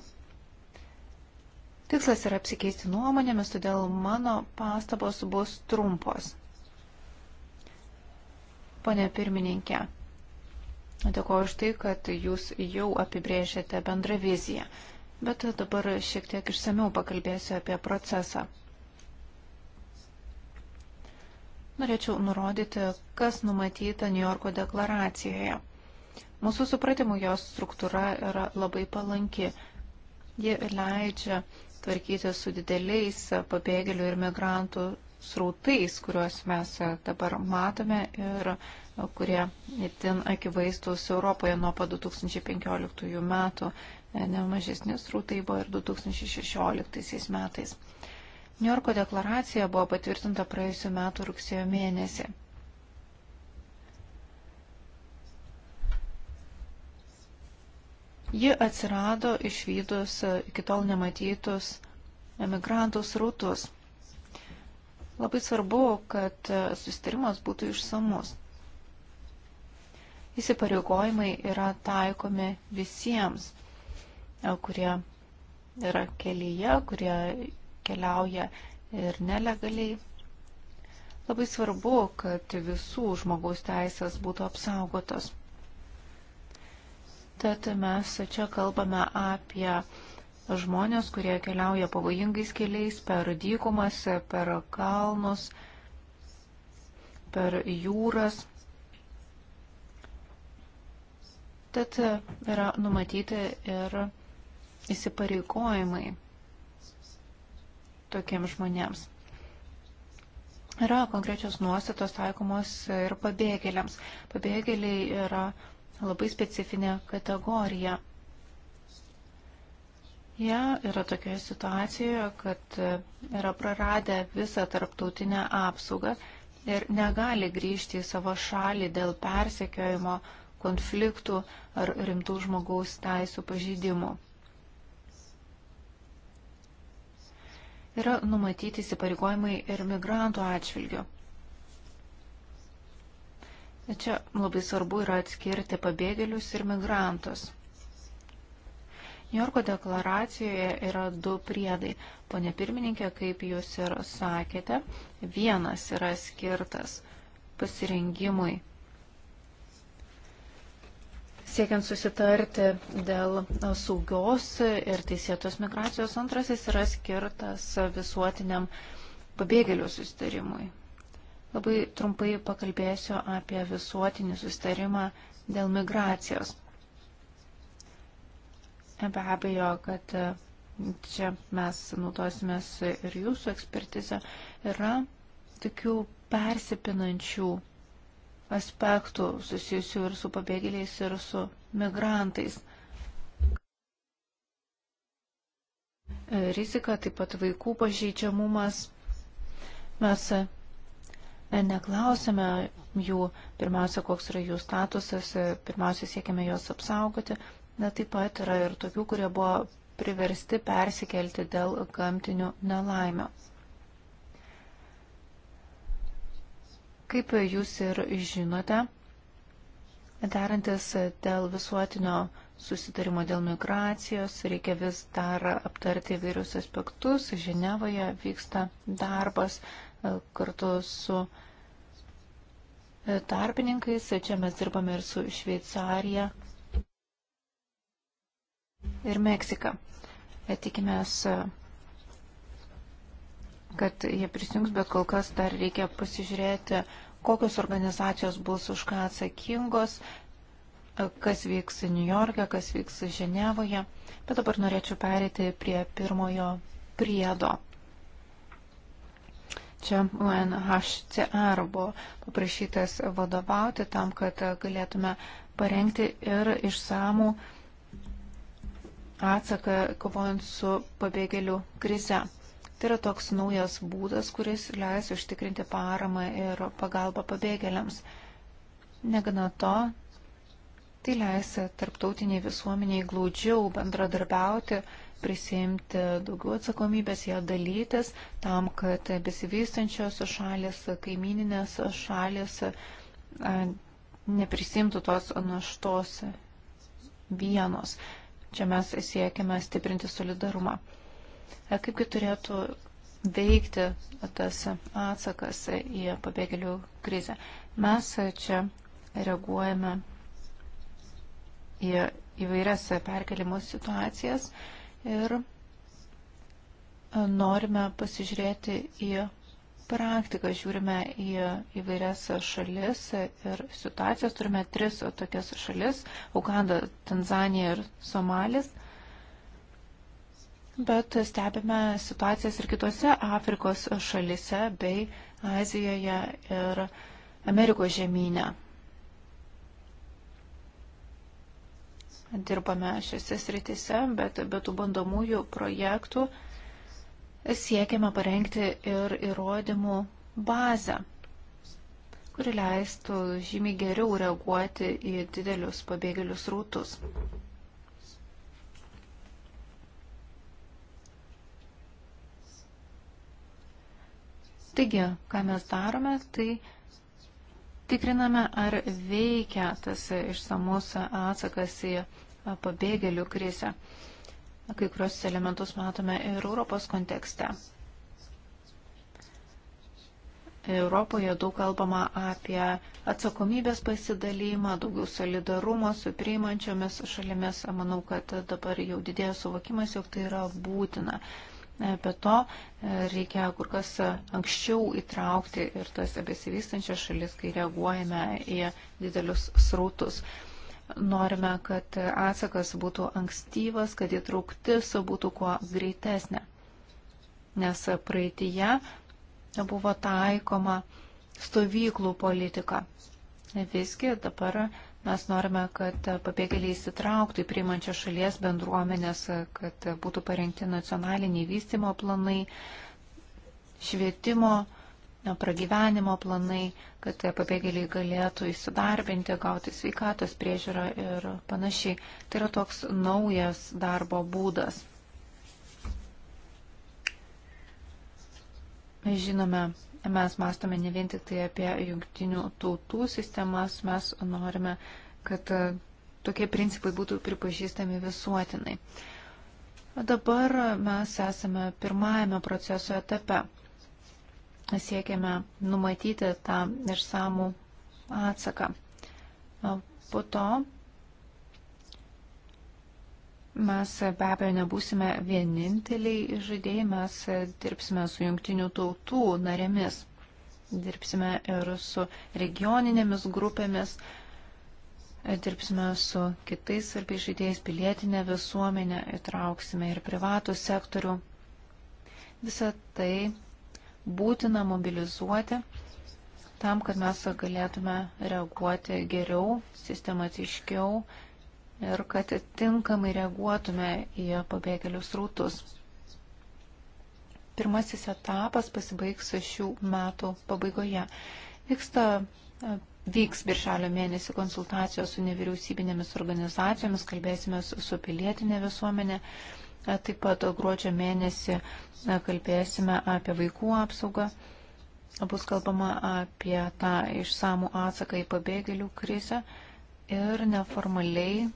Tikslas yra apsikeisti nuomonėmis, todėl mano pastabos bus trumpos. Pone pirmininkė, dėkoju už tai, kad jūs jau apibrėžėte bendrą viziją, bet dabar šiek tiek išsameu pakalbėsiu apie procesą. Norėčiau nurodyti, kas numatyta New Yorko deklaracijoje. Mūsų supratimu, jos struktūra yra labai palanki. Ji leidžia tvarkyti su dideliais pabėgėlių ir migrantų srautais, kuriuos mes dabar matome ir e, kurie itin akivaizdus Europoje nuo pat 2015 metų, e, nemažesni srautai buvo ir 2016 metais. Niujorko deklaracija buvo patvirtinta praėjusiu metu rugsėjo mėnesį. Ji atsirado išvykus iki tol nematytus emigrantus rūtus. Labai svarbu, kad sustarimas būtų išsamus. Įsipareigojimai yra taikomi visiems, kurie yra kelyje, kurie keliauja ir nelegaliai. Labai svarbu, kad visų žmogaus teisės būtų apsaugotos. Tad mes čia kalbame apie žmonės, kurie keliauja pavojingais keliais per dykumas, per kalnus, per jūras. Tad yra numatyti ir įsipareigojimai tokiems žmonėms. Yra konkrečios nuostatos taikomos ir pabėgėliams. Pabėgėliai yra labai specifinė kategorija. Jie ja, yra tokioje situacijoje, kad e, yra praradę visą tarptautinę apsaugą ir negali grįžti į savo šalį dėl persekiojimo, konfliktų ar rimtų žmogaus teisų pažydimų. Yra numatyti įsipareigojimai ir migrantų atšvilgių. Čia labai svarbu yra atskirti pabėgėlius ir migrantus. Niujorko deklaracijoje yra du priedai. Pone pirmininkė, kaip jūs ir sakėte, vienas yra skirtas pasirengimui siekiant susitarti dėl saugios ir teisėtos migracijos, antrasis yra skirtas visuotiniam pabėgėlių susitarimui. Labai trumpai pakalbėsiu apie visuotinį sustarimą dėl migracijos. Be abejo, kad čia mes naudosimės ir jūsų ekspertizę. Yra tokių persipinančių aspektų susijusių ir su pabėgėliais, ir su migrantais. Rizika, taip pat vaikų pažeidžiamumas. Mes neklausėme jų pirmiausia, koks yra jų statusas, pirmiausia siekėme juos apsaugoti. Na, taip pat yra ir tokių, kurie buvo priversti persikelti dėl gamtinių nelaimio. Kaip jūs ir žinote, derantis dėl visuotinio susitarimo dėl migracijos, reikia vis dar aptarti įvairius aspektus. Ženevoje vyksta darbas, kartu su e, tarpininkais. Čia mes dirbame ir su Šveicarija ir Meksika. E, tikimės, e, kad jie prisijungs, bet kol kas dar reikia pasižiūrėti, kokios organizacijos bus už ką atsakingos, kas vyks New York'e, kas vyks Ženevoje. Bet dabar norėčiau perėti prie pirmojo priedo. Čia UNHCR buvo paprašytas vadovauti tam, kad galėtume parengti ir išsamų atsaką kovojant su pabėgėlių krize. Tai yra toks naujas būdas, kuris leis užtikrinti paramą ir pagalbą pabėgėliams. Negana to, tai leis tarptautiniai visuomeniai glaudžiau bendradarbiauti prisimti daugiau atsakomybės, ją dalytis tam, kad besivystančios šalis, kaimininės šalis neprisimtų tos naštos vienos. Čia mes siekiame stiprinti solidarumą. Kaipgi turėtų veikti tas atsakas į pabėgėlių krizę. Mes čia reaguojame į įvairias perkelimo situacijas ir e, norime pasižiūrėti į praktiką, žiūrime į įvairias šalis ir situacijas. Turime tris tokias šalis - Uganda, Tanzanija ir Somalis. Bet stebime situacijas ir kitose Afrikos šalise bei Azijoje ir Amerikos žemynė. dirbame šiose sritise, bet be tų bandomųjų projektų siekiame parengti ir įrodymų bazę, kuri leistų žymiai geriau reaguoti į didelius pabėgėlius rūtus. Taigi, ką mes darome, tai Tikriname, ar veikia tas išsamus atsakas į pabėgėlių krizę. Kai kurios elementus matome ir Europos kontekste. Europoje daug kalbama apie atsakomybės pasidalymą, daugiau solidarumo su priimančiomis šalimis. Manau, kad dabar jau didėja suvokimas, jog tai yra būtina. Be to, reikia kur kas anksčiau įtraukti ir tas besivystančias šalis, kai reaguojame į didelius srautus. Norime, kad atsakas būtų ankstyvas, kad įtrauktis būtų kuo greitesnė. Nes praeitįje buvo taikoma stovyklų politika. Visgi dabar Mes norime, kad pabėgėliai įsitrauktų į priimančią šalies bendruomenės, kad būtų parengti nacionaliniai vystimo planai, švietimo, pragyvenimo planai, kad pabėgėliai galėtų įsidarbinti, gauti sveikatos priežiūrą ir panašiai. Tai yra toks naujas darbo būdas. Mes žinome, mes mastome ne vien tik tai apie jungtinių tautų sistemas, mes norime, kad e, tokie principai būtų pripažįstami visuotinai. Dabar mes esame pirmajame proceso etape. Siekiame numatyti tą išsamų atsaką. Po to Mes be abejo nebūsime vieninteliai žaidėjai, mes dirbsime su jungtinių tautų narėmis, dirbsime ir su regioninėmis grupėmis, dirbsime su kitais svarbiais žaidėjais, pilietinė visuomenė, įtrauksime ir privatų sektorių. Visą tai būtina mobilizuoti tam, kad mes galėtume reaguoti geriau, sistematiškiau ir kad tinkamai reaguotume į pabėgėlius rautus. Pirmasis etapas pasibaigs šių metų pabaigoje. Vyksta e, Vyks birželio mėnesį konsultacijos su nevyriausybinėmis organizacijomis, kalbėsime su pilietinė visuomenė. E, taip pat gruodžio mėnesį e, kalbėsime apie vaikų apsaugą. Bus kalbama apie tą išsamų atsaką į pabėgėlių krizę ir neformaliai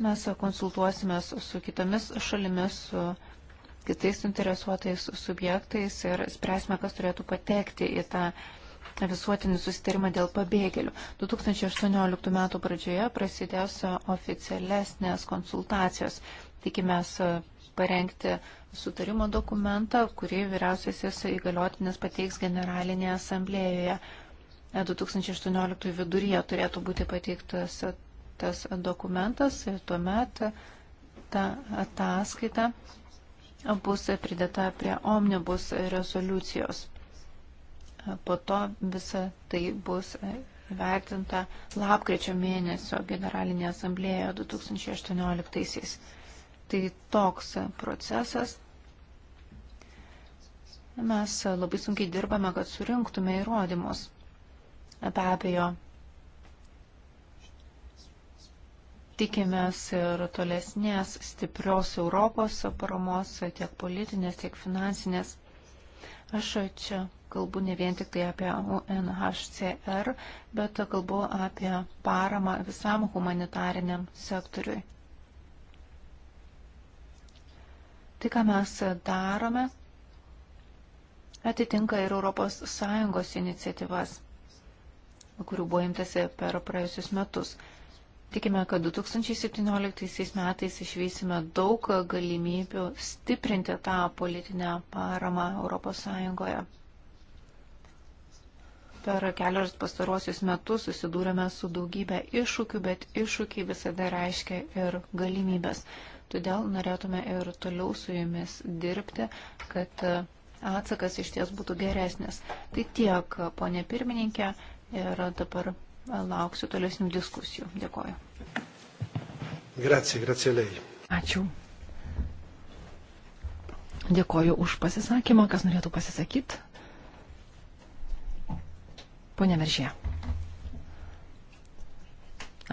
Mes konsultuosime su kitomis šalimis, su kitais interesuotais subjektais ir spręsime, kas turėtų patekti į tą visuotinį susitarimą dėl pabėgėlių. 2018 m. pradžioje prasidės oficialesnės konsultacijos. Tikimės parengti sutarimo dokumentą, kurį vyriausiasis įgaliotinis pateiks Generalinėje asamblėjoje. 2018 viduryje turėtų būti pateiktas parengtas dokumentas ir tuomet ta ataskaita bus pridėta prie omnibus rezoliucijos. Po to visa tai bus vertinta lapkričio mėnesio generalinėje asamblėje 2018. -aisiais. Tai toks procesas. Mes labai sunkiai dirbame, kad surinktume įrodymus. Be abejo, Tikimės ir tolesnės stiprios Europos paramos, tiek politinės, tiek finansinės. Aš čia kalbu ne vien tik tai apie UNHCR, bet kalbu apie paramą visam humanitariniam sektoriui. Tai, ką mes darome, atitinka ir ES iniciatyvas, kurių buvo imtasi per praėjusius metus. Tikime, kad 2017 metais išvysime daug galimybių stiprinti tą politinę paramą ES. Per kelius pastaruosius metus susidūrėme su daugybė iššūkių, bet iššūkiai visada reiškia ir galimybės. Todėl norėtume ir toliau su jumis dirbti, kad atsakas iš ties būtų geresnis. Tai tiek, ponė pirmininkė, ir dabar lauksiu tolesnių diskusijų. Dėkoju. Grazie, grazie lei. Ačiū. Dėkoju už pasisakymą. Kas norėtų pasisakyti? Pone Veržė.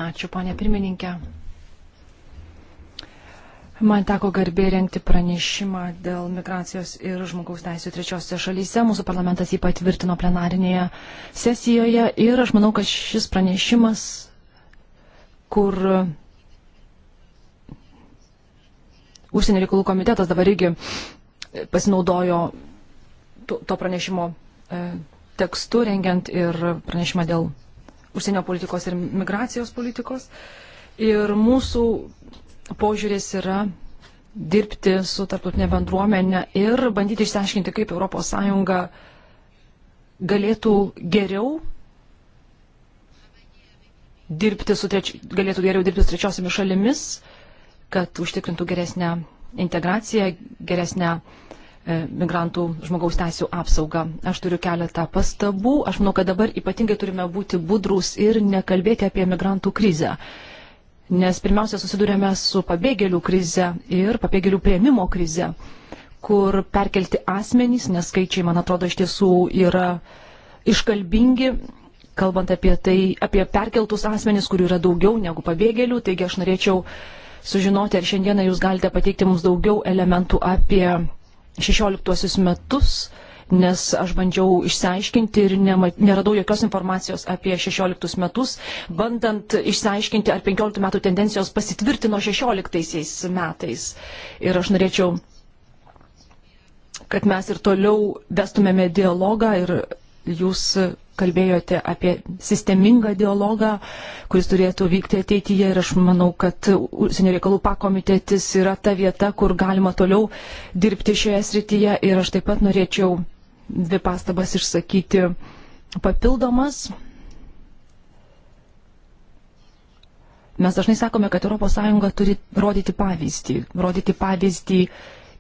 Ačiū, ponė pirmininkė. Man teko garbė renkti pranešimą dėl migracijos ir žmogaus teisų trečiosiose šalyse. Mūsų parlamentas jį patvirtino plenarinėje sesijoje ir aš manau, kad šis pranešimas, kur užsienio reikalų komitetas dabar irgi pasinaudojo to, to pranešimo e, tekstu, rengiant ir pranešimą dėl užsienio politikos ir migracijos politikos. Ir mūsų požiūris yra dirbti su tarptautinė bendruomenė ir bandyti išsiaiškinti, kaip ES galėtų geriau dirbti su, treč... galėtų geriau dirbti su trečiosiomis šalimis, kad užtikrintų geresnę integraciją, geresnę e, migrantų žmogaus teisų apsaugą. Aš turiu keletą pastabų. Aš manau, kad dabar ypatingai turime būti budrus ir nekalbėti apie migrantų krizę nes pirmiausia susidurėme su pabėgėlių krize ir pabėgėlių prieimimo krize, kur perkelti asmenys, nes skaičiai, man atrodo, iš tiesų yra iškalbingi, kalbant apie tai, apie perkeltus asmenys, kurių yra daugiau negu pabėgėlių, taigi aš norėčiau sužinoti, ar šiandieną jūs galite pateikti mums daugiau elementų apie 16 metus nes aš bandžiau išsiaiškinti ir nema, neradau jokios informacijos apie 16 metus, bandant išsiaiškinti, ar 15 metų tendencijos pasitvirtino 16 metais. Ir aš norėčiau, kad mes ir toliau vestumėme dialogą ir jūs kalbėjote apie sistemingą dialogą, kuris turėtų vykti ateityje ir aš manau, kad užsienio reikalų pakomitetis yra ta vieta, kur galima toliau dirbti šioje srityje ir aš taip pat norėčiau dvi pastabas išsakyti papildomas. Mes dažnai sakome, kad ES turi rodyti pavyzdį, rodyti pavyzdį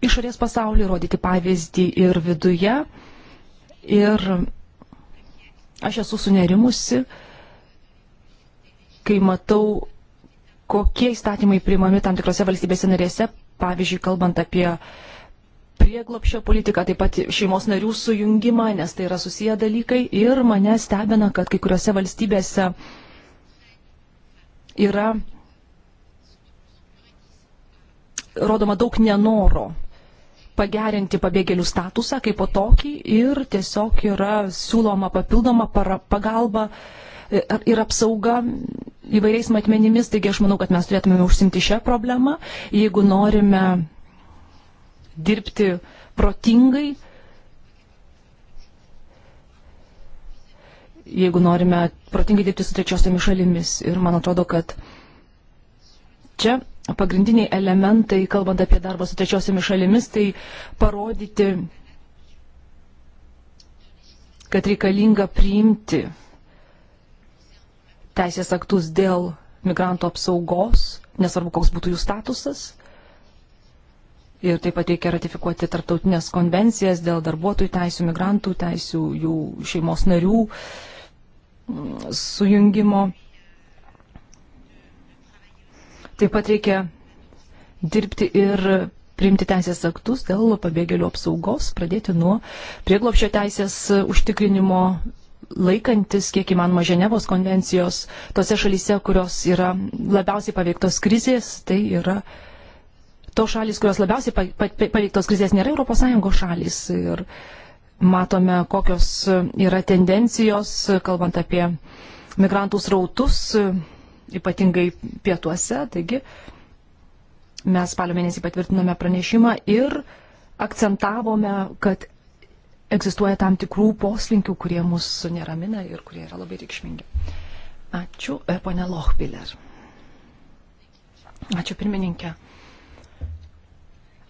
išorės pasaulį, rodyti pavyzdį ir viduje. Ir aš esu sunerimusi, kai matau, kokie įstatymai priimami tam tikrose valstybėse narėse, pavyzdžiui, kalbant apie uh, prieglopšio politiką, taip pat šeimos narių sujungimą, nes tai yra susiję dalykai. Ir mane stebina, kad kai kuriuose valstybėse yra rodoma daug nenoro pagerinti pabėgėlių statusą kaip po tokį ir tiesiog yra siūloma papildoma para, pagalba e, ir apsauga įvairiais matmenimis. Taigi aš manau, kad mes turėtume užsimti šią problemą, jeigu norime dirbti protingai, jeigu norime protingai dirbti su trečiosiomis šalimis. Ir man atrodo, kad čia pagrindiniai elementai, kalbant apie darbą su trečiosiomis šalimis, tai parodyti, kad reikalinga priimti teisės aktus dėl migrantų apsaugos, nesvarbu, koks būtų jų statusas. Ir taip pat reikia ratifikuoti tarptautinės konvencijas dėl darbuotojų teisų, migrantų teisų, jų šeimos narių mm, sujungimo. Taip pat reikia dirbti ir priimti teisės aktus dėl pabėgėlių apsaugos, pradėti nuo prieglopšio teisės užtikrinimo laikantis, kiek įmanoma, Ženevos konvencijos tose šalyse, kurios yra labiausiai paveiktos krizės, tai yra uh, tos šalis, kurios labiausiai paveiktos krizės, nėra ES šalis. Ir matome, kokios yra tendencijos, kalbant apie migrantų srautus, ypatingai pietuose. Taigi mes spalio mėnesį patvirtinome pranešimą ir akcentavome, kad egzistuoja tam tikrų poslinkių, kurie mus neramina ir kurie yra labai reikšmingi. Ačiū, e, ponė Lochbiller. Ačiū pirmininkė.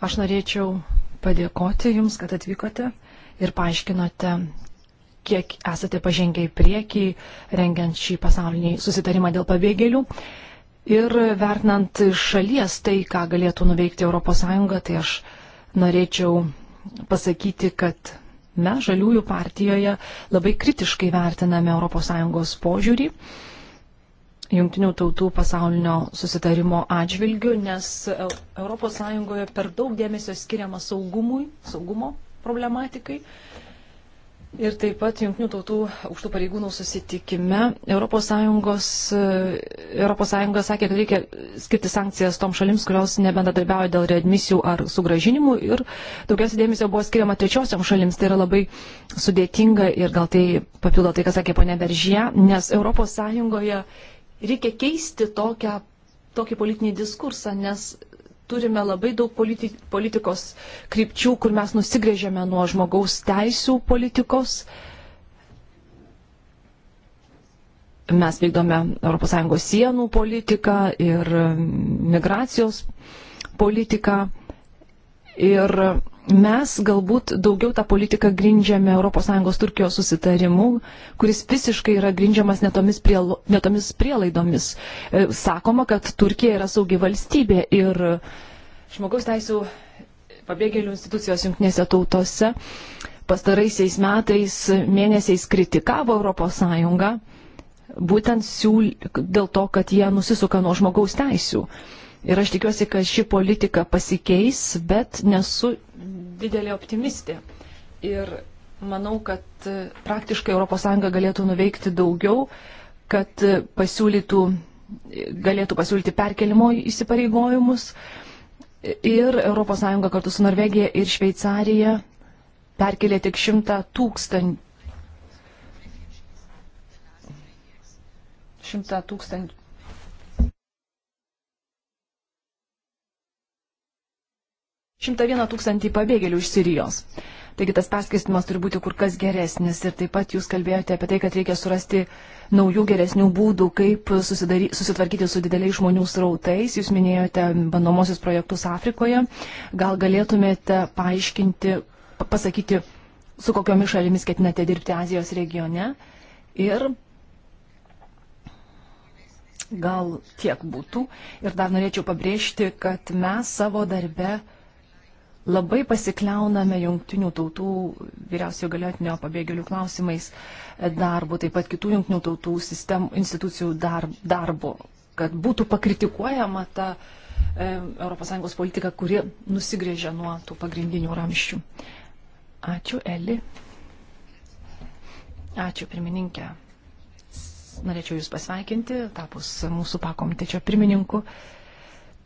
Aš norėčiau padėkoti Jums, kad atvykote ir paaiškinote, kiek esate pažengę į priekį, rengiant šį pasaulinį susitarimą dėl pabėgėlių. Ir vertinant šalies tai, ką galėtų nuveikti ES, tai aš norėčiau pasakyti, kad mes Žaliųjų partijoje labai kritiškai vertiname ES požiūrį jungtinių tautų pasaulinio susitarimo atžvilgių, nes ES per daug dėmesio skiriama saugumui, saugumo problematikai. Ir taip pat Junktinių tautų aukštų pareigūnų susitikime ES, ES sakė, kad reikia skirti sankcijas tom šalims, kurios nebendradarbiauja dėl readmisijų ar sugražinimų. Ir daugiausiai dėmesio buvo skiriama trečiosiam šalims. Tai yra labai sudėtinga ir gal tai papildo tai, ką sakė ponė Beržė, nes ES reikia keisti tokią, tokį politinį diskursą, nes turime labai daug politi politikos krypčių, kur mes nusigrėžėme nuo žmogaus teisų politikos. Mes vykdome ES sienų politiką ir migracijos politiką. Ir mes galbūt daugiau tą politiką grindžiame ES Turkijos susitarimu, kuris visiškai yra grindžiamas netomis, prielo, netomis prielaidomis. E, sakoma, kad Turkija yra saugi valstybė ir žmogaus teisų pabėgėlių institucijos jungtinėse tautose pastaraisiais metais mėnesiais kritikavo ES būtent siūl, dėl to, kad jie nusisuka nuo žmogaus teisų. Ir aš tikiuosi, kad ši politika pasikeis, bet nesu didelė optimistė. Ir manau, kad e, praktiškai ES galėtų nuveikti daugiau, kad e, pasiūlytų, e, galėtų pasiūlyti perkelimo įsipareigojimus. Ir ES kartu su Norvegija ir Šveicarija perkelė tik 100 tūkstančių. 100 tūkstančių 101 tūkstantį pabėgėlių iš Sirijos. Taigi tas perskaistimas turi būti kur kas geresnis. Ir taip pat jūs kalbėjote apie tai, kad reikia surasti naujų geresnių būdų, kaip susidary, susitvarkyti su dideliais žmonių srautais. Jūs minėjote bandomosius projektus Afrikoje. Gal galėtumėte paaiškinti, pasakyti, su kokiomis šalimis ketinate dirbti Azijos regione. Ir gal tiek būtų. Ir dar norėčiau pabrėžti, kad mes savo darbe labai pasikliauname jungtinių tautų vyriausiojo galėtinio pabėgėlių klausimais e, darbu, taip pat kitų jungtinių tautų sistem, institucijų dar, darbu, kad būtų pakritikuojama ta e, ES politika, kuri nusigrėžia nuo tų pagrindinių ramščių. Ačiū, Eli. Ačiū, pirmininkė. Norėčiau Jūs pasveikinti, tapus mūsų pakomitečio pirmininku.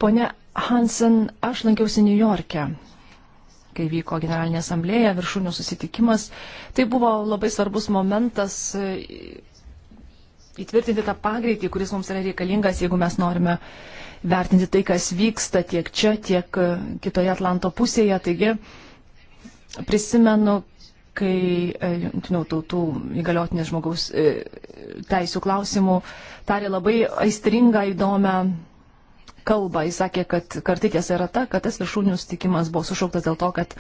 Pone Hansen, aš lankiausi Niujorke kai vyko Generalinė asamblėja, viršūnių susitikimas. Tai buvo labai svarbus momentas e, įtvirtinti tą pagreitį, kuris mums yra reikalingas, jeigu mes norime vertinti tai, kas vyksta tiek čia, tiek e, kitoje Atlanto pusėje. Taigi prisimenu, kai e, jungtinių tautų įgaliotinės žmogaus teisų klausimų tarė labai aistringą, įdomią kalbą. Jis sakė, kad kartai tiesa yra ta, kad tas viršūnių sutikimas buvo sušauktas dėl to, kad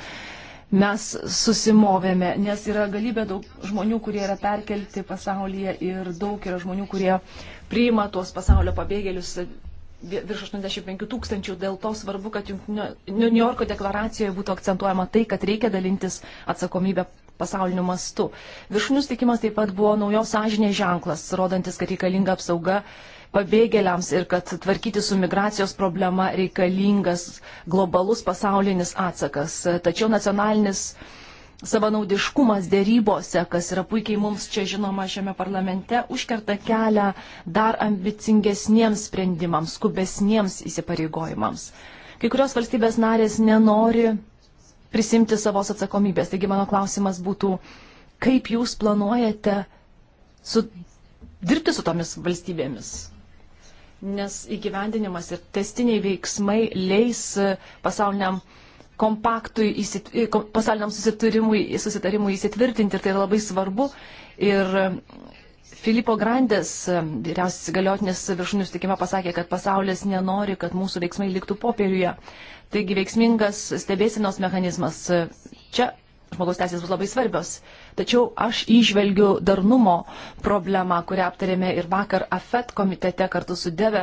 mes susimovėme, nes yra galybė daug žmonių, kurie yra perkelti pasaulyje ir daug yra žmonių, kurie priima tuos pasaulio pabėgėlius virš 85 tūkstančių. Dėl to svarbu, kad New Yorko deklaracijoje būtų akcentuojama tai, kad reikia dalintis atsakomybę pasauliniu mastu. Viršūnių stikimas taip pat buvo naujos sąžinės ženklas, rodantis, kad reikalinga apsauga pabėgėliams ir kad tvarkyti su migracijos problema reikalingas globalus pasaulinis atsakas. Tačiau nacionalinis savanaudiškumas dėrybose, kas yra puikiai mums čia žinoma šiame parlamente, užkerta kelią dar ambicingesniems sprendimams, skubesniems įsipareigojimams. Kai kurios valstybės narės nenori prisimti savos atsakomybės. Taigi mano klausimas būtų, kaip jūs planuojate su, dirbti su tomis valstybėmis? nes įgyvendinimas ir testiniai veiksmai leis e, pasauliniam kompaktui, įsit, e, pasauliniam susitarimui, susitarimui įsitvirtinti ir tai yra labai svarbu. Ir e, Filipo Grandes, vyriausias galiotinės viršūnių sutikime, pasakė, kad pasaulis nenori, kad mūsų veiksmai liktų popieriuje. Taigi veiksmingas stebėsinos mechanizmas. Čia žmogaus teisės bus labai svarbios. Tačiau aš išvelgiu darnumo problemą, kurią aptarėme ir vakar AFET komitete kartu su DEVE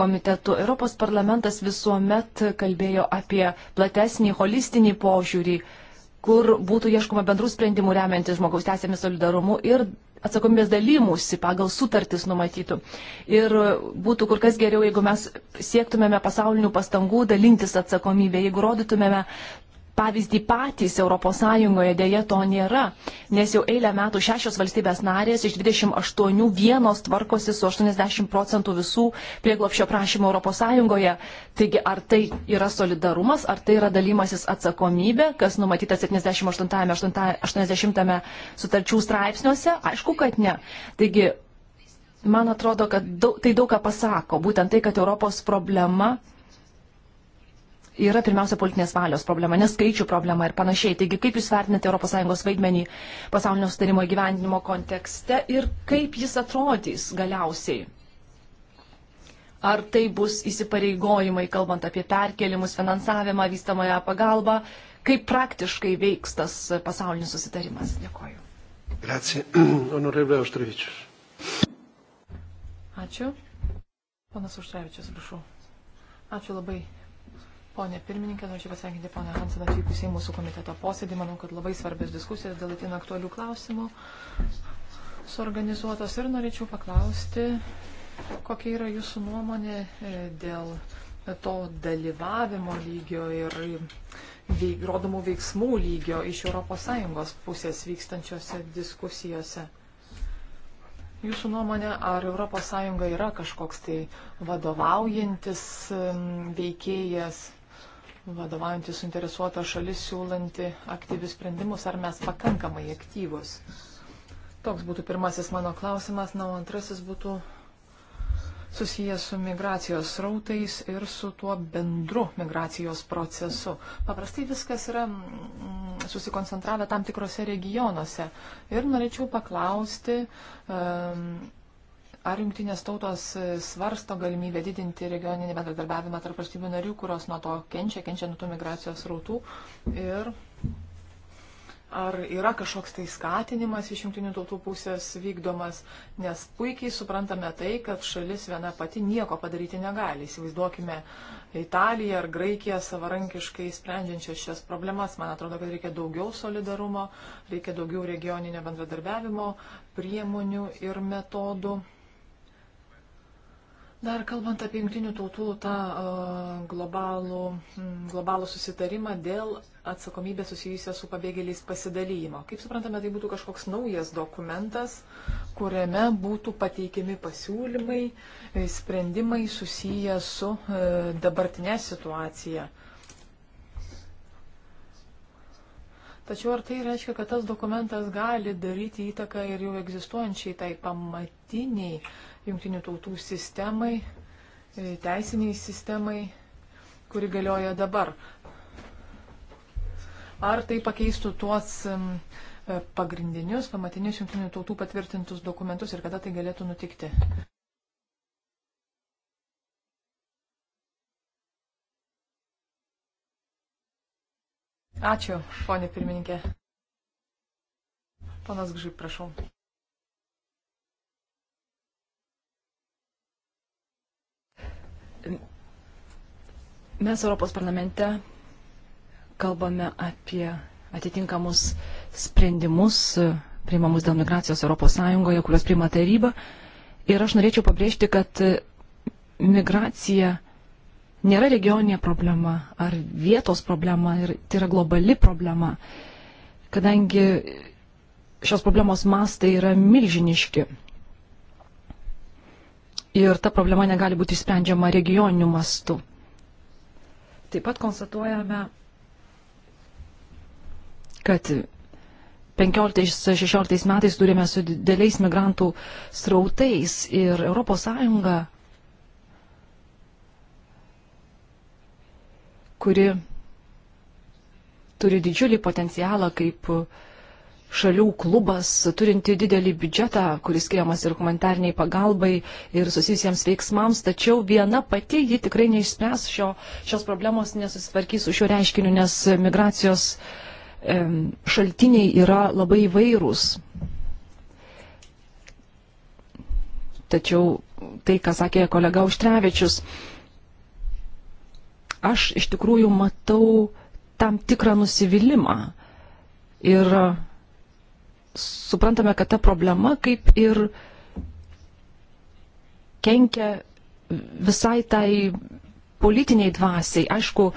komitetu. Europos parlamentas visuomet kalbėjo apie platesnį, holistinį požiūrį, kur būtų ieškoma bendrų sprendimų remiantis žmogaus teisėmis solidarumu ir atsakomybės dalymusi pagal sutartis numatytų. Ir būtų kur kas geriau, jeigu mes siektumėme pasaulinių pastangų dalintis atsakomybę, jeigu rodytumėme pavyzdį patys ES dėja to nėra, nes jau eilę metų šešios valstybės narės iš 28 vienos tvarkosi su 80 procentų visų prieglopšio prašymų ES. Taigi ar tai yra solidarumas, ar tai yra dalymasis atsakomybė, kas numatyta 78-80 sutarčių straipsniuose? Aišku, kad ne. Taigi, man atrodo, kad daug, tai daug ką pasako, būtent tai, kad Europos problema yra pirmiausia politinės valios problema, neskaičių problema ir panašiai. Taigi, kaip Jūs vertinate ES vaidmenį pasaulinio sutarimo gyvendinimo kontekste ir kaip jis atrodys galiausiai? Ar tai bus įsipareigojimai, kalbant apie perkelimus, finansavimą, vystamąją pagalbą, kaip praktiškai veiks tas pasaulinis susitarimas? Dėkoju. Grazie. Honorable [clears throat] Austrevičius. Ačiū. Panas Užtrevičius, prašau. Ačiū labai, Pone pirmininkė, norėčiau pasveikinti ponę Hansen atvykus į mūsų komiteto posėdį. Manau, kad labai svarbios diskusijos dėl atina aktualių klausimų suorganizuotos ir norėčiau paklausti, kokia yra jūsų nuomonė e, dėl to dalyvavimo lygio ir veik, rodomų veiksmų lygio iš ES pusės vykstančiose diskusijose. Jūsų nuomonė, ar ES yra kažkoks tai vadovaujantis veikėjas? vadovaujantį suinteresuotą šalis siūlanti aktyvius sprendimus, ar mes pakankamai aktyvus. Toks būtų pirmasis mano klausimas, na, o antrasis būtų susijęs su migracijos rautais ir su tuo bendru migracijos procesu. Paprastai viskas yra mm, susikoncentravę tam tikrose regionuose. Ir norėčiau paklausti, um, Ar jungtinės tautos e, svarsto galimybę didinti regioninį bendradarbiavimą tarp valstybių narių, kurios nuo to kenčia, kenčia nuo tų migracijos rautų? Ir ar yra kažkoks tai skatinimas iš jungtinių tautų pusės vykdomas? Nes puikiai suprantame tai, kad šalis viena pati nieko padaryti negali. Įsivaizduokime Italiją ar Graikiją savarankiškai sprendžiančias šias problemas. Man atrodo, kad reikia daugiau solidarumo, reikia daugiau regioninio bendradarbiavimo priemonių ir metodų. Dar kalbant apie jungtinių tautų tą uh, globalų, mm, globalų susitarimą dėl atsakomybės susijusią su pabėgėliais pasidalymo. Kaip suprantame, tai būtų kažkoks naujas dokumentas, kuriame būtų pateikiami pasiūlymai, e, sprendimai susiję su uh, dabartinė situacija. Tačiau ar tai reiškia, kad tas dokumentas gali daryti įtaką ir jau egzistuojančiai tai pamatiniai uh, jungtinių tautų sistemai, e, teisiniai sistemai, kuri galioja dabar. Ar tai pakeistų tuos e, pagrindinius, pamatinius jungtinių tautų patvirtintus dokumentus ir kada tai galėtų nutikti? Ačiū, ponė pirmininkė. Panas Gžyp, prašau. Mes Europos parlamente kalbame apie atitinkamus sprendimus, e, priimamus dėl migracijos Europos Sąjungoje, kuriuos priima taryba. Ir aš norėčiau pabrėžti, kad e, migracija nėra regioninė problema ar vietos problema, ir tai yra globali problema, kadangi šios problemos mastai yra milžiniški ir ta problema negali būti išsprendžiama regioniniu mastu. Taip pat konstatuojame, kad 15-16 metais turime su dideliais migrantų srautais ir ES, kuri turi didžiulį potencialą kaip uh, šalių klubas, turinti didelį biudžetą, kuris skiriamas ir humanitarniai pagalbai, ir susijusiems veiksmams, tačiau viena pati ji tikrai neišspręs šio, šios problemos, nesusitvarkys su šiuo reiškiniu, nes migracijos šaltiniai yra labai įvairūs. Tačiau tai, ką sakė kolega Užtrevičius, aš iš tikrųjų matau tam tikrą nusivylimą. Ir suprantame, kad ta problema kaip ir kenkia visai tai politiniai dvasiai. Aišku,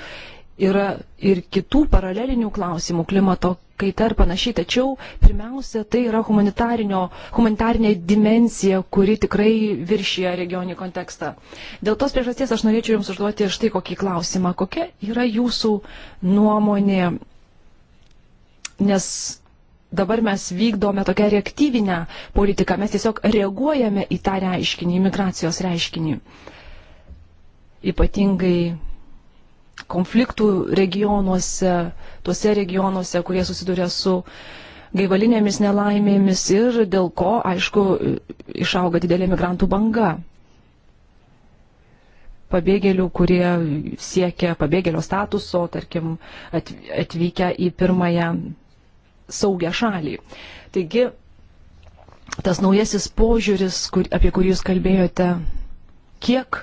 yra ir kitų paralelinių klausimų klimato kaita ir panašiai, tačiau pirmiausia, tai yra humanitarinė dimensija, kuri tikrai viršyje regionį kontekstą. Dėl tos priežasties aš norėčiau Jums užduoti štai kokį klausimą. Kokia yra Jūsų nuomonė? Nes dabar mes vykdome tokią reaktyvinę politiką, mes tiesiog reaguojame į tą reiškinį, į migracijos reiškinį. Ypatingai konfliktų regionuose, tuose regionuose, kurie susiduria su gaivalinėmis nelaimėmis ir dėl ko, aišku, išauga didelė migrantų banga. Pabėgėlių, kurie siekia pabėgėlio statuso, tarkim, atvykę į pirmąją saugę šalį. Taigi, tas naujasis požiūris, kur, apie kurį jūs kalbėjote, kiek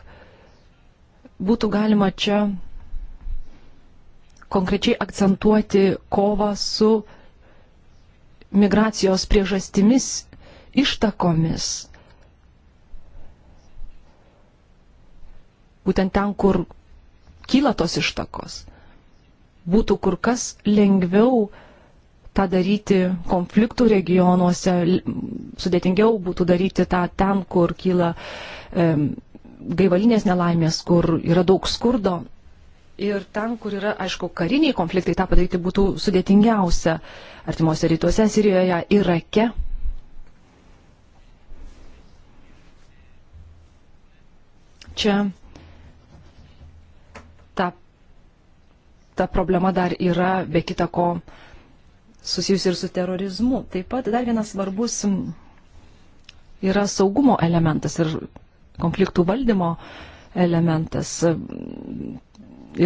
būtų galima čia konkrečiai akcentuoti kovą su migracijos priežastimis, ištakomis. Būtent ten, kur kyla tos ištakos, būtų kur kas lengviau uh, tą daryti konfliktų regionuose, sudėtingiau būtų daryti tą ten, kur kyla e, gaivalinės nelaimės, kur yra daug skurdo. Ir ten, kur yra, aišku, kariniai konfliktai, tą padaryti būtų sudėtingiausia. Artimuose rytuose, Sirijoje, Irake. Čia ta, ta problema dar yra, be kita ko, susijusi ir su terorizmu. Taip pat dar vienas svarbus yra saugumo elementas ir konfliktų valdymo elementas.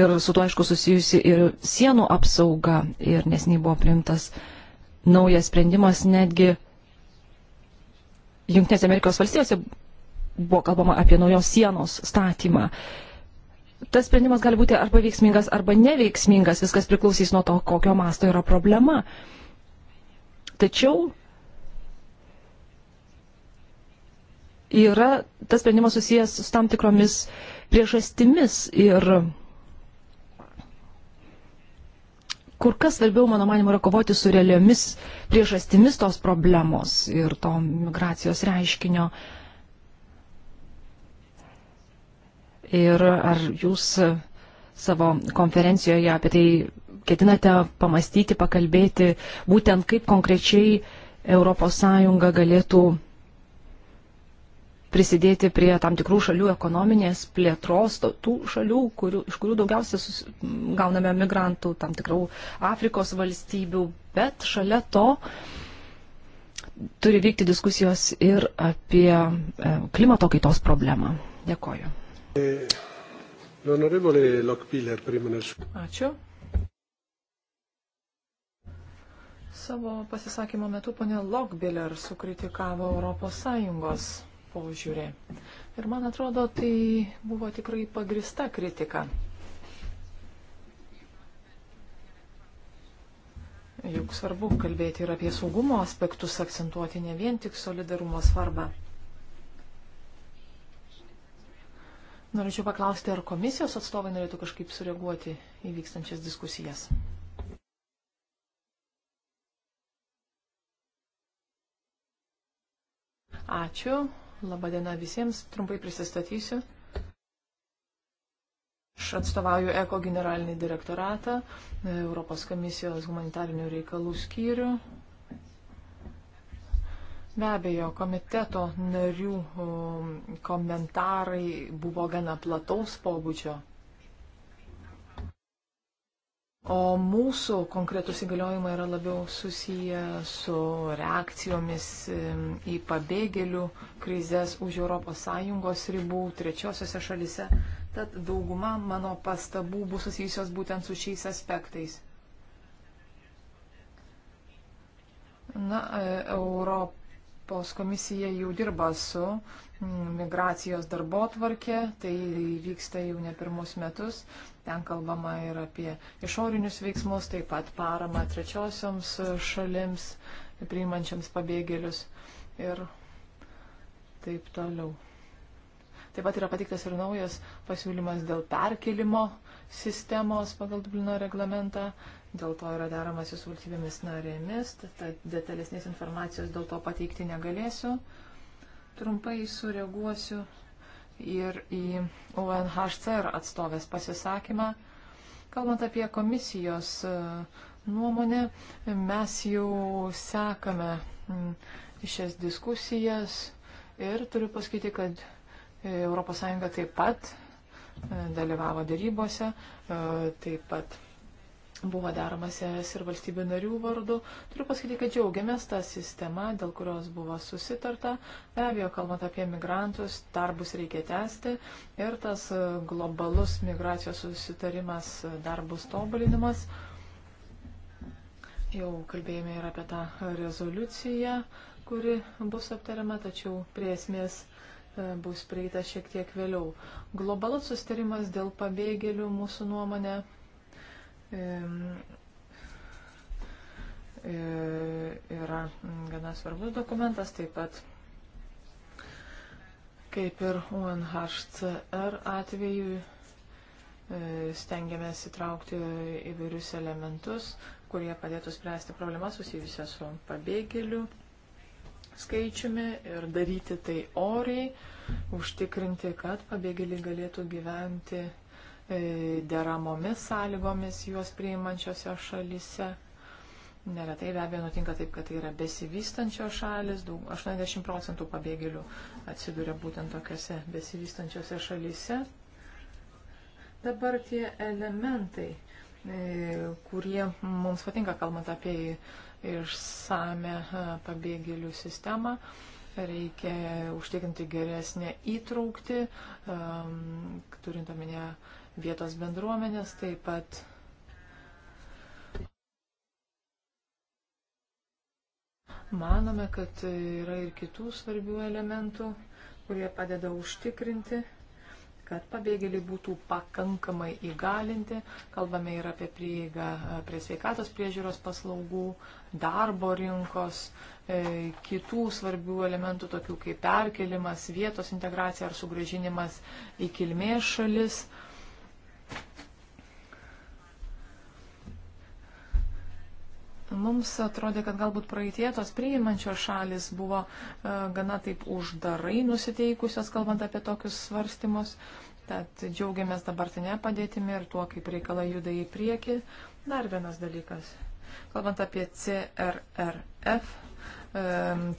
Ir su to, aišku, susijusi ir sienų apsauga. Ir nesiniai buvo priimtas naujas sprendimas netgi Junktinėse Amerikos valstijose buvo kalbama apie naujos sienos statymą tas sprendimas gali būti arba veiksmingas, arba neveiksmingas, viskas priklausys nuo to, kokio masto yra problema. Tačiau yra tas sprendimas susijęs su tam tikromis priežastimis ir kur kas svarbiau, mano manimo, yra kovoti su realiomis priežastimis tos problemos ir to migracijos reiškinio uh, Ir ar jūs savo konferencijoje apie tai ketinate pamastyti, pakalbėti, būtent kaip konkrečiai ES galėtų prisidėti prie tam tikrų šalių ekonominės plėtros, tų šalių, kurių, iš kurių daugiausia sus, gauname migrantų, tam tikrų Afrikos valstybių, bet šalia to turi vykti diskusijos ir apie e, klimato kaitos problemą. Dėkoju. E, l'onorevole Lockpiller prima nel suo. Ačiū. Savo pasisakymo metu ponė Lockbiller sukritikavo ES požiūrį. Ir man atrodo, tai buvo tikrai pagrista kritika. Juk svarbu kalbėti ir apie saugumo aspektus, akcentuoti ne vien tik solidarumo svarbą. Norėčiau paklausti, ar komisijos atstovai norėtų kažkaip sureaguoti į vykstančias diskusijas. Ačiū. Labadiena visiems. Trumpai prisistatysiu. Aš atstovauju ECO generalinį direktoratą, Europos komisijos humanitarinių reikalų skyrių. Be abejo, komiteto narių komentarai buvo gana plataus pobūdžio. O mūsų konkretus įgaliojimai yra labiau susiję su reakcijomis į pabėgėlių krizės už ES ribų trečiosiose šalise. Tad dauguma mano pastabų bus susijusios būtent su šiais aspektais. Na, e, Europą Europos komisija jau dirba su mm, migracijos darbo tvarkė, tai vyksta jau ne pirmus metus. Ten kalbama ir apie išorinius veiksmus, taip pat parama trečiosioms šalims, priimančiams pabėgėlius ir taip toliau. Taip pat yra patiktas ir naujas pasiūlymas dėl perkelimo sistemos pagal Dublino reglamentą. Dėl to yra daromasi su valstybėmis narėmis, tad detalesnės informacijos dėl to pateikti negalėsiu. Trumpai sureaguosiu ir į UNHCR atstovės pasisakymą. Kalbant apie komisijos e, nuomonę, mes jau sekame šias diskusijas ir turiu pasakyti, kad ES taip pat e, dalyvavo dėrybose, e, taip pat buvo daromas es ir valstybių narių vardu. Turiu pasakyti, kad džiaugiamės tą sistemą, dėl kurios buvo susitarta. Be abejo, kalbant apie migrantus, darbus reikia tęsti ir tas e, globalus migracijos susitarimas, darbus tobulinimas. Jau kalbėjome ir apie tą rezoliuciją, kuri bus aptariama, tačiau prie esmės E, bus prieita šiek tiek vėliau. Globalus sustarimas dėl pabėgėlių mūsų nuomonė e, e, yra gana svarbus dokumentas, taip pat kaip ir UNHCR atveju stengiamės įtraukti įvairius elementus, kurie padėtų spręsti problemas susijusią su pabėgėliu skaičiumi ir daryti tai oriai, užtikrinti, kad pabėgėliai galėtų gyventi e, deramomis sąlygomis juos priimančiose šalise. Neretai be abejo nutinka taip, kad tai yra besivystančios šalis, daug, 80 procentų pabėgėlių atsiduria būtent tokiuose besivystančiose šalise. Dabar tie elementai, e, kurie mums patinka, kalbant apie išsame pabėgėlių sistemą. Reikia užtikrinti geresnę įtraukti, turint omenyje vietos bendruomenės, taip pat manome, kad yra ir kitų svarbių elementų, kurie padeda užtikrinti kad pabėgėliai būtų pakankamai įgalinti. Kalbame ir apie prieigą e, prie sveikatos priežiūros paslaugų, darbo rinkos, e, kitų svarbių elementų, tokių kaip perkelimas, vietos integracija ar sugražinimas į kilmės šalis. E, Mums atrodė, kad galbūt praeitie tos priimančios šalis buvo e, gana taip uždarai nusiteikusios, kalbant apie tokius svarstymus. Tad džiaugiamės dabartinę padėtimi ir tuo, kaip reikalai juda į priekį. Dar vienas dalykas. Kalbant apie CRRF, e,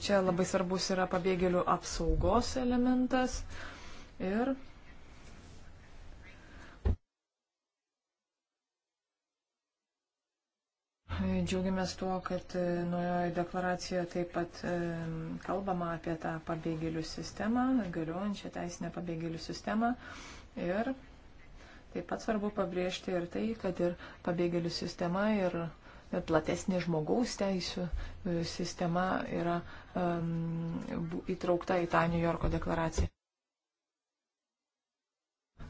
čia labai svarbus yra pabėgėlių apsaugos elementas. Ir Džiaugiamės tuo, kad e, nuojoje deklaracijoje taip pat e, kalbama apie tą pabėgėlių sistemą, galiojančią teisinę pabėgėlių sistemą. Ir taip pat svarbu pabrėžti ir tai, kad ir pabėgėlių sistema ir platesnė žmogaus teisų e, sistema yra um, įtraukta į tą New Yorko deklaraciją.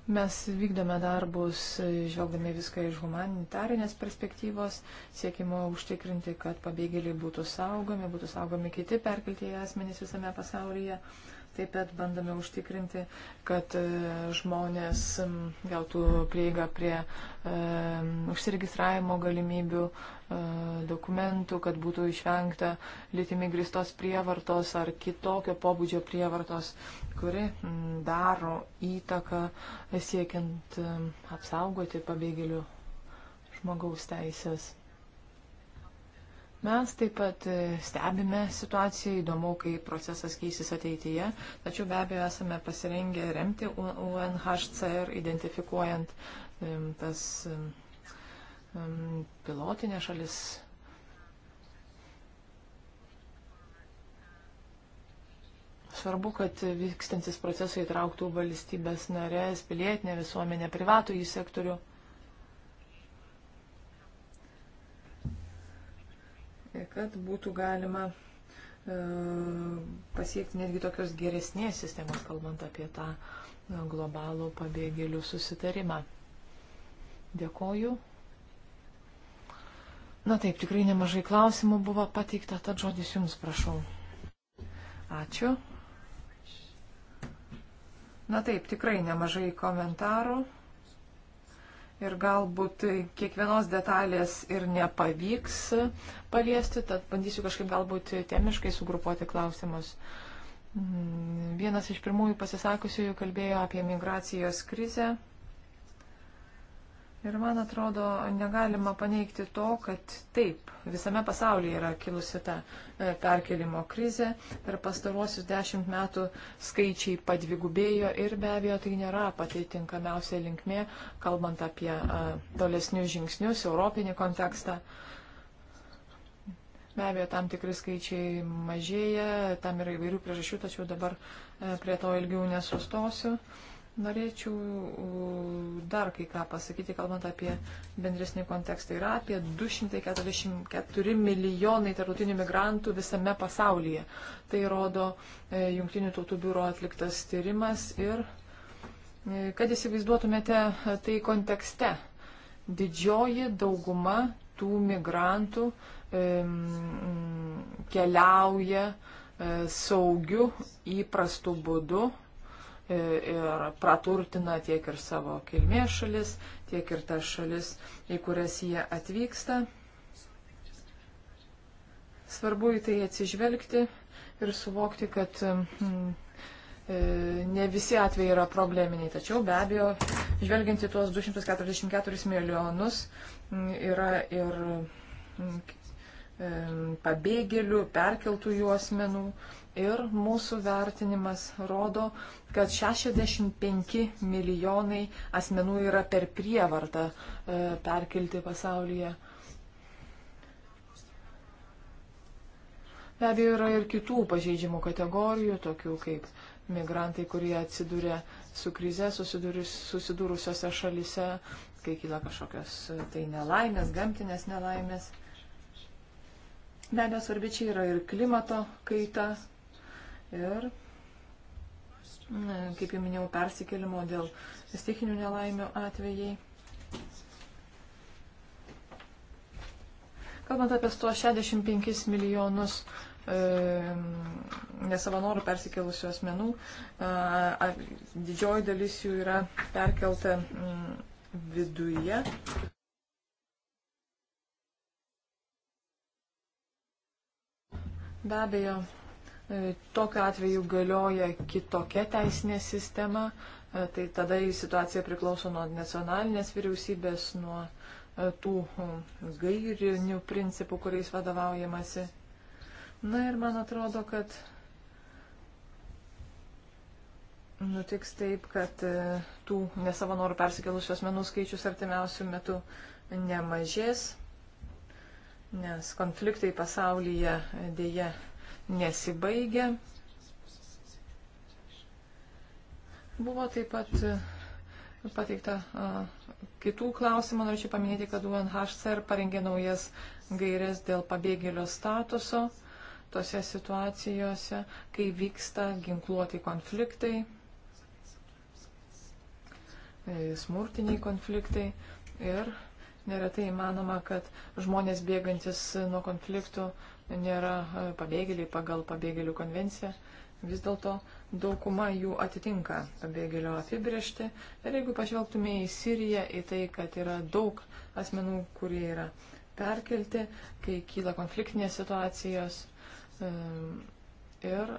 Mes vykdome darbus, žvelgdami viską iš humanitarinės perspektyvos, siekimo užtikrinti, kad pabėgėliai būtų saugomi, būtų saugomi kiti perkeltieji asmenys visame pasaulyje. Taip pat bandome užtikrinti, kad e, žmonės gautų prieigą prie e, užsiregistravimo galimybių, e, dokumentų, kad būtų išvengta lytimi gristos prievartos ar kitokio pobūdžio prievartos kuri daro įtaką siekiant apsaugoti pabėgėlių žmogaus teisės. Mes taip pat e, stebime situaciją, įdomu, kaip procesas keisis ateityje, tačiau be abejo esame pasirengę remti UNHCR, identifikuojant tas pilotinės šalis Svarbu, kad vykstantis procesai įtrauktų valstybės narės, pilietinę visuomenę, privatų į sektorių. Kad būtų galima e, pasiekti netgi tokios geresnės sistemos, kalbant apie tą e, globalų pabėgėlių susitarimą. Dėkoju. Na taip, tikrai nemažai klausimų buvo pateikta, tad žodis Jums prašau. Ačiū. Na taip, tikrai nemažai komentarų. Ir galbūt kiekvienos detalės ir nepavyks paliesti, tad bandysiu kažkaip galbūt temiškai sugrupuoti klausimus. Mm, Vienas iš pirmųjų pasisakusiųjų kalbėjo apie migracijos krizę. Ir man atrodo, negalima paneigti to, kad taip, visame pasaulyje yra kilusi ta e, perkelimo krizė. Per pastaruosius dešimt metų skaičiai padvigubėjo ir be abejo tai nėra pati tinkamiausia linkmė, kalbant apie e, tolesnius žingsnius, europinį kontekstą. Be abejo, tam tikri skaičiai mažėja, tam yra įvairių priežasčių, tačiau dabar e, prie to ilgiau nesustosiu. Norėčiau dar kai ką pasakyti, kalbant apie bendresnį kontekstą. Yra apie 244 milijonai tarptautinių migrantų visame pasaulyje. Tai rodo e, Junktinių tautų biuro atliktas tyrimas ir e, kad įsivaizduotumėte e, tai kontekste. Didžioji dauguma tų migrantų keliauja saugiu įprastu būdu ir praturtina tiek ir savo kilmės šalis, tiek ir tas šalis, į kurias jie atvyksta. Svarbu į tai atsižvelgti ir suvokti, kad mm, e, ne visi atvejai yra probleminiai, tačiau be abejo, žvelgiant į tuos 244 milijonus, mm, yra ir mm, pabėgėlių, perkeltųjų asmenų. Ir mūsų vertinimas rodo, kad 65 milijonai asmenų yra per prievartą e, perkelti pasaulyje. Be abejo, yra ir kitų pažeidžiamų kategorijų, tokių kaip migrantai, kurie atsidūrė su krize susidūrusiose šalise, kai kyla kažkokios e, tai nelaimės, gamtinės nelaimės. Be abejo, svarbi čia yra ir klimato kaita, ir, kaip jau minėjau, persikėlimo dėl stichinių nelaimių atvejai. Kalbant apie 165 milijonus e, nesavanorų persikėlusių asmenų, didžioji dalis jų yra perkelta viduje. Be abejo, e, tokiu atveju galioja kitokia teisinė sistema, e, tai tada situacija priklauso nuo nacionalinės vyriausybės, nuo e, tų gairinių principų, kuriais vadovaujamasi. Na ir man atrodo, kad nutiks taip, kad tų nesavo norų persikelusių asmenų skaičius artimiausių metų nemažės nes konfliktai pasaulyje dėja nesibaigia. Buvo taip pat e, pateikta kitų klausimų. Norėčiau paminėti, kad UNHCR parengė naujas gairias dėl pabėgėlio statuso tose situacijose, kai vyksta ginkluoti konfliktai, e, smurtiniai konfliktai ir Neretai manoma, kad žmonės bėgantis nuo konfliktų nėra e, pabėgėliai pagal pabėgėlių konvenciją. Vis dėlto dauguma jų atitinka pabėgėlio apibriežti. Ir jeigu pažvelgtume į Siriją, į tai, kad yra daug asmenų, kurie yra perkelti, kai kyla konfliktinės situacijos. E, ir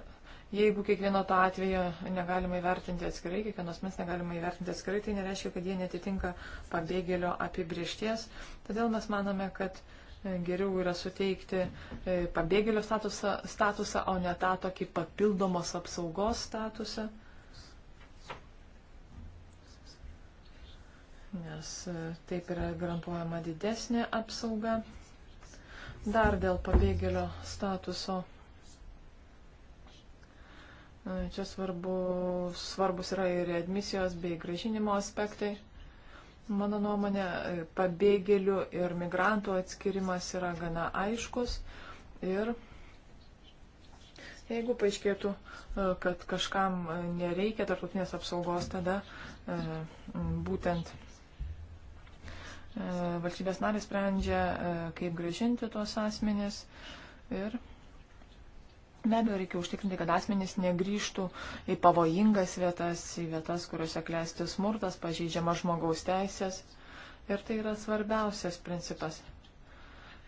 Jeigu kiekvieno to atveju negalima įvertinti atskirai, kiekvienos mes negalima įvertinti atskirai, tai nereiškia, kad jie netitinka pabėgėlio apibriešties. Todėl mes manome, kad e, geriau yra suteikti e, pabėgėlio statusą, statusą o ne tą tokį papildomos apsaugos statusą. Nes e, taip yra garantuojama didesnė apsauga. Dar dėl pabėgėlio statuso Čia svarbu, svarbus yra ir admisijos bei gražinimo aspektai. Mano nuomonė, pabėgėlių ir migrantų atskirimas yra gana aiškus. Ir jeigu paaiškėtų, kad kažkam nereikia tarptautinės apsaugos, tada būtent valstybės narės sprendžia, kaip gražinti tuos asmenis. Ir Be abejo, reikia užtikrinti, kad asmenys negryžtų į pavojingas vietas, į vietas, kuriuose klesti smurtas, pažeidžiama žmogaus teisės. Ir tai yra svarbiausias principas.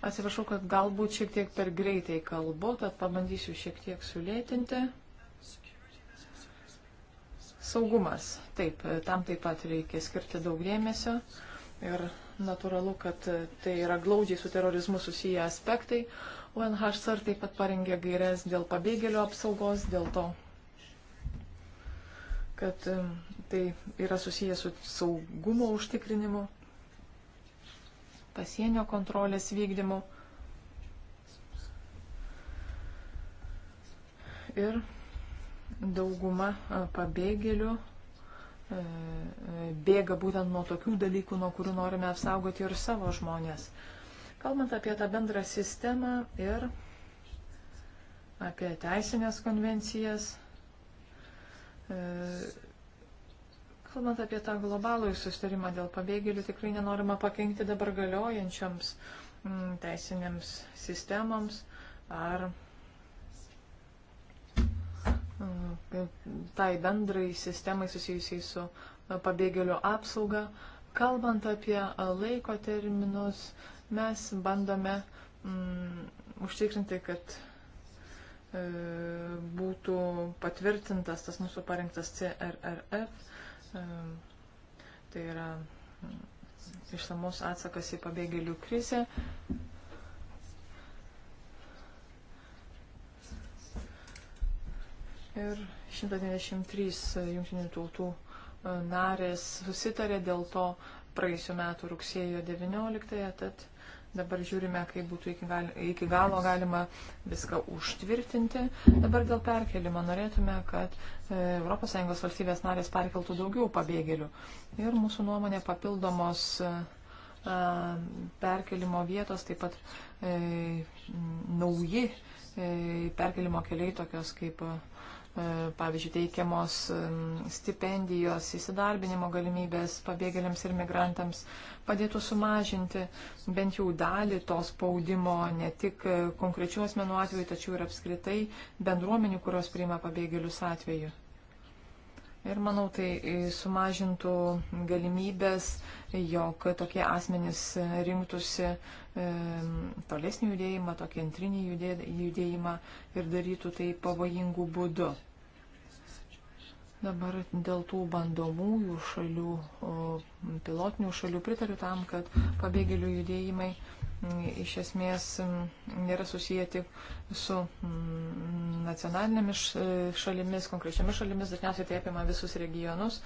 Atsiprašau, kad galbūt šiek tiek per greitai kalbu, tad pabandysiu šiek tiek sulėtinti. Saugumas. Taip, tam taip pat reikia skirti daug dėmesio. Ir natūralu, kad tai yra glaudžiai su terorizmu susiję aspektai. UNHCR taip pat parengė gairias dėl pabėgėlių apsaugos, dėl to, kad tai yra susijęs su saugumo užtikrinimu, pasienio kontrolės vykdymu. Ir dauguma pabėgėlių e, e, bėga būtent nuo tokių dalykų, nuo kurių norime apsaugoti ir savo žmonės. Kalbant apie tą bendrą sistemą ir apie teisinės konvencijas, e, kalbant apie tą globalų susitarimą dėl pabėgėlių, tikrai nenorima pakengti dabar galiojančiams mm, teisinėms sistemams ar mm, tai bendrai sistemai susijusiai su pabėgėlių apsauga. Kalbant apie laiko terminus, Mes bandome mm, užtikrinti, kad e, būtų patvirtintas tas mūsų parinktas CRRF. E, tai yra mm, išsamus atsakas į pabėgėlių krizę. Ir 193 jungtinių tautų e, narės susitarė dėl to praėjusiu metu rugsėjo 19-ąją, tad Dabar žiūrime, kaip būtų iki galo, iki galo galima viską užtvirtinti. Dabar dėl perkelimo norėtume, kad ES valstybės narės perkeltų daugiau pabėgėlių. Ir mūsų nuomonė papildomos e, e, perkelimo vietos, taip pat e, nauji e, perkelimo keliai, tokios kaip E, pavyzdžiui, teikiamos stipendijos, įsidarbinimo galimybės pabėgėliams ir migrantams padėtų sumažinti bent jau dalį to spaudimo ne tik e, konkrečių asmenų atveju, tačiau ir apskritai bendruomenių, kurios priima pabėgėlius atveju. Ir manau, tai sumažintų galimybės, jog tokie asmenys rinktųsi e, tolesnį judėjimą, tokį antrinį judėjimą ir darytų tai pavojingų būdų. Dabar dėl tų bandomųjų šalių, pilotinių šalių pritariu tam, kad pabėgėlių judėjimai iš esmės nėra susiję tik su nacionalinėmis e, šalimis, konkrečiamis šalimis, dažniausiai tai apima visus regionus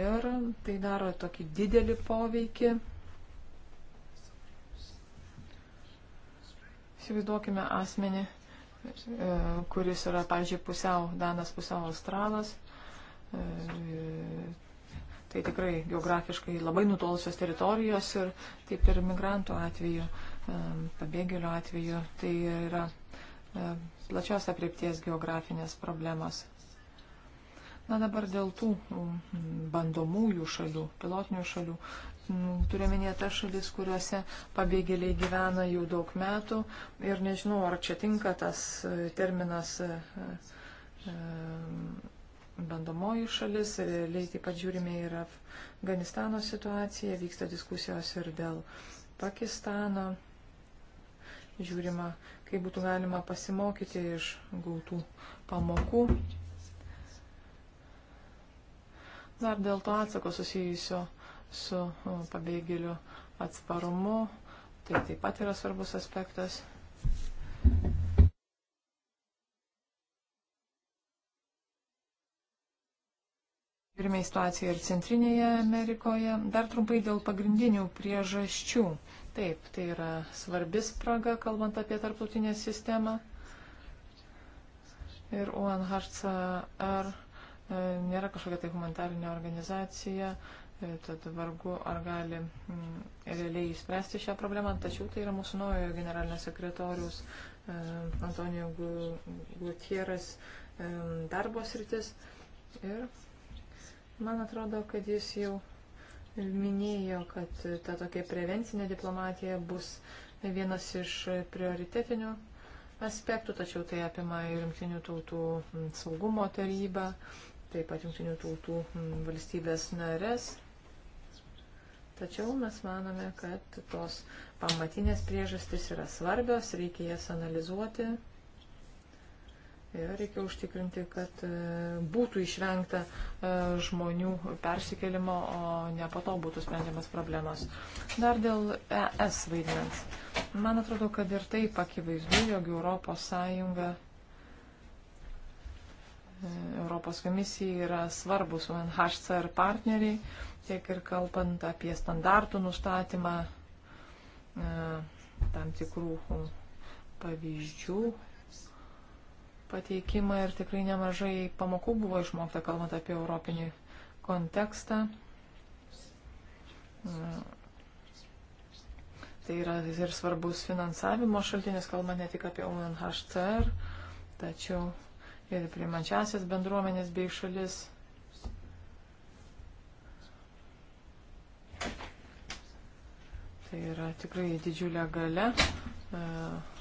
ir tai daro tokį didelį poveikį. Įsivaizduokime asmenį, e, kuris yra, pavyzdžiui, pusiau Danas, pusiau Australas e, Tai tikrai geografiškai labai nutolusios teritorijos ir taip ir migrantų atveju, pabėgėlių atveju. Tai yra e, plačios apriepties geografinės problemos. Na dabar dėl tų bandomųjų šalių, pilotinių šalių. Turėminė ta šalis, kuriuose pabėgėliai gyvena jau daug metų ir nežinau, ar čia tinka tas e, terminas e, bandomoji šalis, realiai taip pat žiūrime ir Afganistano situaciją, vyksta diskusijos ir dėl Pakistano, žiūrima, kaip būtų galima pasimokyti iš gautų pamokų. Dar dėl to atsako susijusio su pabėgėliu atsparumu, tai taip pat yra svarbus aspektas. Turime situaciją ir Centrinėje Amerikoje. Dar trumpai dėl pagrindinių priežasčių. Taip, tai yra svarbi spraga, kalbant apie tarptautinę sistemą. Ir UNHCR e, nėra kažkokia tai humanitarinė organizacija, e, tad vargu ar gali mm, realiai įspręsti šią problemą, tačiau tai yra mūsų naujojo generalinio sekretorius e, Antonijo Gutieras darbos rytis. Ir Man atrodo, kad jis jau minėjo, kad ta tokia prevencinė diplomatija bus vienas iš prioritetinių aspektų, tačiau tai apima ir Junktinių tautų saugumo tarybą, taip pat Junktinių tautų valstybės narės. Tačiau mes manome, kad tos pamatinės priežastys yra svarbios, reikia jas analizuoti. Ir reikia užtikrinti, kad e, būtų išvengta e, žmonių persikelimo, o ne po to būtų sprendžiamas problemas. Dar dėl ES vaidmens. Man atrodo, kad ir taip akivaizdu, jog Europos Sąjunga, e, Europos komisija yra svarbus UNHCR partneriai, tiek ir kalbant apie standartų nustatymą tam tikrų pavyzdžių pateikimą ir tikrai nemažai pamokų buvo išmokta, kalbant apie europinį kontekstą. Tai yra ir svarbus finansavimo šaltinis, kalbant ne tik apie UNHCR, tačiau ir primančiasias bendruomenės bei šalis. Tai yra tikrai didžiulė gale. Uh,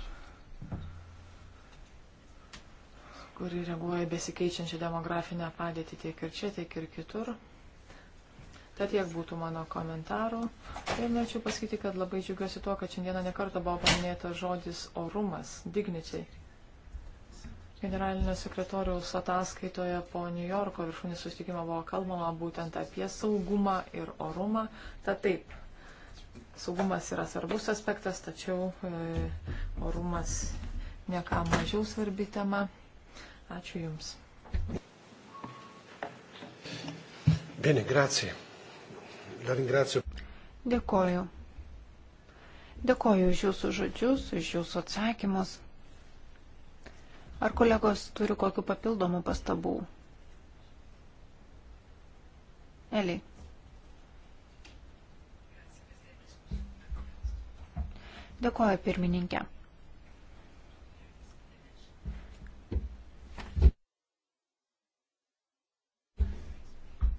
kuri reaguoja besikeičiančią demografinę padėtį tiek ir čia, tiek ir kitur. Tad tiek būtų mano komentarų. Ir norėčiau pasakyti, kad labai džiugiuosi tuo, kad šiandieną nekartą buvo paminėta žodis orumas, dignity. Generalinio sekretoriaus ataskaitoje po New Yorko viršūnės susitikimo buvo kalbama būtent apie saugumą ir orumą. Ta taip, saugumas yra svarbus aspektas, tačiau e, orumas ne ką mažiau svarbi tema. Ačiū Jums. Bene, grazie. La ringrazio. Dėkoju. Dėkoju už Jūsų žodžius, už Jūsų atsakymus. Ar kolegos turi kokiu papildomu pastabų? Eli. Dėkoju pirmininkė.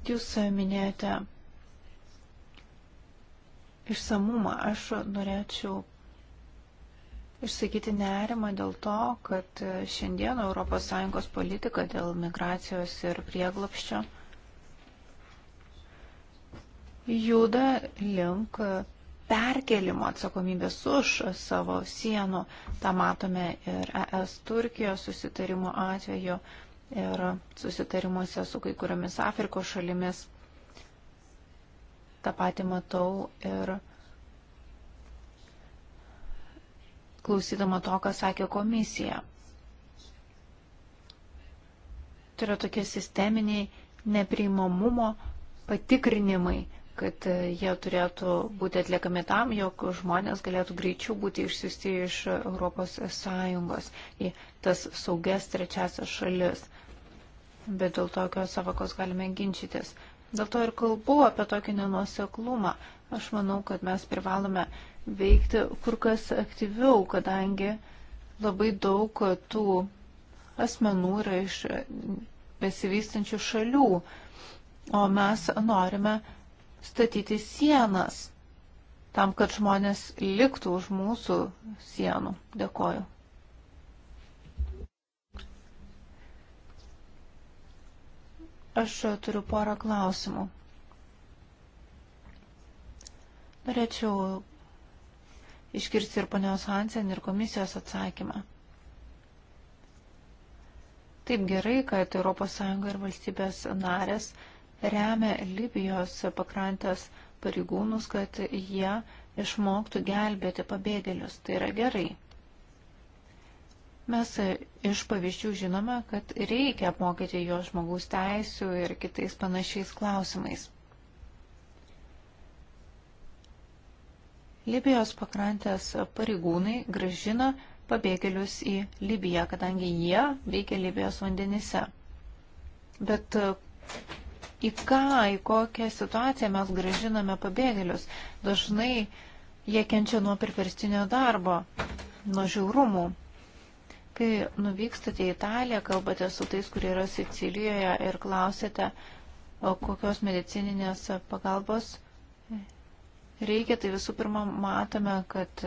Jūs minėjote išsamumą. Aš norėčiau išsakyti nerimą dėl to, kad šiandien ES politika dėl migracijos ir prieglapščio juda link perkelimo atsakomybės už savo sienų. Ta matome ir ES Turkijos susitarimo atveju ir susitarimuose su kai kuriomis Afrikos šalimis. Ta pati matau ir klausydama to, ką sakė komisija. Tai yra tokie sisteminiai nepriimamumo patikrinimai kad jie turėtų būti atliekami tam, jog žmonės galėtų greičiau būti išsiusti iš ES į tas saugias trečiasias šalis. Bet dėl tokios savakos galime ginčytis. Dėl to ir kalbu apie tokį nenuoseklumą. Aš manau, kad mes privalome veikti kur kas aktyviau, kadangi labai daug tų asmenų yra iš besivystančių šalių, o mes norime statyti sienas tam, kad žmonės liktų už mūsų sienų. Dėkoju. Aš turiu porą klausimų. Norėčiau išgirsti ir ponios Hansen, ir komisijos atsakymą. Taip gerai, kad ES ir valstybės narės remia Libijos pakrantės pareigūnus, kad jie išmoktų gelbėti pabėgėlius. Tai yra gerai. Mes iš pavyzdžių žinome, kad reikia apmokyti jo žmogaus teisų ir kitais panašiais klausimais. Libijos pakrantės pareigūnai gražina pabėgėlius į Libiją, kadangi jie veikia Libijos vandenise. Bet į ką, į kokią situaciją mes gražiname pabėgėlius. Dažnai jie kenčia nuo perverstinio darbo, nuo žiaurumų. Kai nuvykstate į Italiją, kalbate su tais, kurie yra Sicilijoje ir klausėte, kokios medicininės pagalbos reikia, tai visų pirma matome, kad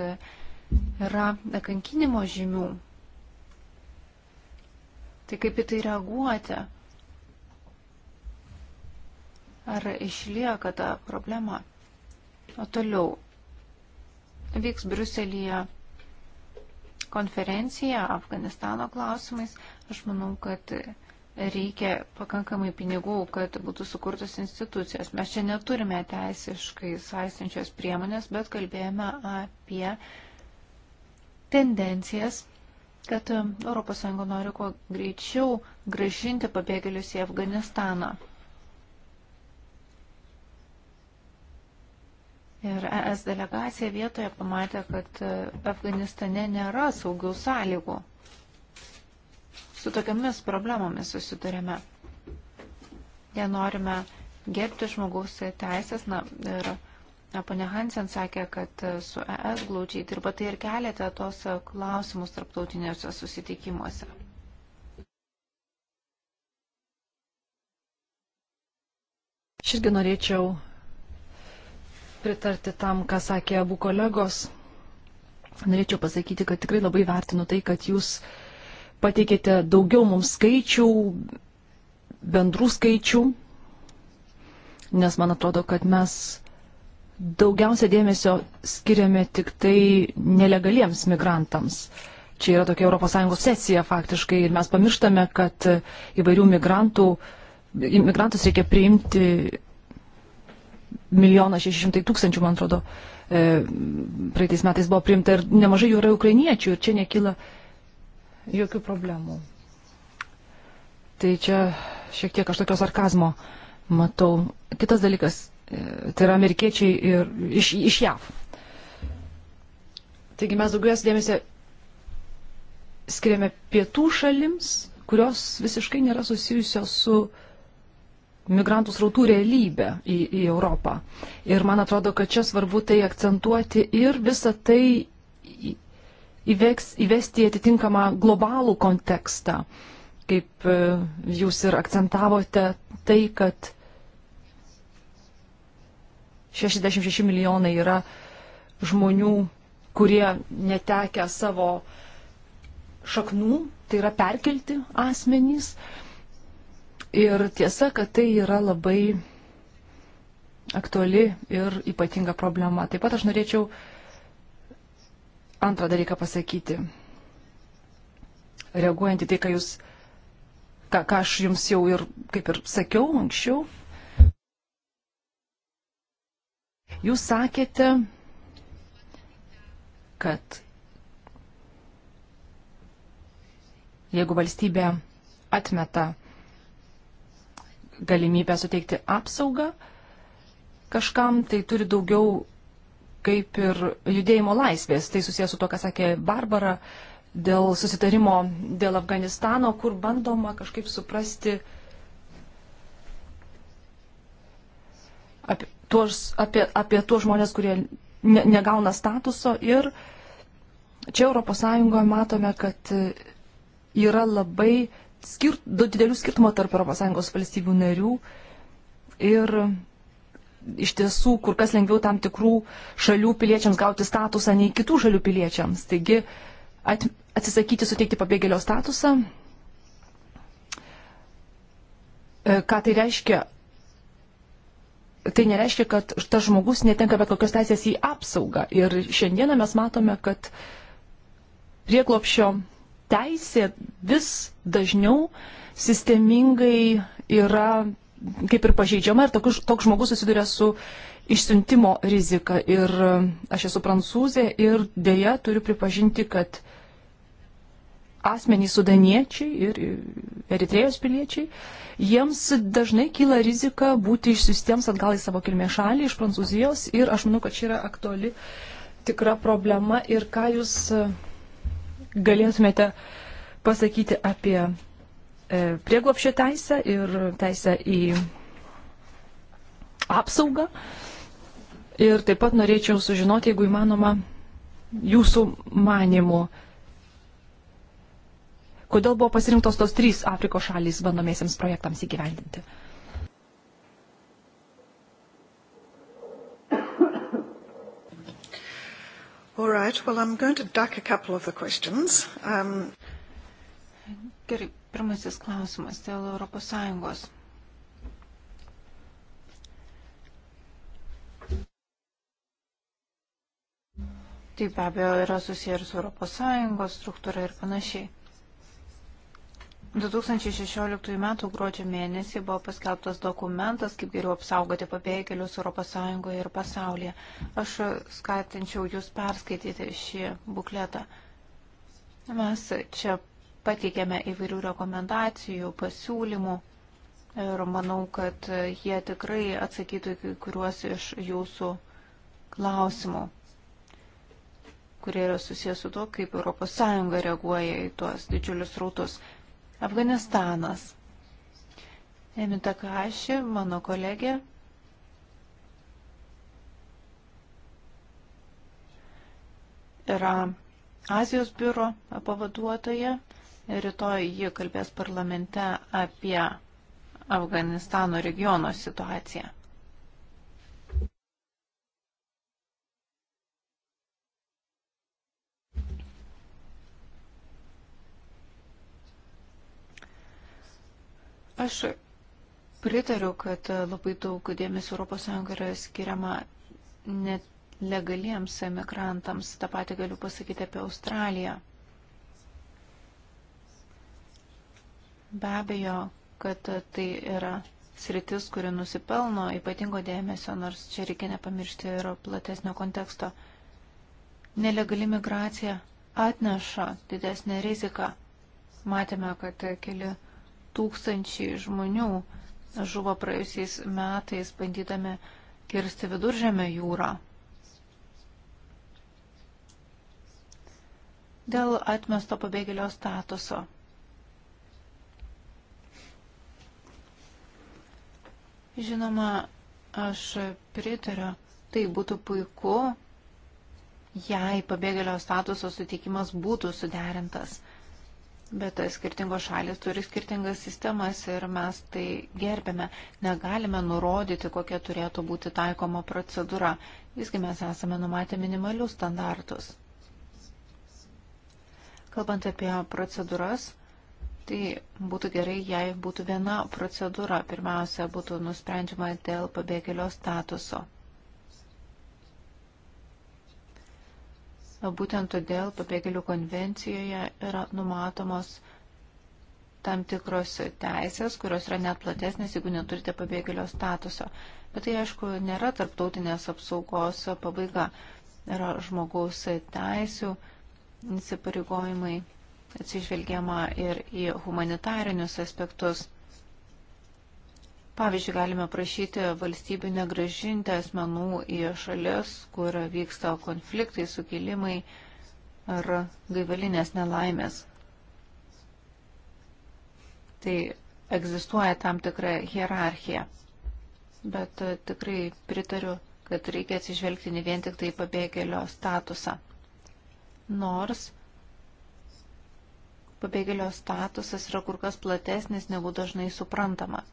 yra kankinimo žymių. Tai kaip į tai reaguoti? Ar išlieka ta problema? O toliau vyks Bruselėje konferencija Afganistano klausimais. Aš manau, kad reikia pakankamai pinigų, kad būtų sukurtos institucijos. Mes čia neturime teisiškai saistančios priemonės, bet kalbėjome apie tendencijas, kad ES nori kuo greičiau gražinti pabėgėlius į Afganistaną. Ir ES delegacija vietoje pamatė, kad Afganistane nėra saugių sąlygų. Su tokiamis problemomis susidurėme. Jie norime gerbti žmogaus teisės. Na, ir ponė Hansen sakė, kad su ES glaučiai dirba tai ir keliate tos klausimus tarptautiniuose susitikimuose. Aš irgi norėčiau pritarti tam, ką sakė abu kolegos. Norėčiau pasakyti, kad tikrai labai vertinu tai, kad jūs pateikėte daugiau mums skaičių, bendrų skaičių, nes man atrodo, kad mes daugiausia dėmesio skiriame tik tai nelegaliems migrantams. Čia yra tokia ES sesija faktiškai ir mes pamirštame, kad įvairių migrantų, migrantus reikia priimti milijoną šešimtai tūkstančių, man atrodo, e, praeitais metais buvo priimta ir nemažai jų yra ukrainiečių ir čia nekyla jokių problemų. Tai čia šiek tiek aš tokio sarkazmo matau. Kitas dalykas, e, tai yra amerikiečiai ir iš, iš JAV. Taigi mes daugiausia dėmesio skiriame pietų šalims, kurios visiškai nėra susijusios su uh, migrantų srautų realybę į, į Europą. Ir man atrodo, kad čia svarbu tai akcentuoti ir visą tai įveks, įvesti atitinkamą globalų kontekstą, kaip e, jūs ir akcentavote tai, kad 66 milijonai yra žmonių, kurie netekia savo šaknų, tai yra perkelti asmenys. Uh, Ir tiesa, kad tai yra labai aktuali ir ypatinga problema. Taip pat aš norėčiau antrą dalyką pasakyti. Reaguojant į tai, ką, jūs, ką, ką aš jums jau ir kaip ir sakiau anksčiau. Jūs sakėte, kad jeigu valstybė atmeta galimybę suteikti apsaugą kažkam, tai turi daugiau kaip ir judėjimo laisvės. Tai susijęs su to, ką sakė Barbara dėl susitarimo dėl Afganistano, kur bandoma kažkaip suprasti apie tuos, apie, apie tuos žmonės, kurie ne, negauna statuso. Ir čia ES matome, kad yra labai skirt, daug didelių skirtumų tarp ES valstybių narių ir iš tiesų kur kas lengviau tam tikrų šalių piliečiams gauti statusą nei kitų šalių piliečiams. Taigi at, atsisakyti suteikti pabėgėlio statusą. E, ką tai reiškia? Tai nereiškia, kad tas žmogus netenka bet kokios teisės į apsaugą. Ir šiandieną mes matome, kad prieglopšio teisė vis dažniau sistemingai yra kaip ir pažeidžiama ir toks, toks žmogus susiduria su išsiuntimo rizika. Ir e, aš esu prancūzė ir dėja turiu pripažinti, kad asmenys sudaniečiai ir e, eritrėjos piliečiai, jiems dažnai kyla rizika būti išsiustiems atgal į savo kilmės šalį iš Prancūzijos ir aš manau, kad čia yra aktuali tikra problema ir ką jūs e, galėtumėte pasakyti apie e, prieglopščio teisę ir teisę į apsaugą. Ir taip pat norėčiau sužinoti, jeigu įmanoma, jūsų manimų, kodėl buvo pasirinktos tos trys Afrikos šalys bandomiesiams projektams įgyvendinti. All right, well, I'm going to duck a couple of the questions. Um... Gerai, pirmasis klausimas dėl Europos Sąjungos. Tai be abejo yra susiję ir su Europos Sąjungos struktūra ir panašiai. 2016 m. gruodžio mėnesį buvo paskelbtas dokumentas, kaip geriau apsaugoti pabėgėlius ES ir pasaulyje. Aš skatinčiau jūs perskaityti šį bukletą. Mes čia pateikėme įvairių rekomendacijų, pasiūlymų ir manau, kad jie tikrai atsakytų į kuriuos iš jūsų klausimų kurie yra susijęs su to, kaip ES reaguoja į tuos didžiulius rautus. Afganistanas. Emi Takashi, mano kolegė. Yra Azijos biuro pavaduotoja. Rytoj ji kalbės parlamente apie Afganistano regiono situaciją. Aš pritariu, kad labai daug dėmesio ES yra skiriama net legaliems emigrantams. Ta pati galiu pasakyti apie Australiją. Be abejo, kad tai yra sritis, kuri nusipelno ypatingo dėmesio, nors čia reikia nepamiršti ir platesnio konteksto. Nelegali migracija atneša didesnę riziką. Matėme, kad keli tūkstančiai žmonių žuvo praėjusiais metais bandydami kirsti viduržėmę jūrą. Dėl atmesto pabėgėlio statuso. Žinoma, aš pritariu, tai būtų puiku, jei pabėgėlio statuso suteikimas būtų suderintas. Bet e, skirtingos šalis turi skirtingas sistemas ir mes tai gerbėme. Negalime nurodyti, kokia turėtų būti taikoma procedūra. Visgi mes esame numatę minimalius standartus. Kalbant apie procedūras, tai būtų gerai, jei būtų viena procedūra. Pirmiausia, būtų nusprendžiama dėl pabėgėlio statuso. Būtent todėl pabėgėlių konvencijoje yra numatomos tam tikros teisės, kurios yra net platesnės, jeigu neturite pabėgėlio statuso. Bet tai, aišku, nėra tarptautinės apsaugos pabaiga. Yra žmogaus teisų įsipareigojimai, atsižvelgiama ir į humanitarinius aspektus. Pavyzdžiui, galime prašyti valstybių negražinti asmenų į šalis, kur vyksta konfliktai, sukilimai ar gaivalinės nelaimės. Tai egzistuoja tam tikra hierarchija. Bet e, tikrai pritariu, kad reikia atsižvelgti ne vien tik tai pabėgėlio statusą. Nors pabėgėlio statusas yra kur kas platesnis negu dažnai suprantama.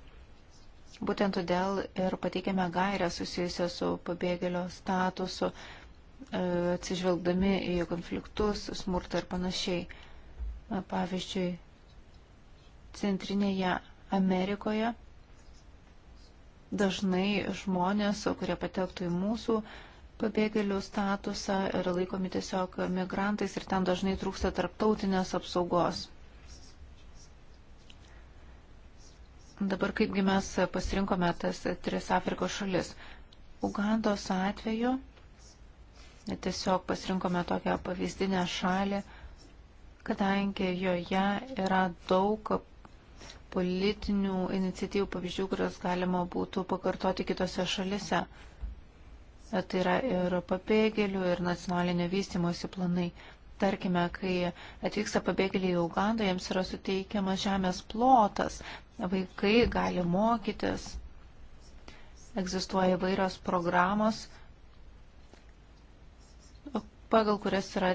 Būtent todėl ir pateikėme gairę susijusią su pabėgėlio statusu, e, atsižvelgdami į konfliktus, smurtą ir panašiai. E, pavyzdžiui, Centrinėje Amerikoje dažnai žmonės, kurie patektų į mūsų pabėgėlių statusą, yra laikomi tiesiog migrantais ir ten dažnai trūksta tarptautinės apsaugos. Dabar kaipgi mes pasirinkome tas tris Afrikos šalis. Ugandos atveju tiesiog pasirinkome tokią pavyzdinę šalį, kadangi joje yra daug politinių iniciatyvų pavyzdžių, kurios galima būtų pakartoti kitose šalise. Tai yra ir pabėgėlių, ir nacionalinio vystimosi planai. Tarkime, kai atvyksta pabėgėliai į Ugandą, jiems yra suteikiamas žemės plotas, vaikai gali mokytis, egzistuoja įvairios programos, pagal kurias yra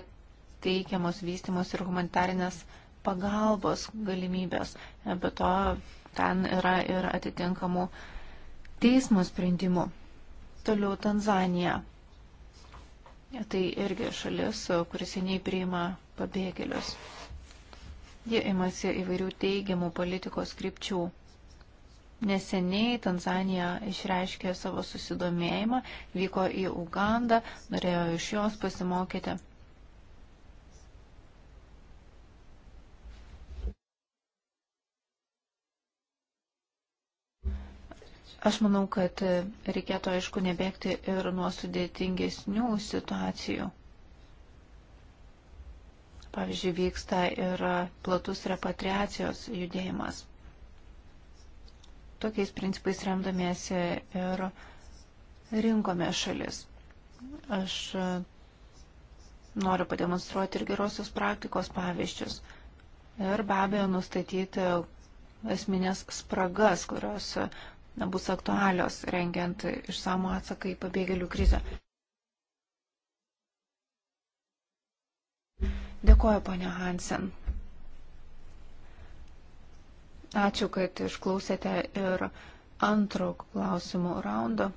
teikiamos vystimos ir humanitarinės pagalbos galimybės. Be to, ten yra ir atitinkamų teismo sprendimų. Toliau Tanzanija. Tai irgi šalis, kuris seniai priima pabėgėlius. Ji imasi įvairių teigiamų politikos krypčių. Neseniai Tanzanija išreiškė savo susidomėjimą, vyko į Ugandą, norėjo iš jos pasimokyti. Aš manau, kad reikėtų aišku nebėgti ir nuo sudėtingesnių situacijų. Pavyzdžiui, vyksta ir platus repatriacijos judėjimas. Tokiais principais remdamiesi ir rinkome šalis. Aš noriu pademonstruoti ir gerosios praktikos pavyzdžius. Ir be abejo nustatyti esminės spragas, kurios bus aktualios rengiant išsamų atsaką į pabėgėlių krizę. Dėkuoju, ponia Hansen. Ačiū, kad išklausėte ir antro klausimų raundo.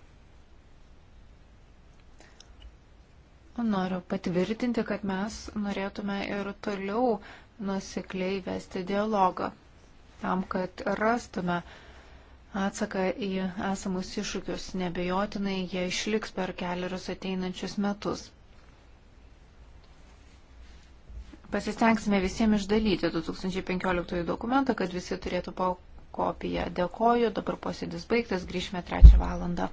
Noriu patvirtinti, kad mes norėtume ir toliau nusikliai vesti dialogą, tam, kad rastume atsaką į esamus iššūkius. Nebejotinai jie išliks per keliarus ateinančius metus. Pasistengsime visiems išdalyti 2015 dokumentą, kad visi turėtų po kopiją. Dėkoju, dabar posėdis baigtas, grįžime trečią valandą.